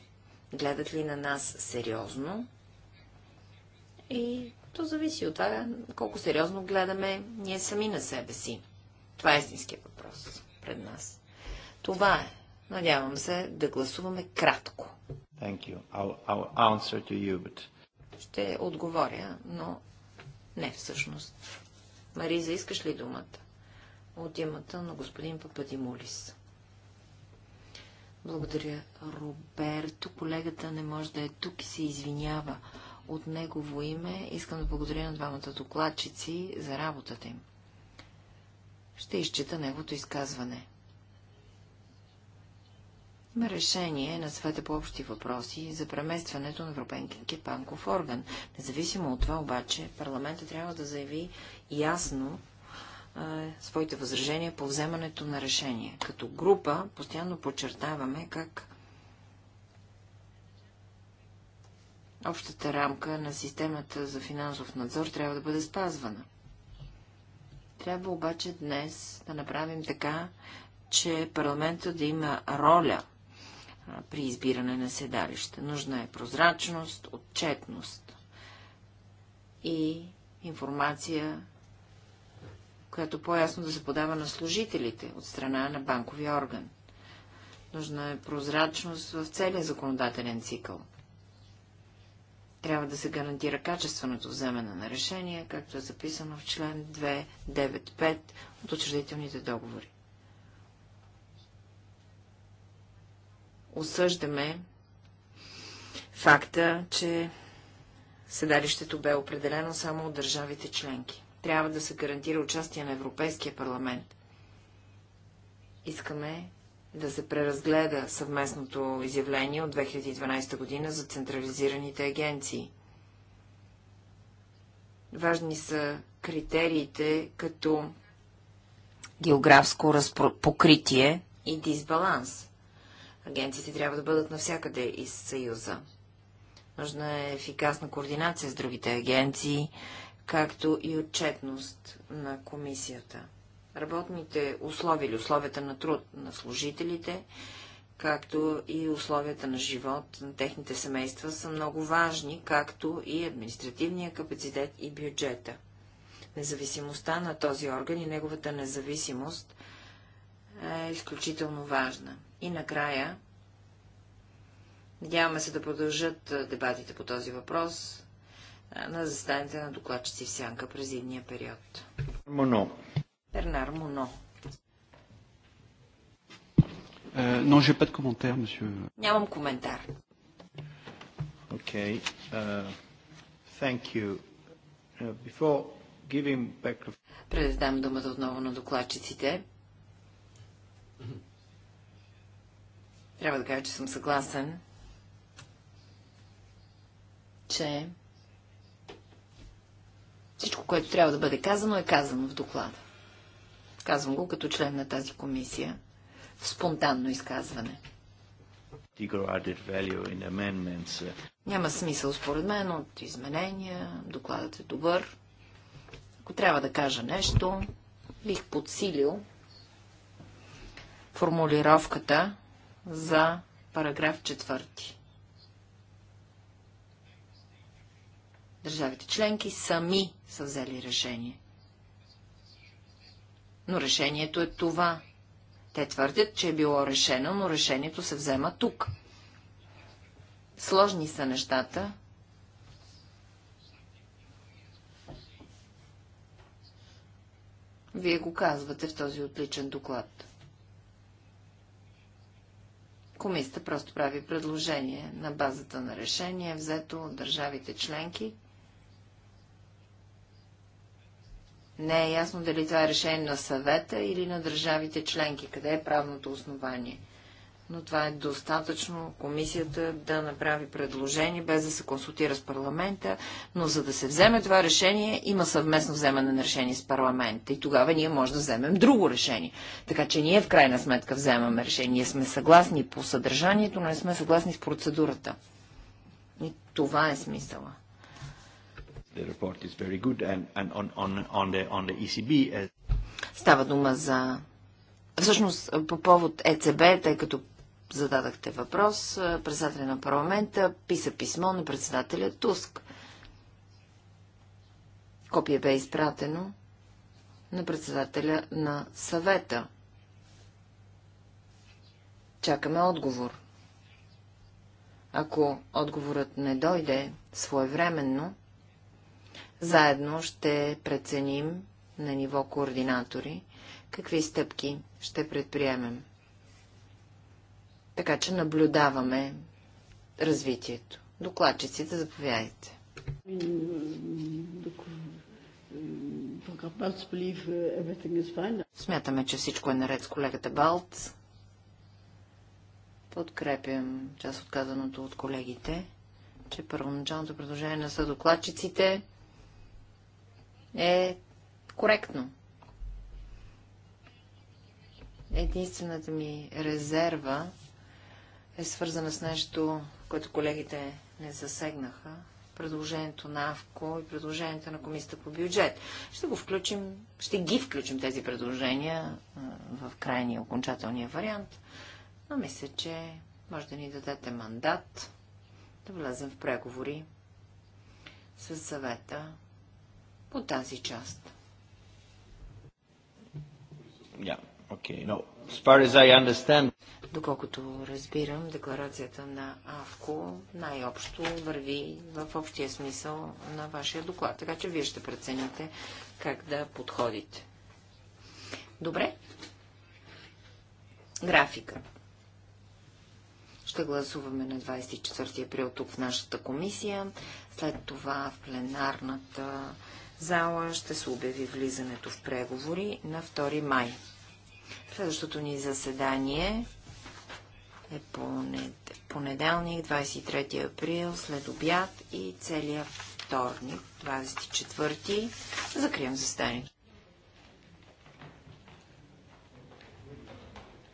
гледат ли на нас сериозно и то зависи от това, колко сериозно гледаме ние сами на себе си. Това е истинският въпрос пред нас. Това е. Надявам се да гласуваме кратко.
I'll, I'll you, but...
Ще отговоря, но не, всъщност. Мариза, искаш ли думата? От имата на господин Пападимулис. Благодаря, Роберто. Колегата не може да е тук и се извинява. От негово име искам да благодаря на двамата докладчици за работата им. Ще изчита неговото изказване. Има решение на света по общи въпроси за преместването на Европейския банков орган. Независимо от това обаче, парламента трябва да заяви ясно е, своите възражения по вземането на решение. Като група постоянно подчертаваме как общата рамка на системата за финансов надзор трябва да бъде спазвана. Трябва обаче днес да направим така, че парламентът да има роля при избиране на седалище. Нужна е прозрачност, отчетност и информация, която по-ясно да се подава на служителите от страна на банковия орган. Нужна е прозрачност в целия законодателен цикъл. Трябва да се гарантира качественото вземане на решение, както е записано в член 295 от учредителните договори. осъждаме факта, че седалището бе определено само от държавите членки. Трябва да се гарантира участие на Европейския парламент. Искаме да се преразгледа съвместното изявление от 2012 година за централизираните агенции. Важни са критериите като географско разпро... покритие и дисбаланс. Агенциите трябва да бъдат навсякъде из Съюза. Нужна е ефикасна координация с другите агенции, както и отчетност на комисията. Работните условия или условията на труд на служителите, както и условията на живот на техните семейства са много важни, както и административния капацитет и бюджета. Независимостта на този орган и неговата независимост е изключително важна. И накрая, надяваме се да продължат дебатите по този въпрос на застаните на докладчици в сянка през едния период. Моно. Бернар Моно.
Uh, е, non, j'ai pas de commentaire, monsieur.
Нямам коментар.
Окей. Е, thank you. Е, before giving back
Предадам думата отново на докладчиците. Mm-hmm. Трябва да кажа, че съм съгласен, че всичко, което трябва да бъде казано, е казано в доклада. Казвам го като член на тази комисия. В спонтанно изказване. Е. Няма смисъл, според мен, от изменения. Докладът е добър. Ако трябва да кажа нещо, бих подсилил формулировката за параграф 4. Държавите членки сами са взели решение. Но решението е това. Те твърдят, че е било решено, но решението се взема тук. Сложни са нещата. Вие го казвате в този отличен доклад. Комисията просто прави предложение на базата на решение, взето от държавите членки. Не е ясно дали това е решение на съвета или на държавите членки. Къде е правното основание? но това е достатъчно комисията да направи предложение, без да се консултира с парламента, но за да се вземе това решение, има съвместно вземане на решение с парламента и тогава ние може да вземем друго решение. Така че ние в крайна сметка вземаме решение. Ние сме съгласни по съдържанието, но не сме съгласни с процедурата. И това е смисъла. Става дума за Всъщност, по повод ЕЦБ, тъй като зададахте въпрос. Председателя на парламента писа писмо на председателя Туск. Копие бе изпратено на председателя на съвета. Чакаме отговор. Ако отговорът не дойде своевременно, заедно ще преценим на ниво координатори какви стъпки ще предприемем. Така че наблюдаваме развитието. Докладчиците, заповядайте. Смятаме, че всичко е наред с колегата Балт. Подкрепям част от казаното от колегите, че първоначалното предложение на съдокладчиците е коректно. Единствената ми резерва е свързана с нещо, което колегите не засегнаха. Предложението на АВКО и предложението на Комисията по бюджет. Ще го включим, ще ги включим тези предложения в крайния окончателния вариант, но мисля, че може да ни дадете мандат да влезем в преговори с съвета по тази част. Yeah, okay. no. as as Доколкото разбирам, декларацията на АВКО най-общо върви в общия смисъл на вашия доклад. Така че вие ще прецените как да подходите. Добре? Графика. Ще гласуваме на 24 април тук в нашата комисия. След това в пленарната зала ще се обяви влизането в преговори на 2 май. Следващото ни заседание е понеделник, 23 април, след обяд и целия вторник,
24. Закрием заседанието.